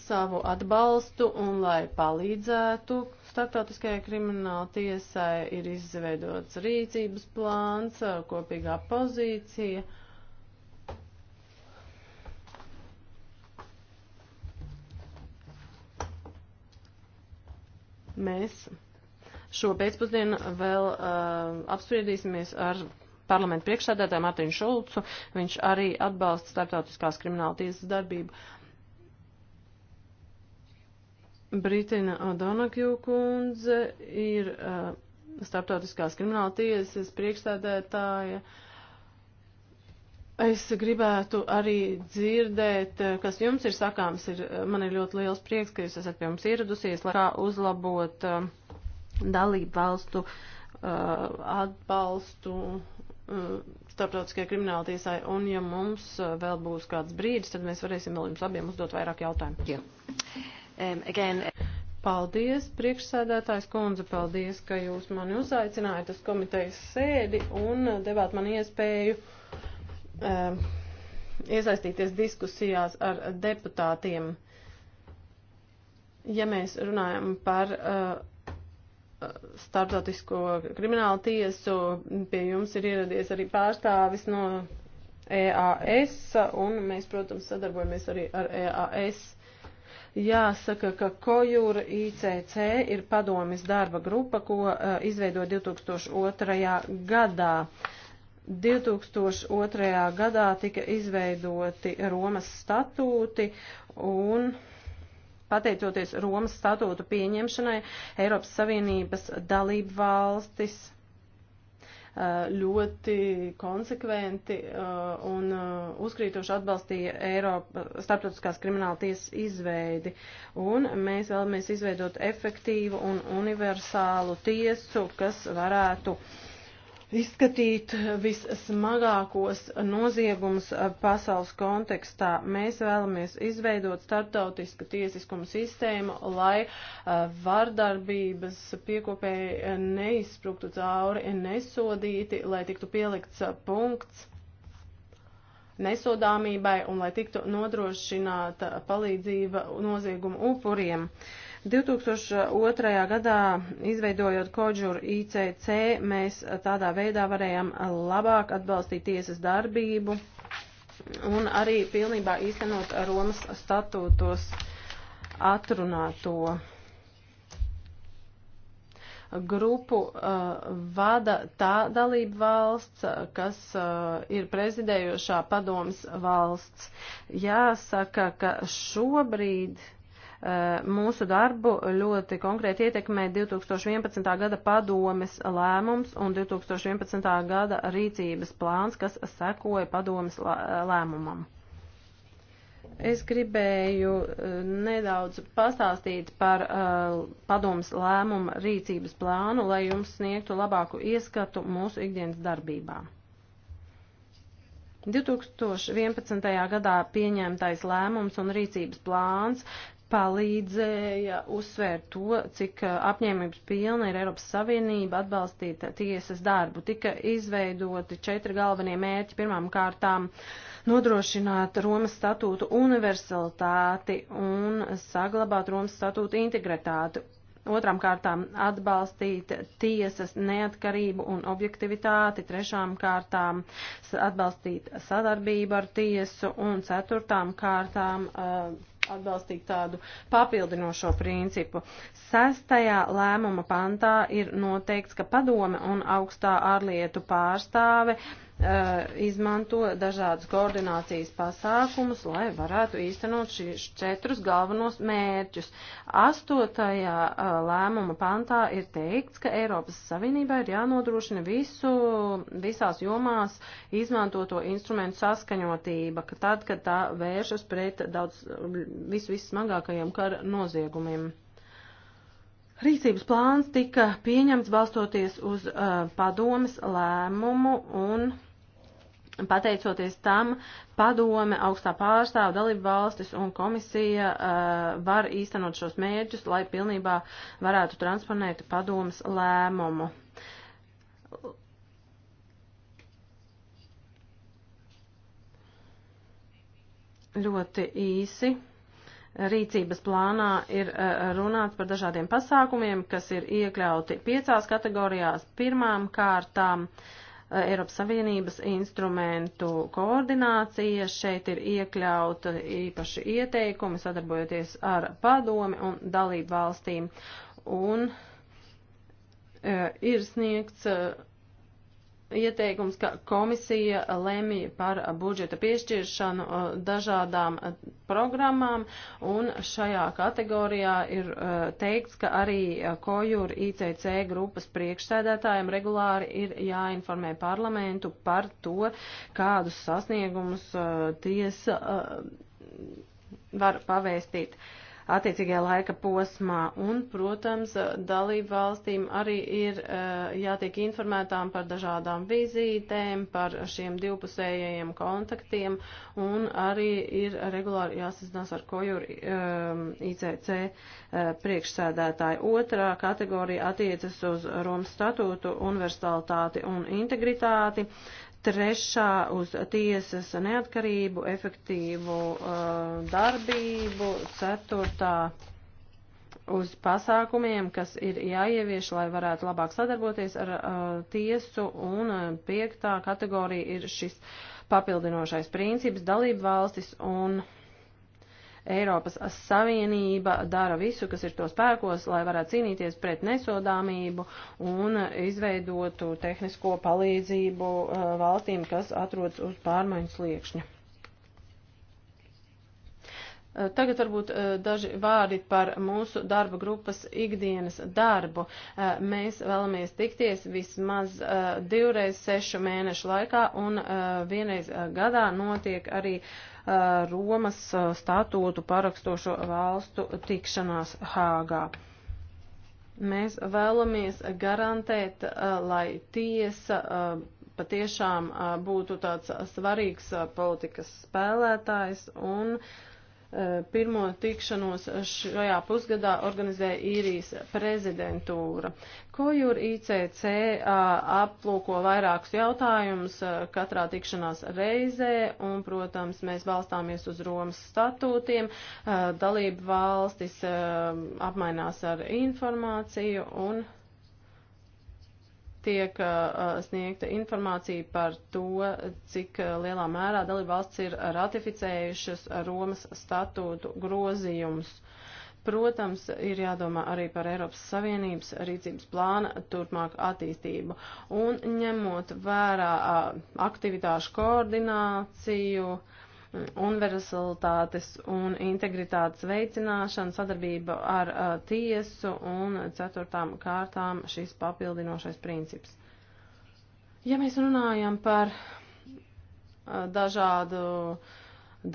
savu atbalstu un lai palīdzētu starptautiskajai krimināla tiesai. Ir izveidots rīcības plāns, uh, kopīgā pozīcija. Uh, Mēs šo pēcpusdienu vēl uh, apspriedīsimies ar parlamentu priekšsēdētāju Mārtiņu Šulcu. Viņš arī atbalsta starptautiskās krimināla tiesas darbību. Britina Donakju kundze ir uh, starptautiskās krimināla tiesas priekšsēdētāja. Uh, Es gribētu arī dzirdēt, eh, kas jums ir sakāms. Ir, eh, man ir ļoti liels prieks, ka jūs esat pie mums ieradusies, lai kā uzlabot uh, dalību valstu uh, atbalstu uh, starptautiskajai krimināla tiesai. Un ja mums vēl būs kāds brīdis, tad mēs varēsim vēl jums abiem uzdot vairāk jautājumu. Yeah. Um, again... Uh, paldies, priekšsēdētājs kundze, paldies, ka jūs mani uzaicinājāt uz komitejas sēdi un devāt man iespēju Um, iesaistīties diskusijās ar deputātiem. Ja mēs runājam par uh, starptautisko kriminālu tiesu, pie jums ir ieradies arī pārstāvis no EAS, un mēs, protams, sadarbojamies arī ar EAS. Jāsaka, ka Kojūra ICC ir padomis darba grupa, ko uh, izveido 2002. gadā. Uh, 2002. gadā tika izveidoti Romas statūti un pateicoties Romas statūtu pieņemšanai, Eiropas Savienības dalību valstis ļoti konsekventi un uzkrītoši atbalstīja Eiropa starptautiskās krimināla tiesas izveidi. Un mēs vēlamies izveidot efektīvu un universālu tiesu, kas varētu uh, izskatīt vissmagākos noziegumus eh, pasaules kontekstā. Mēs vēlamies izveidot starptautisku tiesiskumu sistēmu, lai eh, vardarbības piekopēji neizspruktu cauri nesodīti, lai tiktu pielikts eh, punkts nesodāmībai un lai tiktu nodrošināta palīdzība noziegumu upuriem. Uh, 2002. gadā, izveidojot Kodžur ICC, mēs tādā veidā varējām labāk atbalstīt tiesas darbību un arī pilnībā īstenot Romas statūtos atrunāto grupu uh, vada tā dalība valsts, kas uh, ir prezidējošā padomas valsts. Jāsaka, ka šobrīd Eh, mūsu darbu ļoti konkrēti ietekmē 2011. gada padomes lēmums un 2011. gada rīcības plāns, kas sekoja padomes lēmumam. Es gribēju eh, nedaudz pastāstīt par uh, eh, padomas lēmumu rīcības plānu, lai jums sniegtu labāku ieskatu mūsu ikdienas darbībā. 2011. gadā pieņemtais lēmums un rīcības plāns palīdzēja uzsvērt to, cik apņēmības pilna ir Eiropas Savienība atbalstīt tiesas darbu. Tika izveidoti četri galvenie mērķi. Pirmām kārtām nodrošināt Romas statūtu universalitāti un saglabāt Romas statūtu integritāti. Otrām kārtām atbalstīt tiesas neatkarību un objektivitāti, trešām kārtām atbalstīt sadarbību ar tiesu un ceturtām kārtām uh, atbalstīt tādu papildinošo principu. Sestajā lēmuma pantā ir noteikts, ka padome un augstā ārlietu pārstāve uh, Uh, izmanto dažādus koordinācijas pasākumus, lai varētu īstenot šīs četrus galvenos mērķus. Astotajā uh, lēmuma pantā ir teikts, ka Eiropas Savienībā ir jānodrošina visu, visās jomās izmantoto instrumentu saskaņotība, ka tad, kad tā vēršas pret daudz vis, vissmagākajiem kara noziegumiem. Rīcības plāns tika pieņemts balstoties uz uh, padomes lēmumu un Pateicoties tam, padome, augstā pārstāva, dalība valstis un komisija uh, var īstenot šos mērķus, lai pilnībā varētu transponēt padomas lēmumu. Ļoti īsi rīcības plānā ir uh, runāts par dažādiem pasākumiem, kas ir iekļauti piecās kategorijās. Pirmām kārtām uh, Eiropas Savienības instrumentu koordinācija. Šeit ir iekļauta īpaši ieteikumi sadarbojoties ar padomi un dalību valstīm. Un uh, ir sniegts. Uh, ieteikums, ka komisija lemj par budžeta piešķiršanu uh, dažādām uh, programmām, un šajā kategorijā ir uh, teikts, ka arī kojūra ICC grupas priekšsēdētājiem regulāri ir jāinformē parlamentu par to, kādus sasniegumus tiesa var pavēstīt. Uh, attiecīgajā laika posmā. Un, protams, dalību valstīm arī ir eh, jātiek informētām par dažādām vizītēm, par šiem divpusējiem kontaktiem un arī ir regulāri jāsazinās ar kojur eh, ICC eh, priekšsēdētāju. Otrā kategorija attiecas uz Romas statūtu, universalitāti un integritāti. Uh, trešā uz tiesas neatkarību, efektīvu uh, darbību, ceturtā uz pasākumiem, kas ir jāievieš, lai varētu labāk sadarboties ar uh, tiesu, un uh, piektā kategorija ir šis papildinošais princips dalību valstis un uh, Eiropas Savienība dara visu, kas ir to spēkos, lai varētu cīnīties pret nesodāmību un izveidotu tehnisko palīdzību uh, valstīm, kas atrodas uz pārmaiņu sliekšņa. Uh, tagad varbūt uh, daži vārdi par mūsu darba grupas ikdienas darbu. Mēs vēlamies tikties vismaz divreiz sešu mēnešu laikā un vienreiz gadā notiek arī uh, Romas statūtu parakstošo valstu tikšanās Hāgā. Mēs vēlamies garantēt, lai tiesa patiešām būtu tāds svarīgs politikas spēlētājs un uh, Eh, pirmo tikšanos šajā pusgadā organizēja īrijas prezidentūra. Kojur ICC eh, aplūko vairākus jautājumus eh, katrā tikšanās reizē, un, protams, mēs balstāmies uz Romas statūtiem, dalību valstis apmainās ar informāciju un tiek uh, sniegta informācija par to, cik uh, lielā mērā dalībvalsts ir ratificējušas Romas statūtu grozījumus. Protams, ir jādomā arī par Eiropas Savienības rīcības plāna turpmāku attīstību un ņemot vērā uh, aktivitāšu koordināciju, uh, universalitātes un integritātes veicināšana, sadarbība ar a, uh, tiesu un ceturtām kārtām šis papildinošais princips. Ja mēs runājam par a, uh, dažādu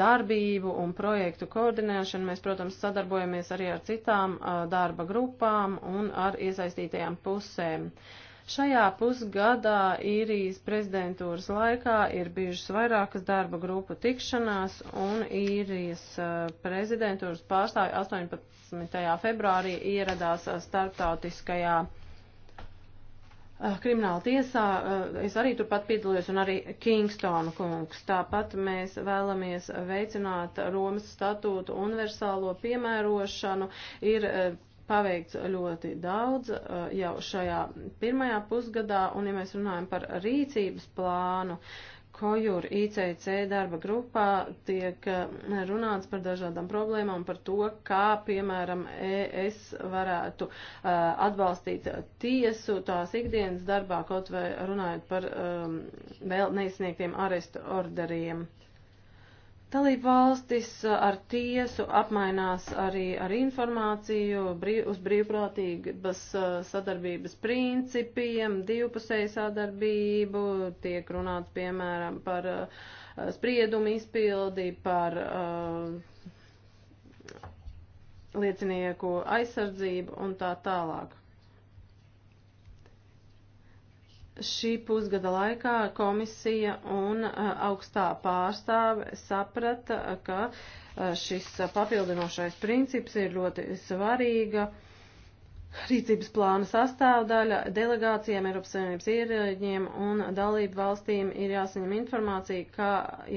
darbību un projektu koordinēšanu, mēs, protams, sadarbojamies arī ar citām a, uh, darba grupām un ar iesaistītajām pusēm. Uh, Šajā pusgadā īrijas prezidentūras laikā ir bijušas vairākas darba grupu tikšanās un īrijas eh, prezidentūras pārstāvi 18. februārī ieradās eh, starptautiskajā eh, Krimināla tiesā es arī turpat piedalījos un arī Kingstonu kungs. Tāpat mēs vēlamies veicināt Romas statūtu universālo piemērošanu. Ir paveikts ļoti daudz uh, jau šajā pirmajā pusgadā, un ja mēs runājam par rīcības plānu, Kojur ICC darba grupā tiek uh, runāts par dažādām problēmām, par to, kā, piemēram, ES varētu uh, atbalstīt tiesu tās ikdienas darbā, kaut vai runājot par um, vēl neizsniegtiem arestu orderiem. Uh, Dalība valstis uh, ar tiesu apmainās arī ar informāciju brīv, uz brīvprātīgas uh, sadarbības principiem, divpusēju sadarbību, tiek runāts piemēram par uh, spriedumu izpildi, par uh, liecinieku aizsardzību un tā tālāk. šī pusgada laikā komisija un augstā pārstāve saprata, ka šis papildinošais princips ir ļoti svarīga rīcības plāna sastāvdaļa delegācijām, Eiropas Savienības ierēģiem un dalību valstīm ir jāsaņem informācija, kā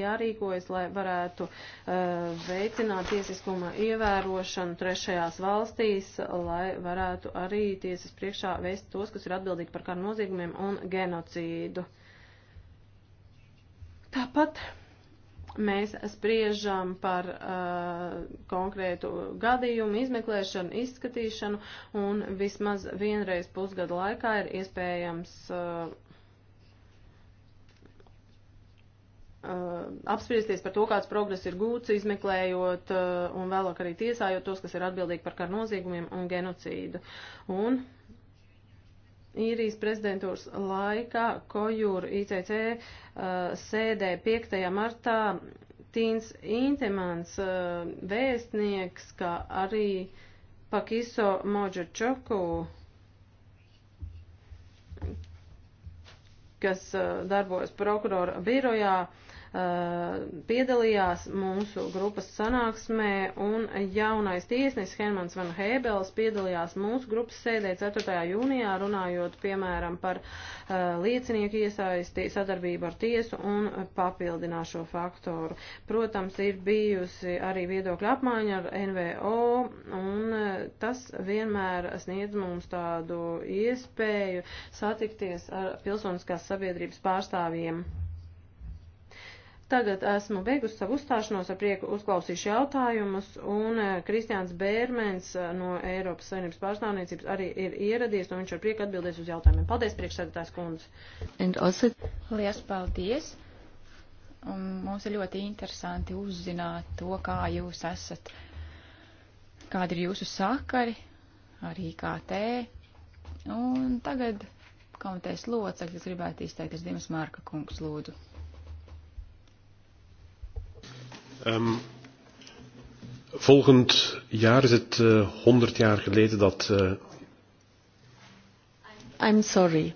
jārīkojas, lai varētu uh, veicināt tiesiskuma ievērošanu trešajās valstīs, lai varētu arī tiesas priekšā vēst tos, kas ir atbildīgi par karu noziegumiem un genocīdu. Tāpat mēs spriežam par uh, konkrētu gadījumu, izmeklēšanu, izskatīšanu, un vismaz vienreiz pusgada laikā ir iespējams uh, uh, apspriesties par to, kāds progress ir gūts, izmeklējot uh, un vēlāk arī tiesājot tos, kas ir atbildīgi par kar noziegumiem un genocīdu. Un īrijas prezidentūras laikā Kojūra ICC uh, sēdē 5. martā Tīns Intemans uh, vēstnieks, kā arī Pakiso Moģačoku, kas uh, darbojas prokurora birojā, uh, Uh, piedalījās mūsu grupas sanāksmē, un jaunais tiesnesis Hermans Van Hēbels piedalījās mūsu grupas sēdē 4. jūnijā, runājot, piemēram, par uh, liecinieku iesaisti, sadarbību ar tiesu un papildināšo faktoru. Protams, ir bijusi arī viedokļa apmaiņa ar NVO, un uh, tas vienmēr sniedz mums tādu iespēju satikties ar pilsoniskās sabiedrības pārstāvjiem. Tagad esmu beigusi savu uzstāšanos, ar prieku uzklausīšu jautājumus, un eh, Kristiāns Bērmens eh, no Eiropas Savienības pārstāvniecības arī ir ieradies, un viņš ar prieku atbildēs uz jautājumiem. Paldies, priekšsēdētājs kundze. Also... Lielas paldies! Un mums ir ļoti interesanti uzzināt to, kā jūs esat, kādi ir jūsu sakari ar IKT. Un tagad komitejas locekļi gribētu izteikties Dimas Mārka kungs lūdzu. Um, volgend jaar is het uh, eh, 100 jaar geleden dat. Uh... I'm sorry.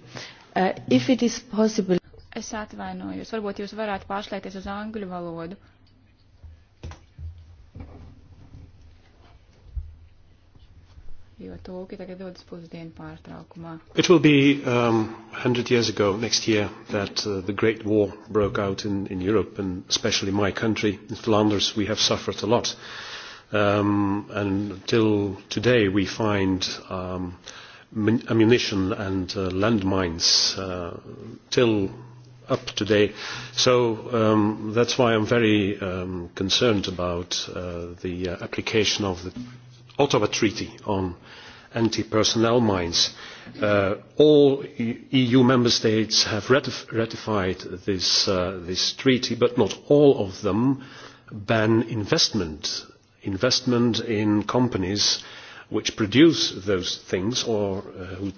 Uh, if it is possible. Es atvainojos. Varbūt jūs varētu pārslēgties uz angļu valodu. Uh, jo tulki tagad dodas pusdienu pārtraukumā. It will be um, 100 years ago next year that uh, the Great War broke out in, in Europe and especially my country, in Flanders, we have suffered a lot. Um, and until today we find um, ammunition and uh, landmines uh, till up today. So um, that's why I'm very um, concerned about uh, the uh, application of the Ottawa Treaty on anti-personnel mines. Uh, all EU e member states have ratif ratified this, uh, this treaty, but not all of them ban investment, investment in companies which produce those things or uh, who,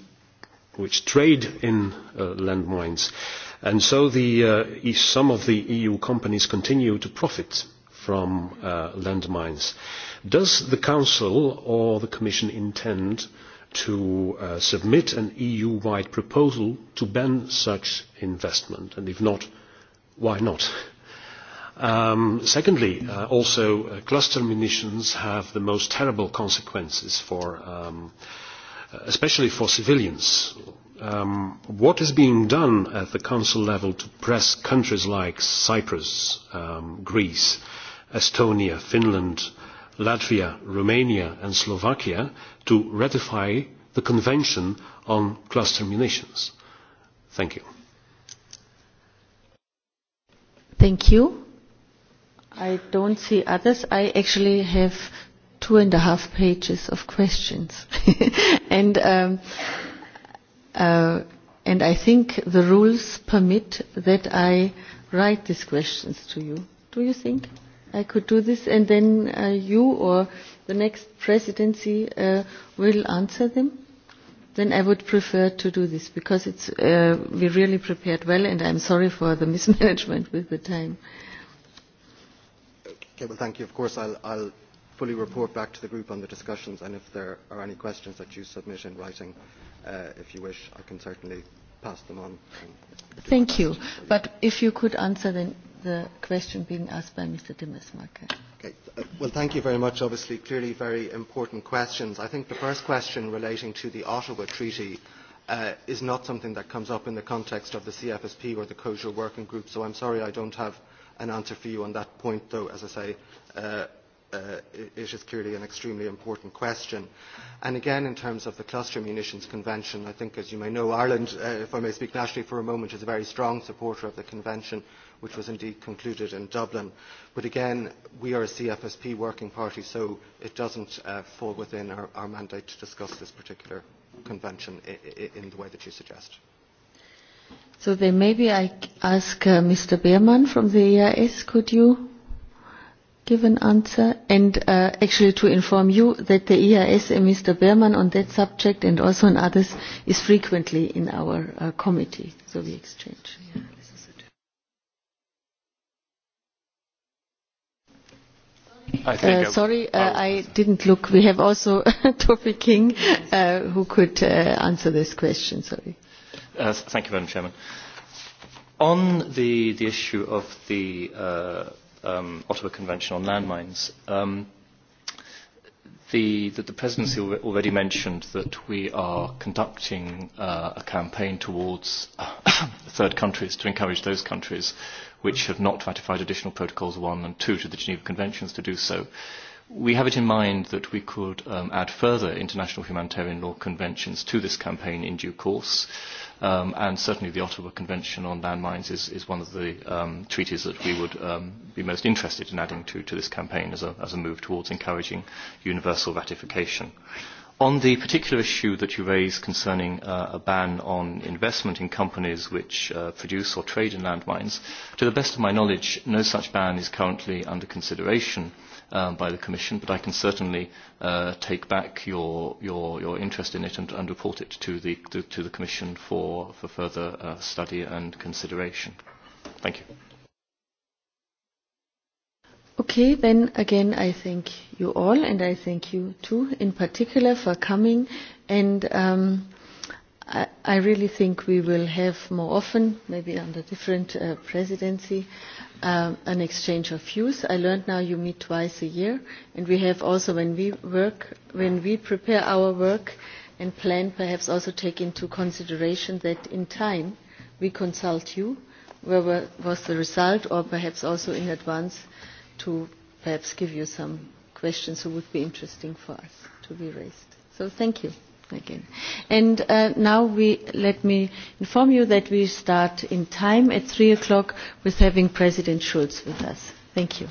which trade in uh, landmines. And so the, uh, e-, some of the EU companies continue to profit uh, from uh, landmines. Does the Council or the Commission intend to uh, submit an EU-wide proposal to ban such investment? And if not, why not? Um, secondly, uh, also uh, cluster munitions have the most terrible consequences for, um, uh, especially for civilians. Um, what is being done at the Council level to press countries like Cyprus, um, Greece, uh, Estonia, Finland, Latvia, Romania and Slovakia to ratify the Convention on Cluster Munitions. Thank you. Thank you. I don't see others. I actually have two and a half pages of questions. and, um, uh, and I think the rules permit that I write these questions to you. Do you think? Mm-hmm. I could do this, and then uh, you or the next presidency uh, will answer them. Then I would prefer to do this because it's uh, we really prepared well, and I'm sorry for the mismanagement with the time. Okay, well, thank you. Of course, I'll, I'll fully report back to the group on the discussions, and if there are any questions that you submit in writing, uh, if you wish, I can certainly pass them on. Thank you. But if you could answer then the question being asked by Mr. Dimasmarker. Okay. Uh, well, thank you very much. Obviously, clearly very important questions. I think the first question relating to the Ottawa Treaty uh, is not something that comes up in the context of the CFSP or the Kosher Working Group, so I'm sorry I don't have an answer for you on that point, though, as I say, uh, uh, it is clearly an extremely important question. And again, in terms of the Cluster Munitions Convention, I think, as you may know, Ireland, uh, if I may speak nationally for a moment, is a very strong supporter of the convention. Uh, which was indeed concluded in Dublin. But again, we are a CFSP working party, so it doesn't uh, fall within our, our mandate to discuss this particular convention I I in the way that you suggest. So then maybe I ask uh, Mr. Beerman from the EIS, could you give an answer? And uh, actually to inform you that the EIS and Mr. Beerman on that subject and also on others is frequently in our uh, committee, so we exchange. Yeah. I think uh, sorry, uh, I didn't look. We have also Toby King uh, who could uh, answer this question. Sorry. Uh, thank you, Madam Chairman. On the, the issue of the uh, um, Ottawa Convention on landmines, um, the, the, the Presidency already mentioned that we are conducting uh, a campaign towards third countries to encourage those countries uh, which have not ratified additional protocols 1 and 2 to the Geneva Conventions to do so. We have it in mind that we could um, add further international humanitarian law conventions to this campaign in due course, um, and certainly the Ottawa Convention on Landmines is, is one of the um, treaties that we would um, be most interested in adding to, to this campaign as a, as a move towards encouraging universal ratification. Uh, On the particular issue that you raised concerning uh, a ban on investment in companies which uh, produce or trade in landmines, to the best of my knowledge, no such ban is currently under consideration um, by the Commission, but I can certainly uh, take back your, your, your interest in it and, and report it to the, to, to the Commission for, for further uh, study and consideration. Thank you. Okay, then again, I thank you all, and I thank you too, in particular, for coming. And um, I, I really think we will have more often, maybe under different uh, presidency, um, an exchange of views. I learned now you meet twice a year, and we have also when we work, when we prepare our work and plan, perhaps also take into consideration that in time we consult you, where was the result, or perhaps also in advance to perhaps give you some questions that would be interesting for us to be raised. So thank you again. And uh, now we, let me inform you that we start in time at 3 o'clock with having President Schulz with us. Thank you.